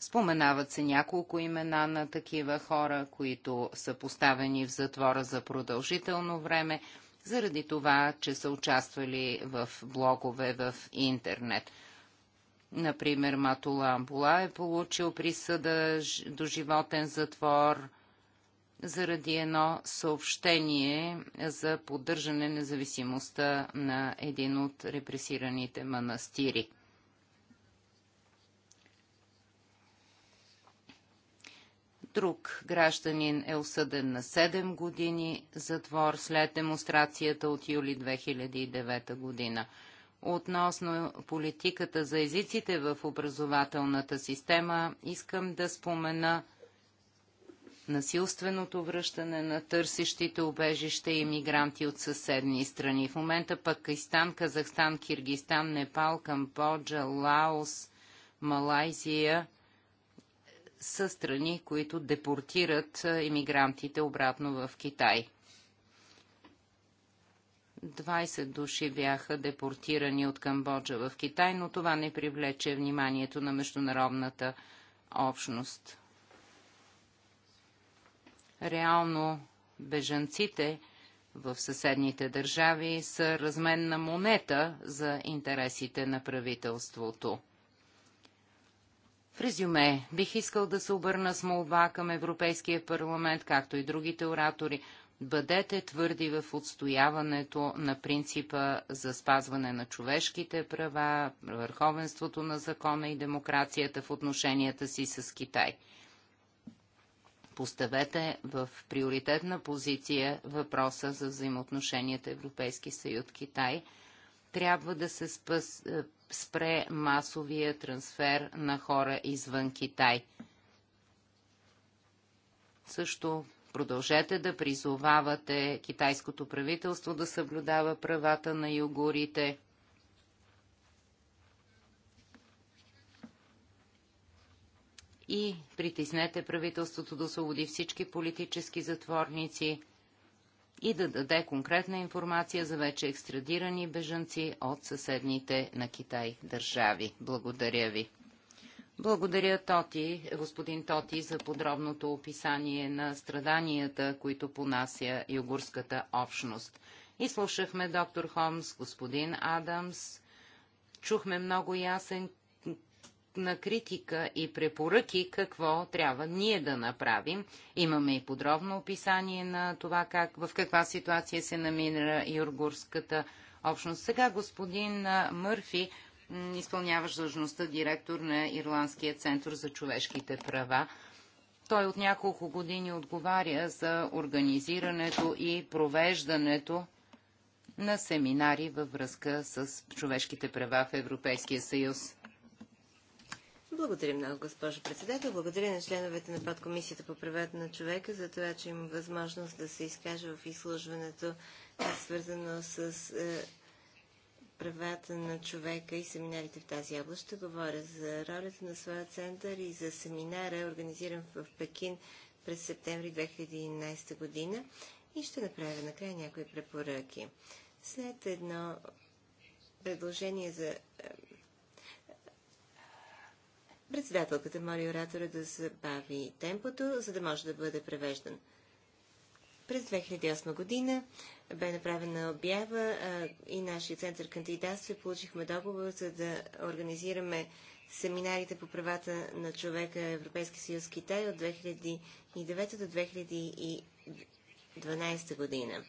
[SPEAKER 3] Споменават се няколко имена на такива хора, които са поставени в затвора за продължително време, заради това, че са участвали в блогове в интернет. Например, Матула Амбула е получил присъда до животен затвор – заради едно съобщение за поддържане независимостта на един от репресираните манастири. Друг гражданин е осъден на 7 години затвор след демонстрацията от юли 2009 година. Относно политиката за езиците в образователната система, искам да спомена – насилственото връщане на търсещите убежище и мигранти от съседни страни. В момента Пакистан, Казахстан, Киргистан, Непал, Камбоджа, Лаос, Малайзия са страни, които депортират иммигрантите обратно в Китай. 20 души бяха депортирани от Камбоджа в Китай, но това не привлече вниманието на международната общност реално бежанците в съседните държави са разменна монета за интересите на правителството. В резюме, бих искал да се обърна с молба към Европейския парламент, както и другите оратори. Бъдете твърди в отстояването на принципа за спазване на човешките права, върховенството на закона и демокрацията в отношенията си с Китай – Поставете в приоритетна позиция въпроса за взаимоотношенията Европейски съюз Китай. Трябва да се спъс, е, спре масовия трансфер на хора извън Китай. Също продължете да призовавате китайското правителство да съблюдава правата на югурите – и притиснете правителството да освободи всички политически затворници и да даде конкретна информация за вече екстрадирани бежанци от съседните на Китай държави. Благодаря ви. Благодаря Тоти, господин Тоти за подробното описание на страданията, които понася югурската общност. И слушахме доктор Холмс, господин Адамс. Чухме много ясен на критика и препоръки какво трябва ние да направим. Имаме и подробно описание на това как, в каква ситуация се намира юргурската общност. Сега господин Мърфи, изпълняваш длъжността директор на Ирландския център за човешките права. Той от няколко години отговаря за организирането и провеждането на семинари във връзка с човешките права в Европейския съюз.
[SPEAKER 2] Благодаря много, госпожо председател. Благодаря на членовете на подкомисията по правата на човека за това, че има възможност да се изкаже в изслужването, е свързано с е, правата на човека и семинарите в тази област. Ще говоря за ролята на своя център и за семинара, организиран в Пекин през септември 2011 година и ще направя накрая някои препоръки. След едно предложение за е, Председателката моли оратора да забави темпото, за да може да бъде превеждан. През 2008 година бе направена обява а, и нашия център кандидатства получихме договор, за да организираме семинарите по правата на човека Европейски съюз Китай от 2009 до 2012 година.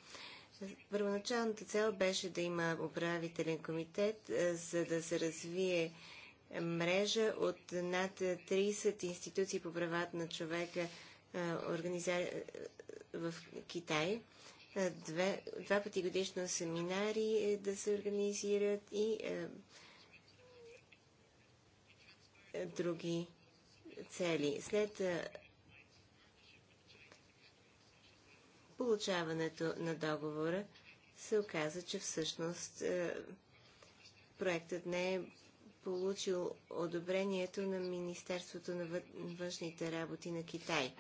[SPEAKER 2] Първоначалната цел беше да има управителен комитет, за да се развие мрежа от над 30 институции по правата на човека в Китай. Две, два пъти годишно семинари е, да се организират и е, други цели. След е, получаването на договора се оказа, че всъщност проектът не е получил одобрението на Министерството на външните работи на Китай.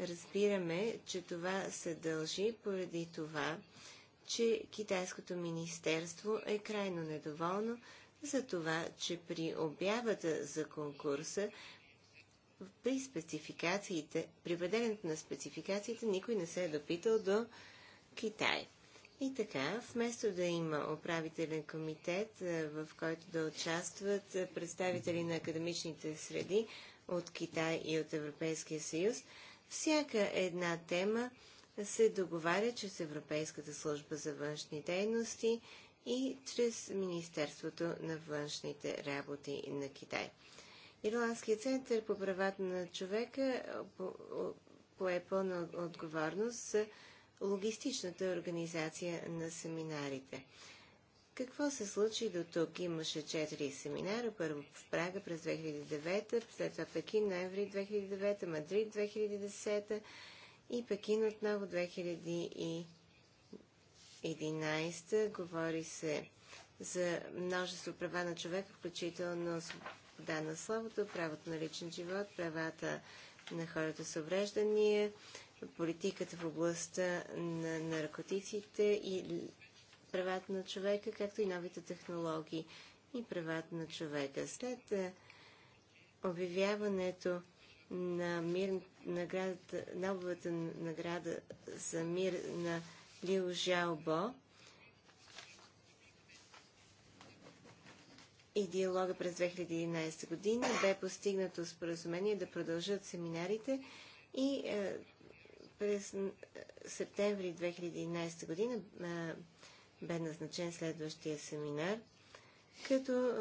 [SPEAKER 2] Разбираме, че това се дължи поради това, че Китайското министерство е крайно недоволно за това, че при обявата за конкурса при спецификациите, при на спецификациите никой не се е допитал до Китай. И така, вместо да има управителен комитет, в който да участват представители на академичните среди от Китай и от Европейския съюз, всяка една тема се договаря чрез Европейската служба за външни дейности и чрез Министерството на външните работи на Китай. Ирландският център по правата на човека пое пълна отговорност за логистичната организация на семинарите. Какво се случи до тук? Имаше четири семинара. Първо в Прага през 2009, след това Пекин ноември 2009, Мадрид 2010 и Пекин отново 2011. Говори се за множество права на човека, включително свобода на словото, правото на личен живот, правата на хората с увреждания, политиката в областта на наркотиците и правата на човека, както и новите технологии и правата на човека. След обявяването на, мир, наградата, новата награда за мир на Лил Жалбо и диалога през 2011 година бе постигнато споразумение да продължат семинарите и е, през септември 2011 година бе назначен следващия семинар, като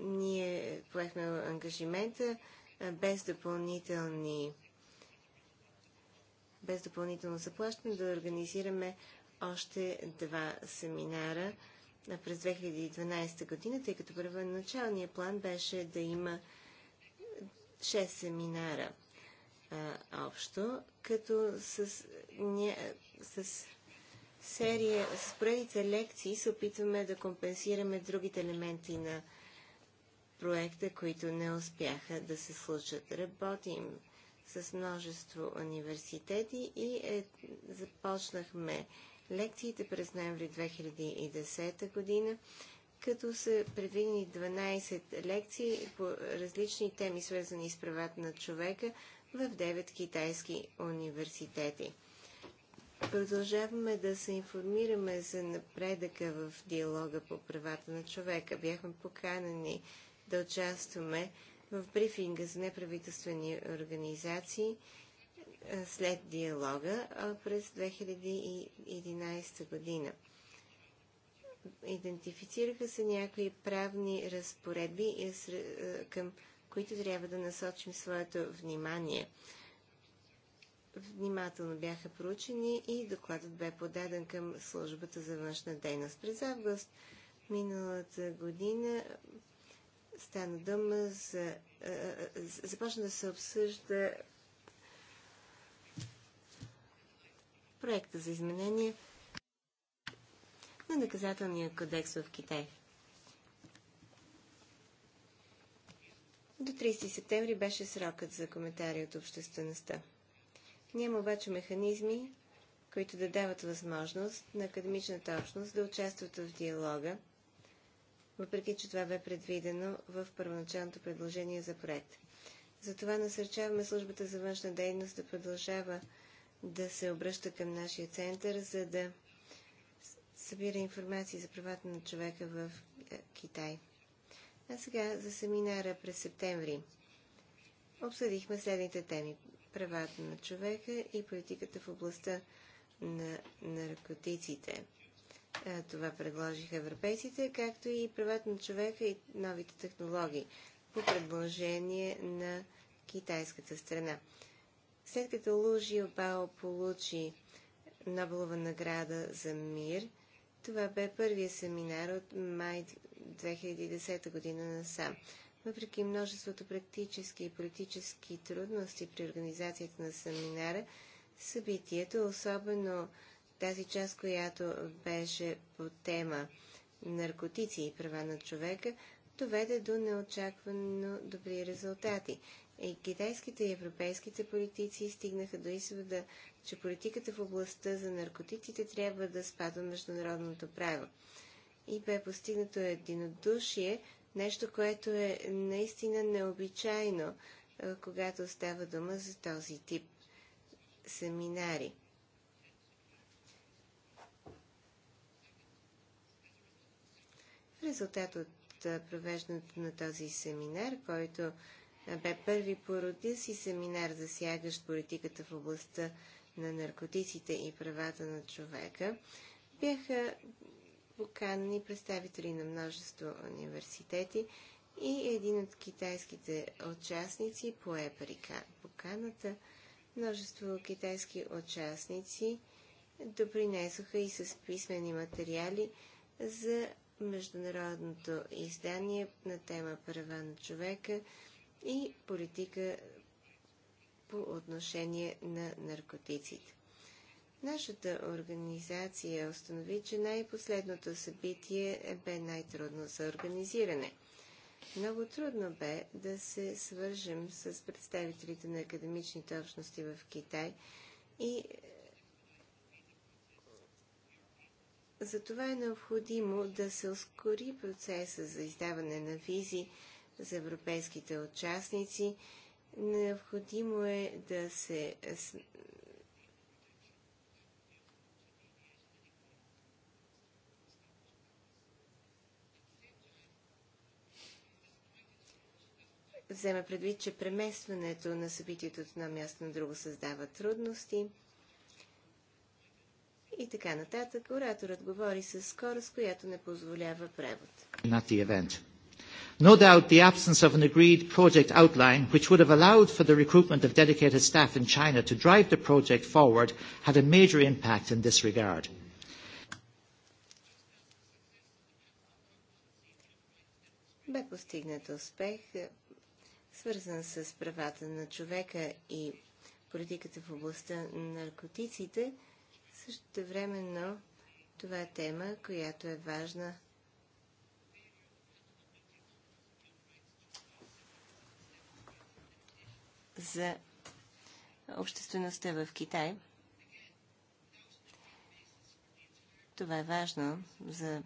[SPEAKER 2] ние поехме ангажимента без допълнителни без допълнително заплащане да организираме още два семинара през 2012 година, тъй като първоначалният план беше да има 6 семинара а, общо, като с, ня, с серия, с предите лекции се опитваме да компенсираме другите елементи на проекта, които не успяха да се случат. Работим с множество университети и е, започнахме лекциите през ноември 2010 година, като са предвидени 12 лекции по различни теми, свързани с правата на човека, в 9 китайски университети. Продължаваме да се информираме за напредъка в диалога по правата на човека. Бяхме поканени да участваме в брифинга за неправителствени организации след диалога през 2011 година. Идентифицираха се някои правни разпоредби към които трябва да насочим своето внимание. Внимателно бяха проучени и докладът бе подаден към службата за външна дейност. През август миналата година стана дума за... започна да се обсъжда проекта за изменение на наказателния кодекс в Китай. До 30 септември беше срокът за коментари от обществеността. Няма обаче механизми, които да дават възможност на академичната общност да участват в диалога, въпреки че това бе предвидено в първоначалното предложение за проект. Затова насърчаваме службата за външна дейност да продължава да се обръща към нашия център, за да събира информация за правата на човека в е, Китай. А сега за семинара през септември. Обсъдихме следните теми. Правата на човека и политиката в областта на наркотиците. Това предложиха европейците, както и правата на човека и новите технологии по предложение на китайската страна. След като Лужи Бао получи Нобелова награда за мир – това бе първия семинар от май 2010 година насам. Въпреки множеството практически и политически трудности при организацията на семинара, събитието, особено тази част, която беше по тема наркотици и права на човека, доведе до неочаквано добри резултати. И е, китайските и европейските политици стигнаха до извода, че политиката в областта за наркотиците трябва да спада международното право. И бе постигнато единодушие, нещо, което е наистина необичайно, е, когато става дума за този тип семинари. В резултат от провеждането на този семинар, който бе първи по си семинар, засягащ политиката в областта на наркотиците и правата на човека. Бяха поканени представители на множество университети и един от китайските участници пое поканата. Множество китайски участници допринесоха и с писмени материали за международното издание на тема права на човека и политика по отношение на наркотиците. Нашата организация установи, че най-последното събитие бе най-трудно за организиране. Много трудно бе да се свържем с представителите на академичните общности в Китай и е, затова е необходимо да се ускори процеса за издаване на визи за европейските участници. Необходимо е да се взема предвид, че преместването на събитието от едно място на друго създава трудности и така нататък. Ораторът говори с скорост, която не позволява превод.
[SPEAKER 3] No doubt the absence of an agreed project outline, which would have allowed for the recruitment of dedicated staff in China to drive the project forward, had a major impact in this regard.
[SPEAKER 2] Бе постигнат успех, свързан с правата на човека и политиката в областта на наркотиците. Същото времено това е тема, която е важна за обществеността в Китай. Това е важно за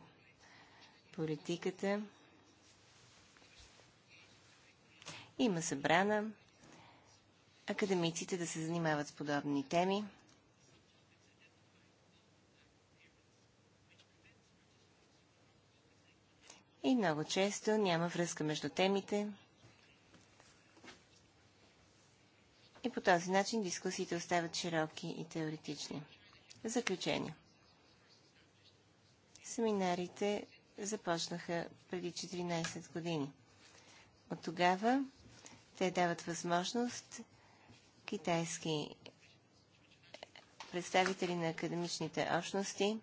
[SPEAKER 2] политиката. Има събрана академиците да се занимават с подобни теми. И много често няма връзка между темите, и по този начин дискусиите остават широки и теоретични. Заключение. Семинарите започнаха преди 14 години. От тогава те дават възможност китайски представители на академичните общности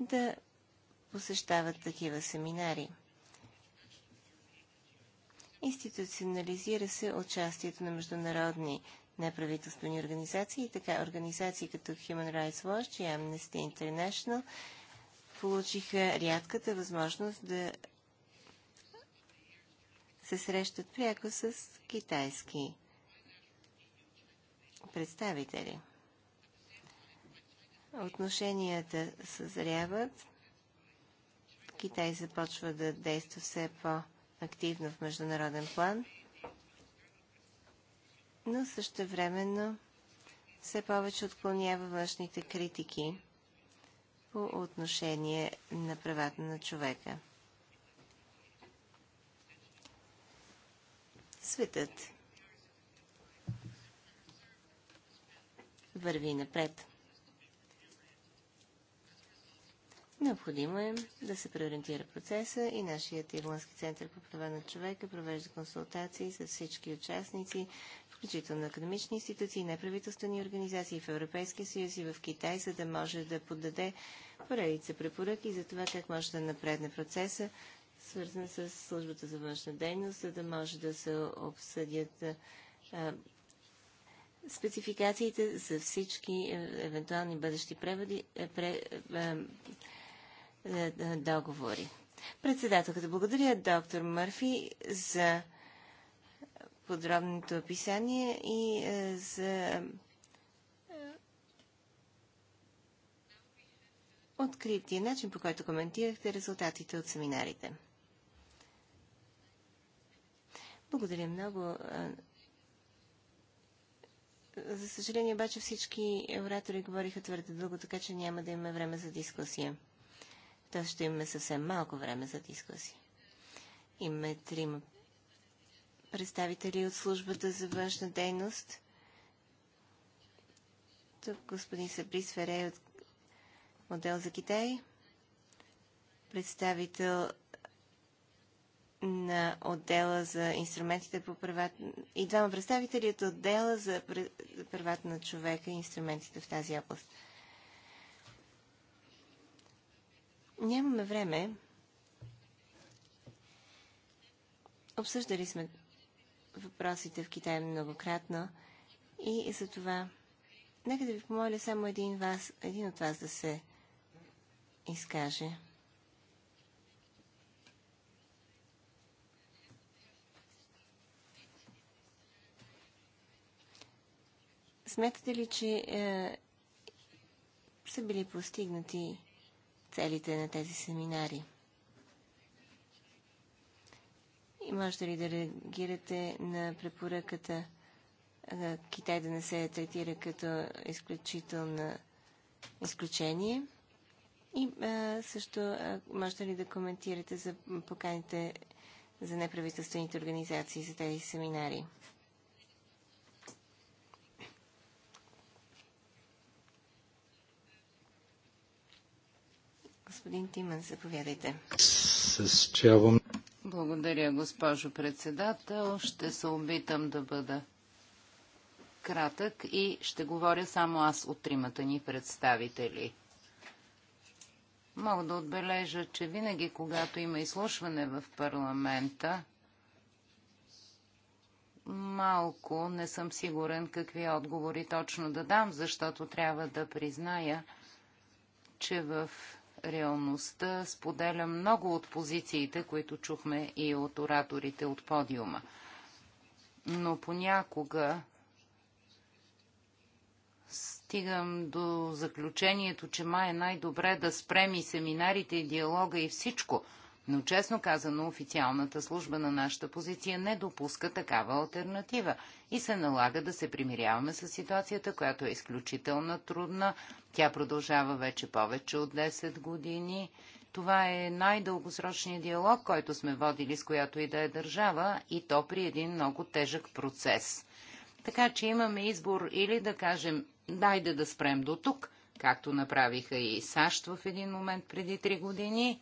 [SPEAKER 2] да посещават такива семинари. Институционализира се участието на международни неправителствени организации, така организации като Human Rights Watch и Amnesty International получиха рядката възможност да се срещат пряко с китайски представители. Отношенията съзряват. Китай започва да действа все по-активно в международен план – но същевременно все повече отклонява външните критики по отношение на правата на човека. Светът върви напред. Необходимо е да се преориентира процеса и нашият Ирландски център по права на човека провежда консултации с всички участници включително академични институции, неправителствени организации в Европейския съюз и в Китай, за да може да подаде поредица препоръки за това как може да напредне процеса, свързан с службата за външна дейност, за да може да се обсъдят спецификациите за всички евентуални бъдещи преводи, пре, договори. Председателката благодаря доктор Мърфи за подробното описание и е, за открития начин, по който коментирахте резултатите от семинарите. Благодаря много. Е, за съжаление, обаче всички оратори говориха твърде дълго, така че няма да имаме време за дискусия. Тоест ще имаме съвсем малко време за дискусия. Имаме трима представители от службата за външна дейност. Тук господин Сабрис Ферей от модел за Китай, представител на отдела за инструментите по правата и двама представители от отдела за правата на човека и инструментите в тази област. Нямаме време. Обсъждали сме въпросите в Китай многократно и за това нека да ви помоля само един, вас, един от вас да се изкаже. Смятате ли, че е, са били постигнати целите на тези семинари? Можете ли да реагирате на препоръката Китай да не се третира като изключително изключение? И а, също а, можете ли да коментирате за поканите за неправителствените организации за тези семинари? Господин Тиман, заповядайте.
[SPEAKER 3] С, с
[SPEAKER 2] благодаря, госпожо
[SPEAKER 3] председател. Ще се опитам да бъда кратък и ще говоря само аз от тримата ни представители. Мога да отбележа, че винаги, когато има изслушване в парламента, малко не съм сигурен какви отговори точно да дам, защото трябва да призная, че в реалността споделя много от позициите, които чухме и от ораторите от подиума. Но понякога стигам до заключението, че май е най-добре да спрем и семинарите, и диалога, и всичко. Но честно казано, официалната служба на нашата позиция не допуска такава альтернатива и се налага да се примиряваме с ситуацията, която е изключително трудна, тя продължава вече повече от 10 години. Това е най-дългосрочният диалог, който сме водили с която и да е държава, и то при един много тежък процес. Така че имаме избор или да кажем, дайде да спрем до тук, както направиха и САЩ в един момент преди 3 години,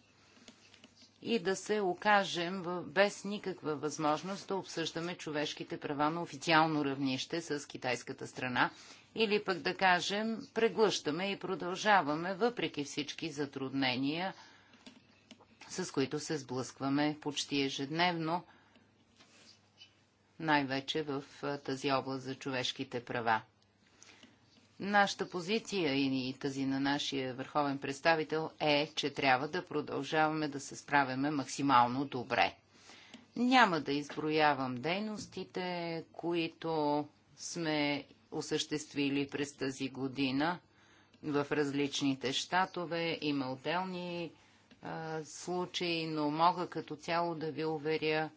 [SPEAKER 3] и да се окажем без никаква възможност да обсъждаме човешките права на официално равнище с китайската страна или пък да кажем преглъщаме и продължаваме въпреки всички затруднения, с които се сблъскваме почти ежедневно, най-вече в тази област за човешките права. Нашата позиция и тази на нашия върховен представител е, че трябва да продължаваме да се справяме максимално добре. Няма да изброявам дейностите, които сме осъществили през тази година в различните щатове. Има отделни а, случаи, но мога като цяло да ви уверя,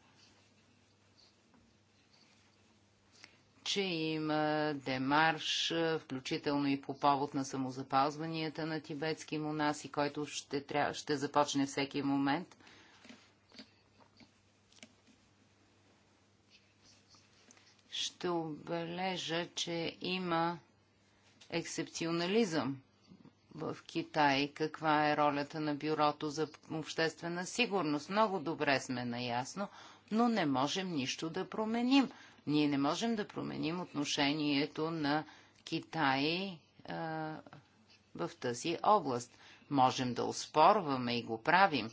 [SPEAKER 3] че има демарш, включително и по повод на самозапазванията на тибетски монаси, който ще, тря... ще започне всеки момент. ще обележа, че има ексепционализъм в Китай, каква е ролята на Бюрото за обществена сигурност. Много добре сме наясно, но не можем нищо да променим. Ние не можем да променим отношението на Китай а, в тази област. Можем да успорваме и го правим,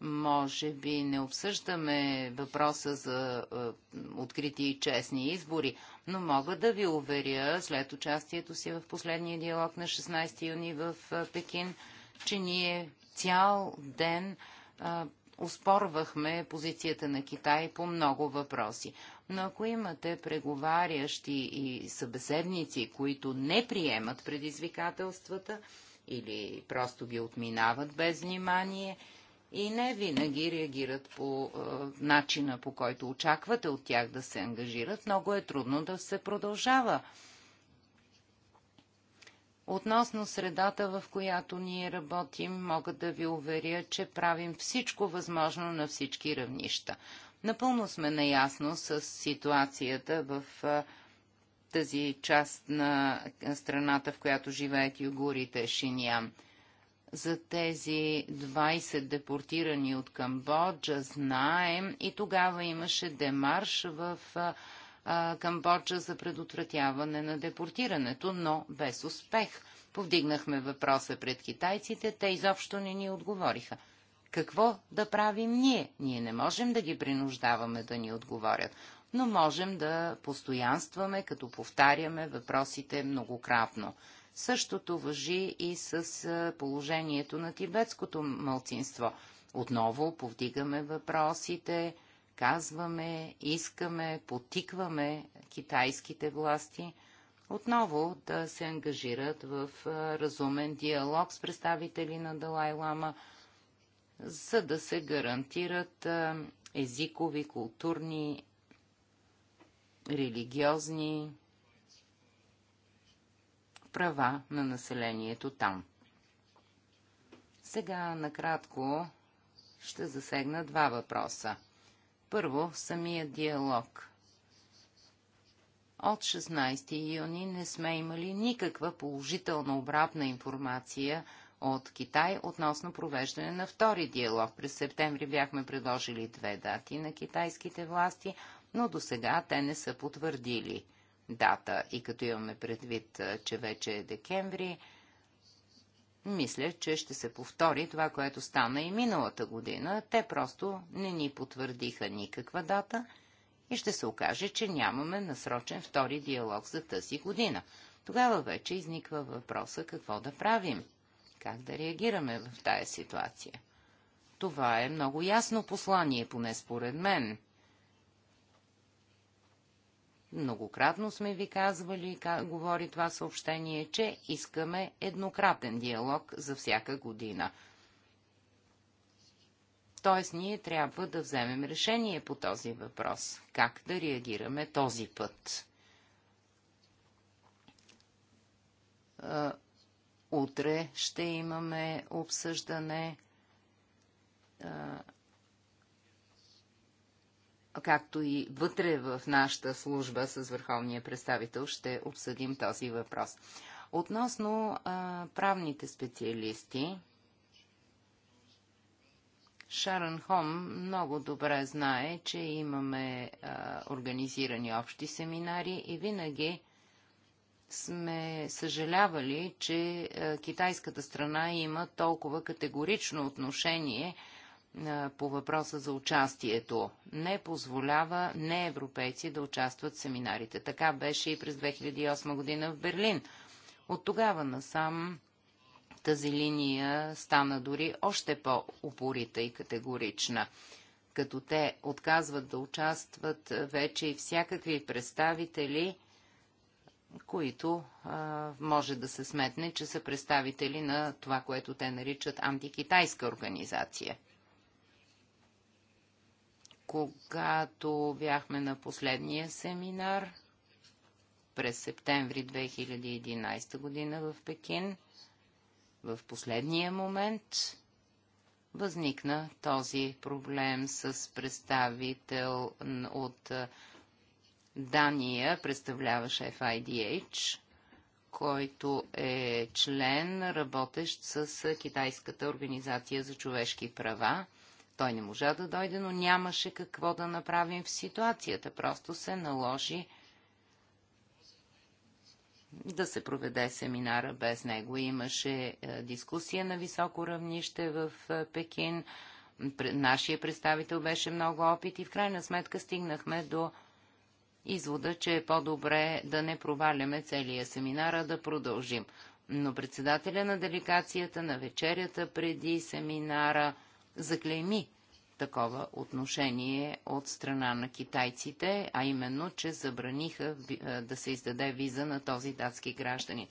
[SPEAKER 3] може би не обсъждаме въпроса за е, открити и честни избори, но мога да ви уверя, след участието си в последния диалог на 16 юни в е, Пекин, че ние цял ден е, успорвахме позицията на Китай по много въпроси. Но ако имате преговарящи и събеседници, които не приемат предизвикателствата или просто ги отминават без внимание, и не винаги реагират по а, начина, по който очаквате от тях да се ангажират. Много е трудно да се продължава. Относно средата, в която ние работим, мога да ви уверя, че правим всичко възможно на всички равнища. Напълно сме наясно с ситуацията в а, тази част на страната, в която живеят югурите Шиньян – за тези 20 депортирани от Камбоджа, знаем. И тогава имаше демарш в а, Камбоджа за предотвратяване на депортирането, но без успех. Повдигнахме въпроса пред китайците, те изобщо не ни отговориха. Какво да правим ние? Ние не можем да ги принуждаваме да ни отговорят, но можем да постоянстваме, като повтаряме въпросите многократно. Същото въжи и с положението на тибетското мълцинство. Отново повдигаме въпросите, казваме, искаме, потикваме китайските власти отново да се ангажират в разумен диалог с представители на Далай Лама, за да се гарантират езикови, културни, религиозни права на населението там. Сега накратко ще засегна два въпроса. Първо, самия диалог. От 16 юни не сме имали никаква положителна обратна информация от Китай относно провеждане на втори диалог. През септември бяхме предложили две дати на китайските власти, но до сега те не са потвърдили дата. И като имаме предвид, че вече е декември, мисля, че ще се повтори това, което стана и миналата година. Те просто не ни потвърдиха никаква дата и ще се окаже, че нямаме насрочен втори диалог за тази година. Тогава вече изниква въпроса какво да правим, как да реагираме в тая ситуация. Това е много ясно послание, поне според мен. Многократно сме ви казвали, как говори това съобщение, че искаме еднократен диалог за всяка година. Тоест, ние трябва да вземем решение по този въпрос. Как да реагираме този път? Утре ще имаме обсъждане както и вътре в нашата служба с върховния представител ще обсъдим този въпрос. Относно а, правните специалисти, Шарън Хом много добре знае, че имаме а, организирани общи семинари и винаги сме съжалявали, че а, китайската страна има толкова категорично отношение – по въпроса за участието. Не позволява не европейци да участват в семинарите. Така беше и през 2008 година в Берлин. От тогава насам тази линия стана дори още по-упорита и категорична. Като те отказват да участват вече и всякакви представители, които а, може да се сметне, че са представители на това, което те наричат антикитайска организация когато бяхме на последния семинар през септември 2011 година в Пекин, в последния момент възникна този проблем с представител от Дания, представляващ FIDH, който е член, работещ с Китайската организация за човешки права той не можа да дойде, но нямаше какво да направим в ситуацията. Просто се наложи да се проведе семинара без него. Имаше е, дискусия на високо равнище в е, Пекин. Нашия представител беше много опит и в крайна сметка стигнахме до извода, че е по-добре да не проваляме целия семинар, а да продължим. Но председателя на делегацията на вечерята преди семинара – заклейми такова отношение от страна на китайците, а именно, че забраниха да се издаде виза на този датски гражданин.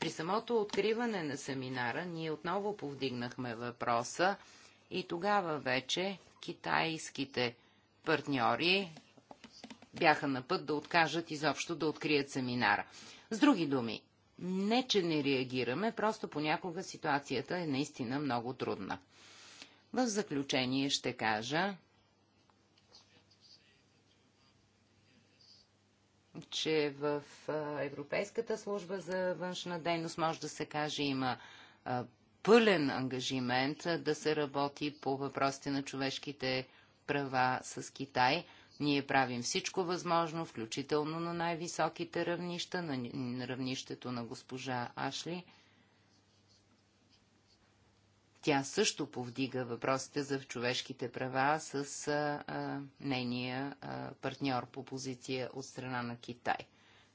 [SPEAKER 3] При самото откриване на семинара ние отново повдигнахме въпроса и тогава вече китайските партньори бяха на път да откажат изобщо да открият семинара. С други думи, не че не реагираме, просто понякога ситуацията е наистина много трудна. В заключение ще кажа, че в Европейската служба за външна дейност може да се каже има пълен ангажимент да се работи по въпросите на човешките права с Китай. Ние правим всичко възможно, включително на най-високите равнища, на равнището на госпожа Ашли – тя също повдига въпросите за човешките права с а, а, нейния а, партньор по позиция от страна на Китай.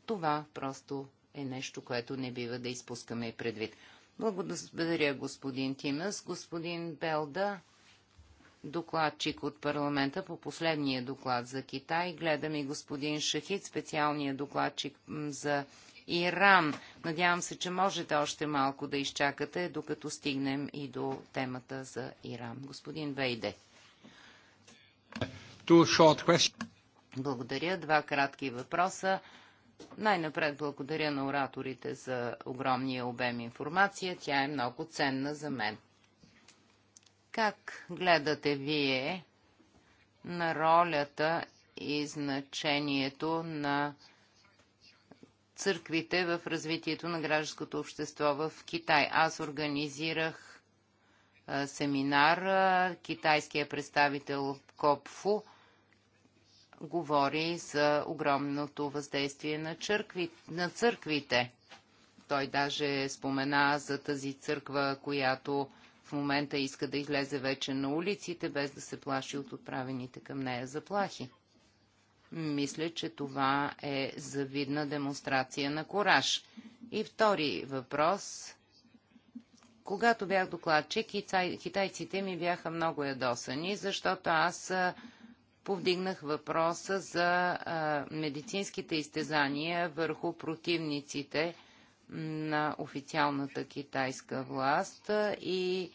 [SPEAKER 3] Това просто е нещо, което не бива да изпускаме предвид. Благодаря, господин Тимас. Господин Белда, докладчик от парламента по последния доклад за Китай. Гледам и господин Шахид, специалния докладчик за Иран. Надявам се, че можете още малко да изчакате, докато стигнем и до темата за Иран. Господин Вейде. Благодаря. Два кратки въпроса. Най-напред благодаря на ораторите за огромния обем информация. Тя е много ценна за мен. Как гледате вие на ролята и значението на църквите в развитието на гражданското общество в Китай. Аз организирах семинар, китайския представител Копфу говори за огромното въздействие на, църкви, на църквите. Той даже спомена за тази църква, която в момента иска да излезе вече на улиците, без да се плаши от отправените към нея заплахи. Мисля, че това е завидна демонстрация на кораж. И втори въпрос. Когато бях докладчик, китайците ми бяха много ядосани, защото аз повдигнах въпроса за а, медицинските изтезания върху противниците на официалната китайска власт и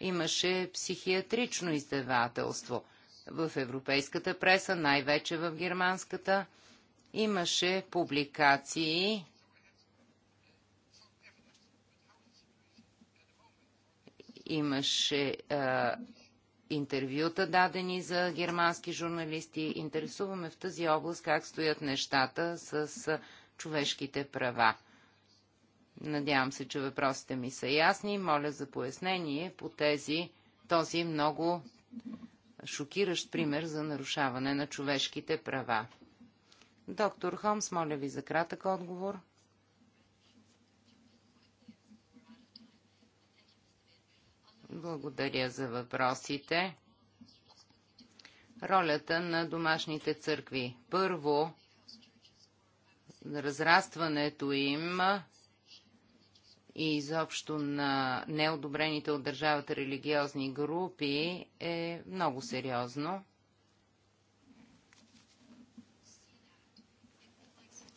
[SPEAKER 3] имаше психиатрично издевателство в европейската преса, най-вече в германската, имаше публикации имаше а, интервюта дадени за германски журналисти. Интересуваме в тази област как стоят нещата с а, човешките права. Надявам се, че въпросите ми са ясни. Моля за пояснение по тези, този много шокиращ пример за нарушаване на човешките права. Доктор Холмс, моля ви за кратък отговор. Благодаря за въпросите. Ролята на домашните църкви. Първо, разрастването им и изобщо на неодобрените от държавата религиозни групи е много сериозно.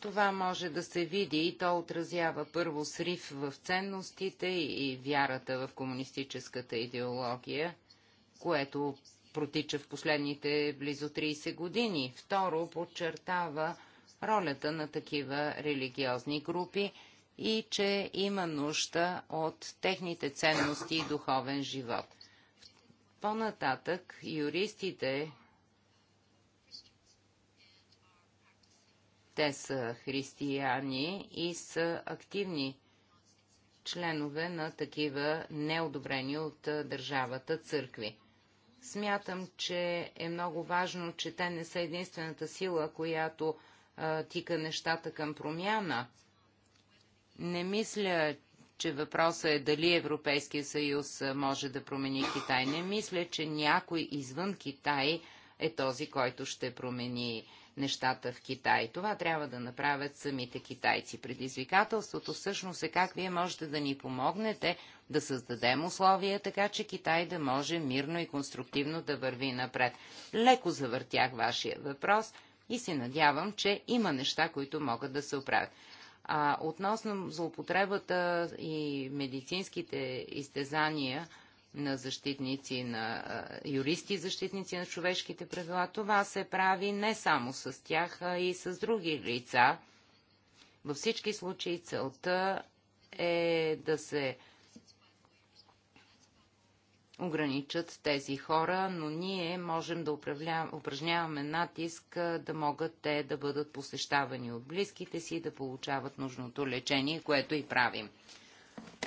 [SPEAKER 3] Това може да се види и то отразява първо срив в ценностите и вярата в комунистическата идеология, което протича в последните близо 30 години. Второ, подчертава ролята на такива религиозни групи – и че има нужда от техните ценности и духовен живот. По-нататък юристите, те са християни и са активни членове на такива неодобрени от държавата църкви. Смятам, че е много важно, че те не са единствената сила, която а, тика нещата към промяна – не мисля, че въпросът е дали Европейския съюз може да промени Китай. Не мисля, че някой извън Китай е този, който ще промени нещата в Китай. Това трябва да направят самите китайци. Предизвикателството всъщност е как вие можете да ни помогнете да създадем условия, така че Китай да може мирно и конструктивно да върви напред. Леко завъртях вашия въпрос и се надявам, че има неща, които могат да се оправят. А, относно злоупотребата и медицинските изтезания на защитници, на юристи, защитници на човешките правила, това се прави не само с тях, а и с други лица. Във всички случаи целта е да се ограничат тези хора, но ние можем да упражняваме натиск да могат те да бъдат посещавани от близките си, да получават нужното лечение, което и правим.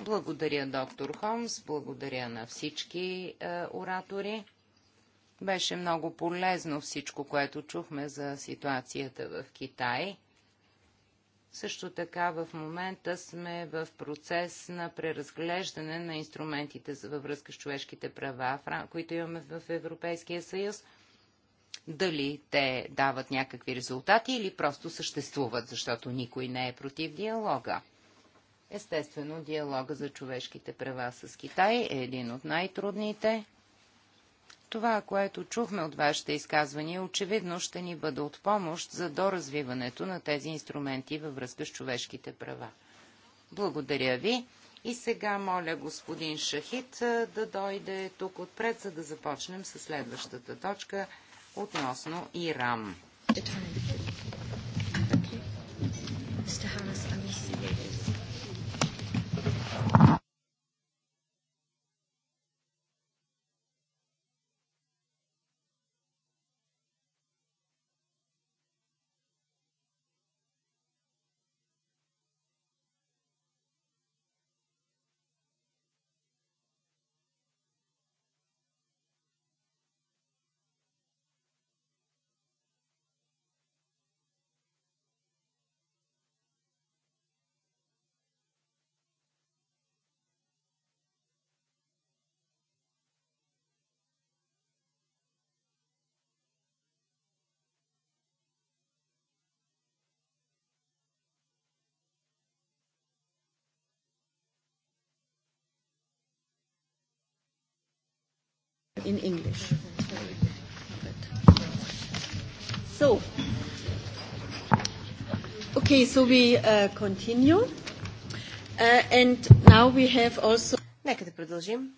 [SPEAKER 3] Благодаря, доктор Холмс, благодаря на всички е, оратори. Беше много полезно всичко, което чухме за ситуацията в Китай. Също така в момента сме в процес на преразглеждане на инструментите във връзка с човешките права, които имаме в Европейския съюз. Дали те дават някакви резултати или просто съществуват, защото никой не е против диалога. Естествено, диалога за човешките права с Китай е един от най-трудните това, което чухме от вашите изказвания, очевидно ще ни бъде от помощ за доразвиването на тези инструменти във връзка с човешките права. Благодаря ви. И сега моля господин Шахид да дойде тук отпред, за да започнем с следващата точка относно Иран.
[SPEAKER 1] in English. So, okay, so we uh, continue. Uh, and now we have also... Нека да продължим.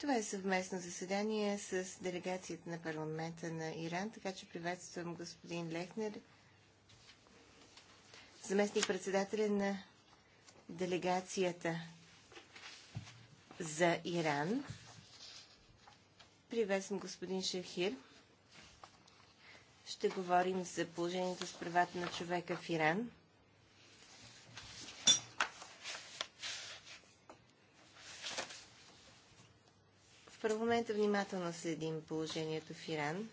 [SPEAKER 2] Това е съвместно заседание с делегацията на парламента на Иран, така че приветствам господин Лехнер заместник председателя на делегацията за Иран. Приветствам господин Шахир. Ще говорим за положението с правата на човека в Иран. В парламента внимателно следим положението в Иран.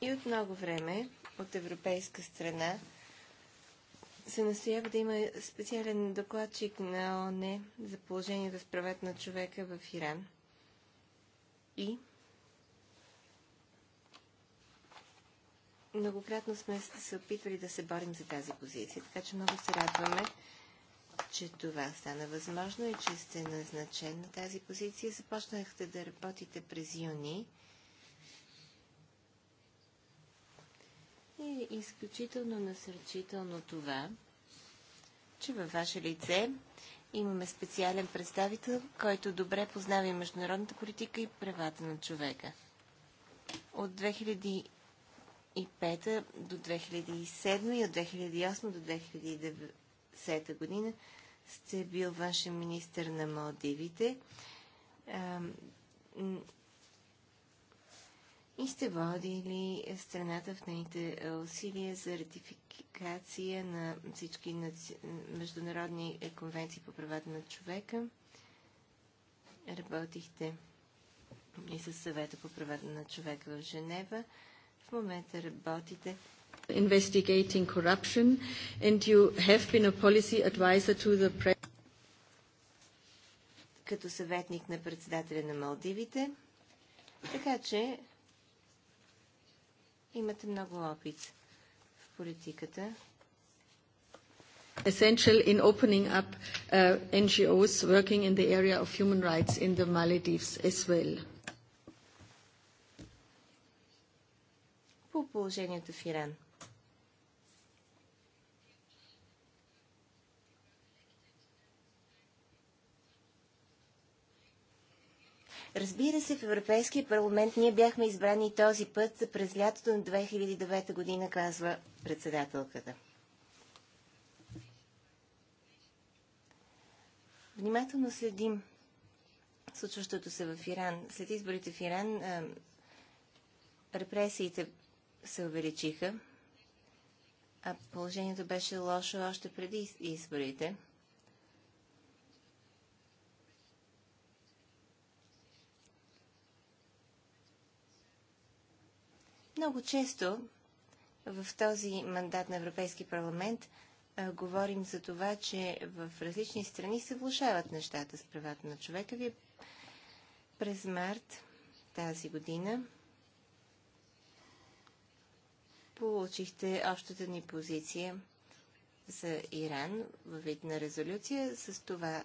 [SPEAKER 2] И от много време от европейска страна, се настоява да има специален докладчик на ОНЕ за положението с правата на човека в Иран. И многократно сме се опитвали да се борим за тази позиция, така че много се радваме, че това стана възможно и че сте назначен на тази позиция. Започнахте да работите през юни. е изключително насърчително това, че във ваше лице имаме специален представител, който добре познава и международната политика и правата на човека. От 2005 до 2007 и от 2008 до 2010 година сте бил външен министр на Малдивите и сте водили страната в нейните усилия за ратификация на всички наци... международни конвенции по правата на човека. Работихте и с съвета по правата на човека в Женева. В момента работите
[SPEAKER 1] investigating corruption and you have been a policy advisor to the pre-
[SPEAKER 2] като съветник на председателя на Малдивите. Така че Имате много опит в политиката.
[SPEAKER 1] Essential in opening up uh, NGOs working in the area of human rights in the Maldives as well.
[SPEAKER 2] По положението в Иран. Разбира се, в Европейския парламент ние бяхме избрани този път през лятото на 2009 година, казва председателката. Внимателно следим случващото се в Иран. След изборите в Иран репресиите се увеличиха, а положението беше лошо още преди изборите – Много често в този мандат на Европейски парламент а, говорим за това, че в различни страни се влушават нещата с правата на човека. Вие през март тази година получихте общата ни позиция за Иран във вид на резолюция. С това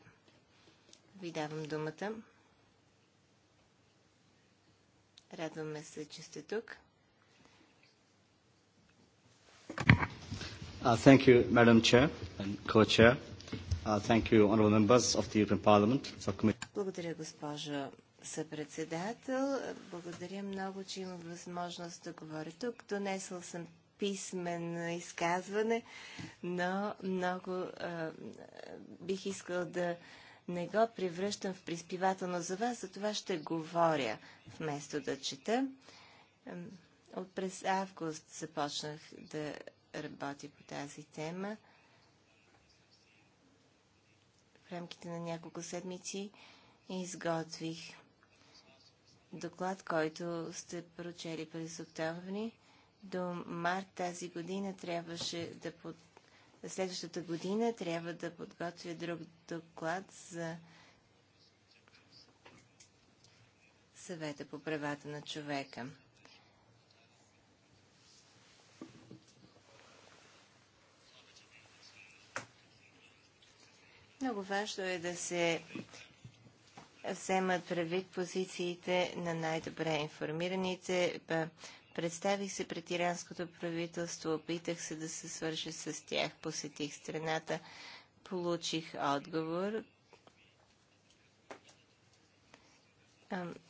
[SPEAKER 2] ви давам думата. Радваме се, че сте тук.
[SPEAKER 3] Uh, thank you, Madam Chair and Co-Chair. Uh, thank you, honourable members of the European
[SPEAKER 1] Parliament.
[SPEAKER 2] Благодаря, госпожо съпредседател. Благодаря много, че имам възможност да говоря тук. Донесъл съм писменно изказване, но много бих искал да не го превръщам в приспивателно за вас, затова ще говоря вместо да чета. От през август започнах да работи по тази тема. В рамките на няколко седмици изготвих доклад, който сте прочели през октомври. До март тази година трябваше да под... Следващата година трябва да подготвя друг доклад за съвета по правата на човека. Много важно е да се вземат предвид позициите на най-добре информираните. Представих се пред иранското правителство, опитах се да се свържа с тях, посетих страната, получих отговор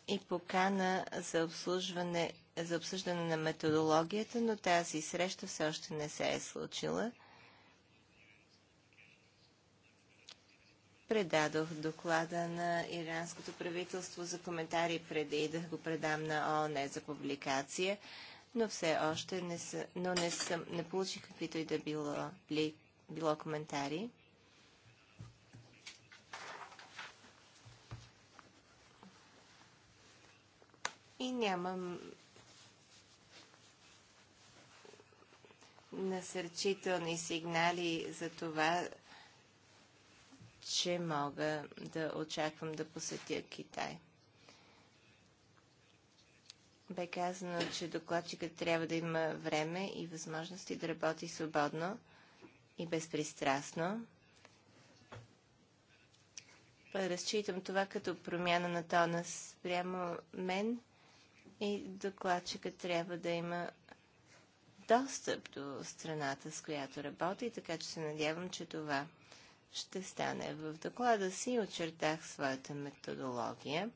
[SPEAKER 2] и покана за обслужване за обсъждане на методологията, но тази среща все още не се е случила. Предадох доклада на иранското правителство за коментари преди да го предам на ООН за публикация, но все още не, са, но не, съм, не получих каквито и да било, ли, било коментари. И нямам насърчителни сигнали за това, че мога да очаквам да посетя Китай. Бе казано, че докладчикът трябва да има време и възможности да работи свободно и безпристрастно. Разчитам това като промяна на тона спрямо мен и докладчикът трябва да има достъп до страната, с която работи, така че се надявам, че това ще стане. В доклада си очертах своята методология,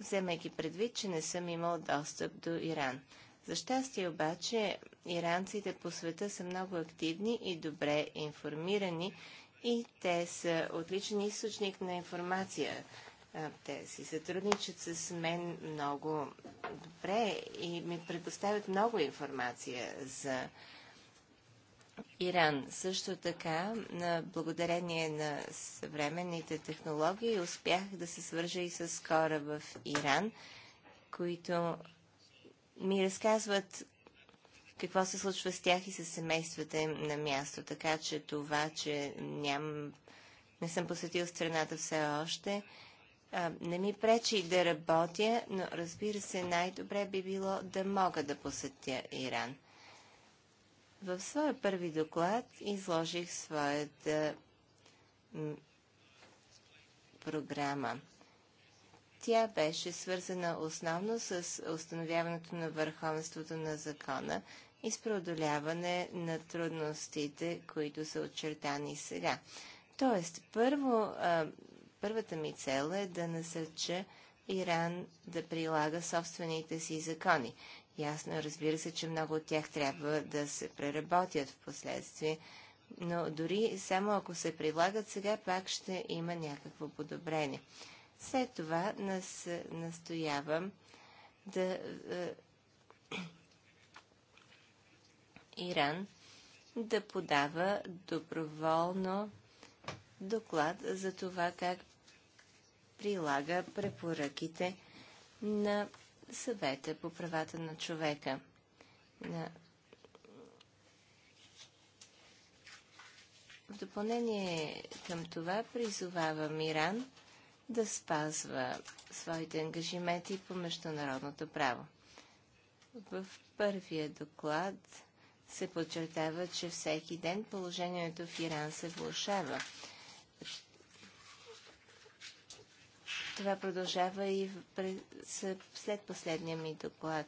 [SPEAKER 2] вземайки предвид, че не съм имал достъп до Иран. За щастие обаче, иранците по света са много активни и добре информирани и те са отличен източник на информация. Те си сътрудничат с мен много добре и ми предоставят много информация за Иран. Също така, на благодарение на съвременните технологии, успях да се свържа и с хора в Иран, които ми разказват какво се случва с тях и с семействата им на място. Така че това, че ням, не съм посетил страната все още, не ми пречи да работя, но разбира се, най-добре би било да мога да посетя Иран. В своя първи доклад изложих своята програма. Тя беше свързана основно с установяването на върховенството на закона и с преодоляване на трудностите, които са очертани сега. Тоест, първо, първата ми цел е да насърча Иран да прилага собствените си закони. Ясно, разбира се, че много от тях трябва да се преработят в последствие, но дори само ако се прилагат сега, пак ще има някакво подобрение. След това нас, настоявам да е, Иран да подава доброволно доклад за това как прилага препоръките на съвета по правата на човека. В допълнение към това призовавам Иран да спазва своите ангажименти по международното право. В първия доклад се подчертава, че всеки ден положението в Иран се влушава. Това продължава и след последния ми доклад.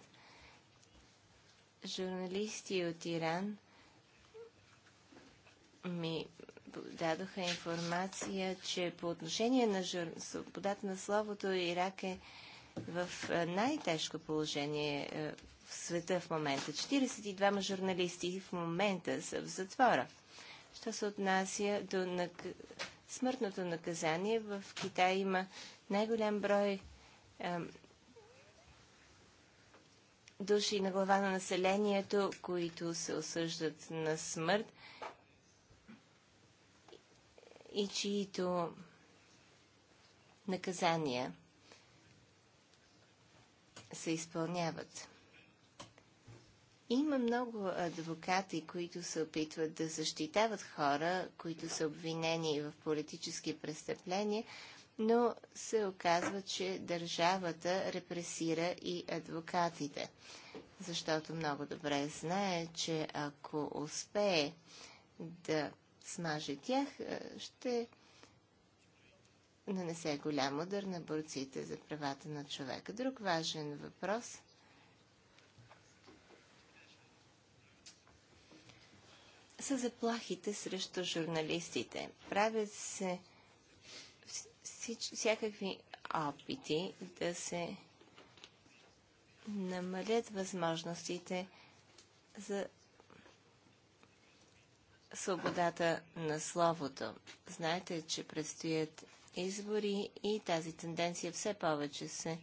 [SPEAKER 2] Журналисти от Иран ми дадоха информация, че по отношение на жур... свободата на словото Ирак е в най-тежко положение е, в света в момента. 42 журналисти в момента са в затвора. Що се отнася до смъртното наказание. В Китай има най-голям брой а, души на глава на населението, които се осъждат на смърт и чието наказания се изпълняват. Има много адвокати, които се опитват да защитават хора, които са обвинени в политически престъпления, но се оказва, че държавата репресира и адвокатите. Защото много добре знае, че ако успее да смаже тях, ще нанесе голям удар на борците за правата на човека. Друг важен въпрос са заплахите срещу журналистите. Правят се всякакви опити да се намалят възможностите за свободата на словото. Знаете, че предстоят избори и тази тенденция все повече се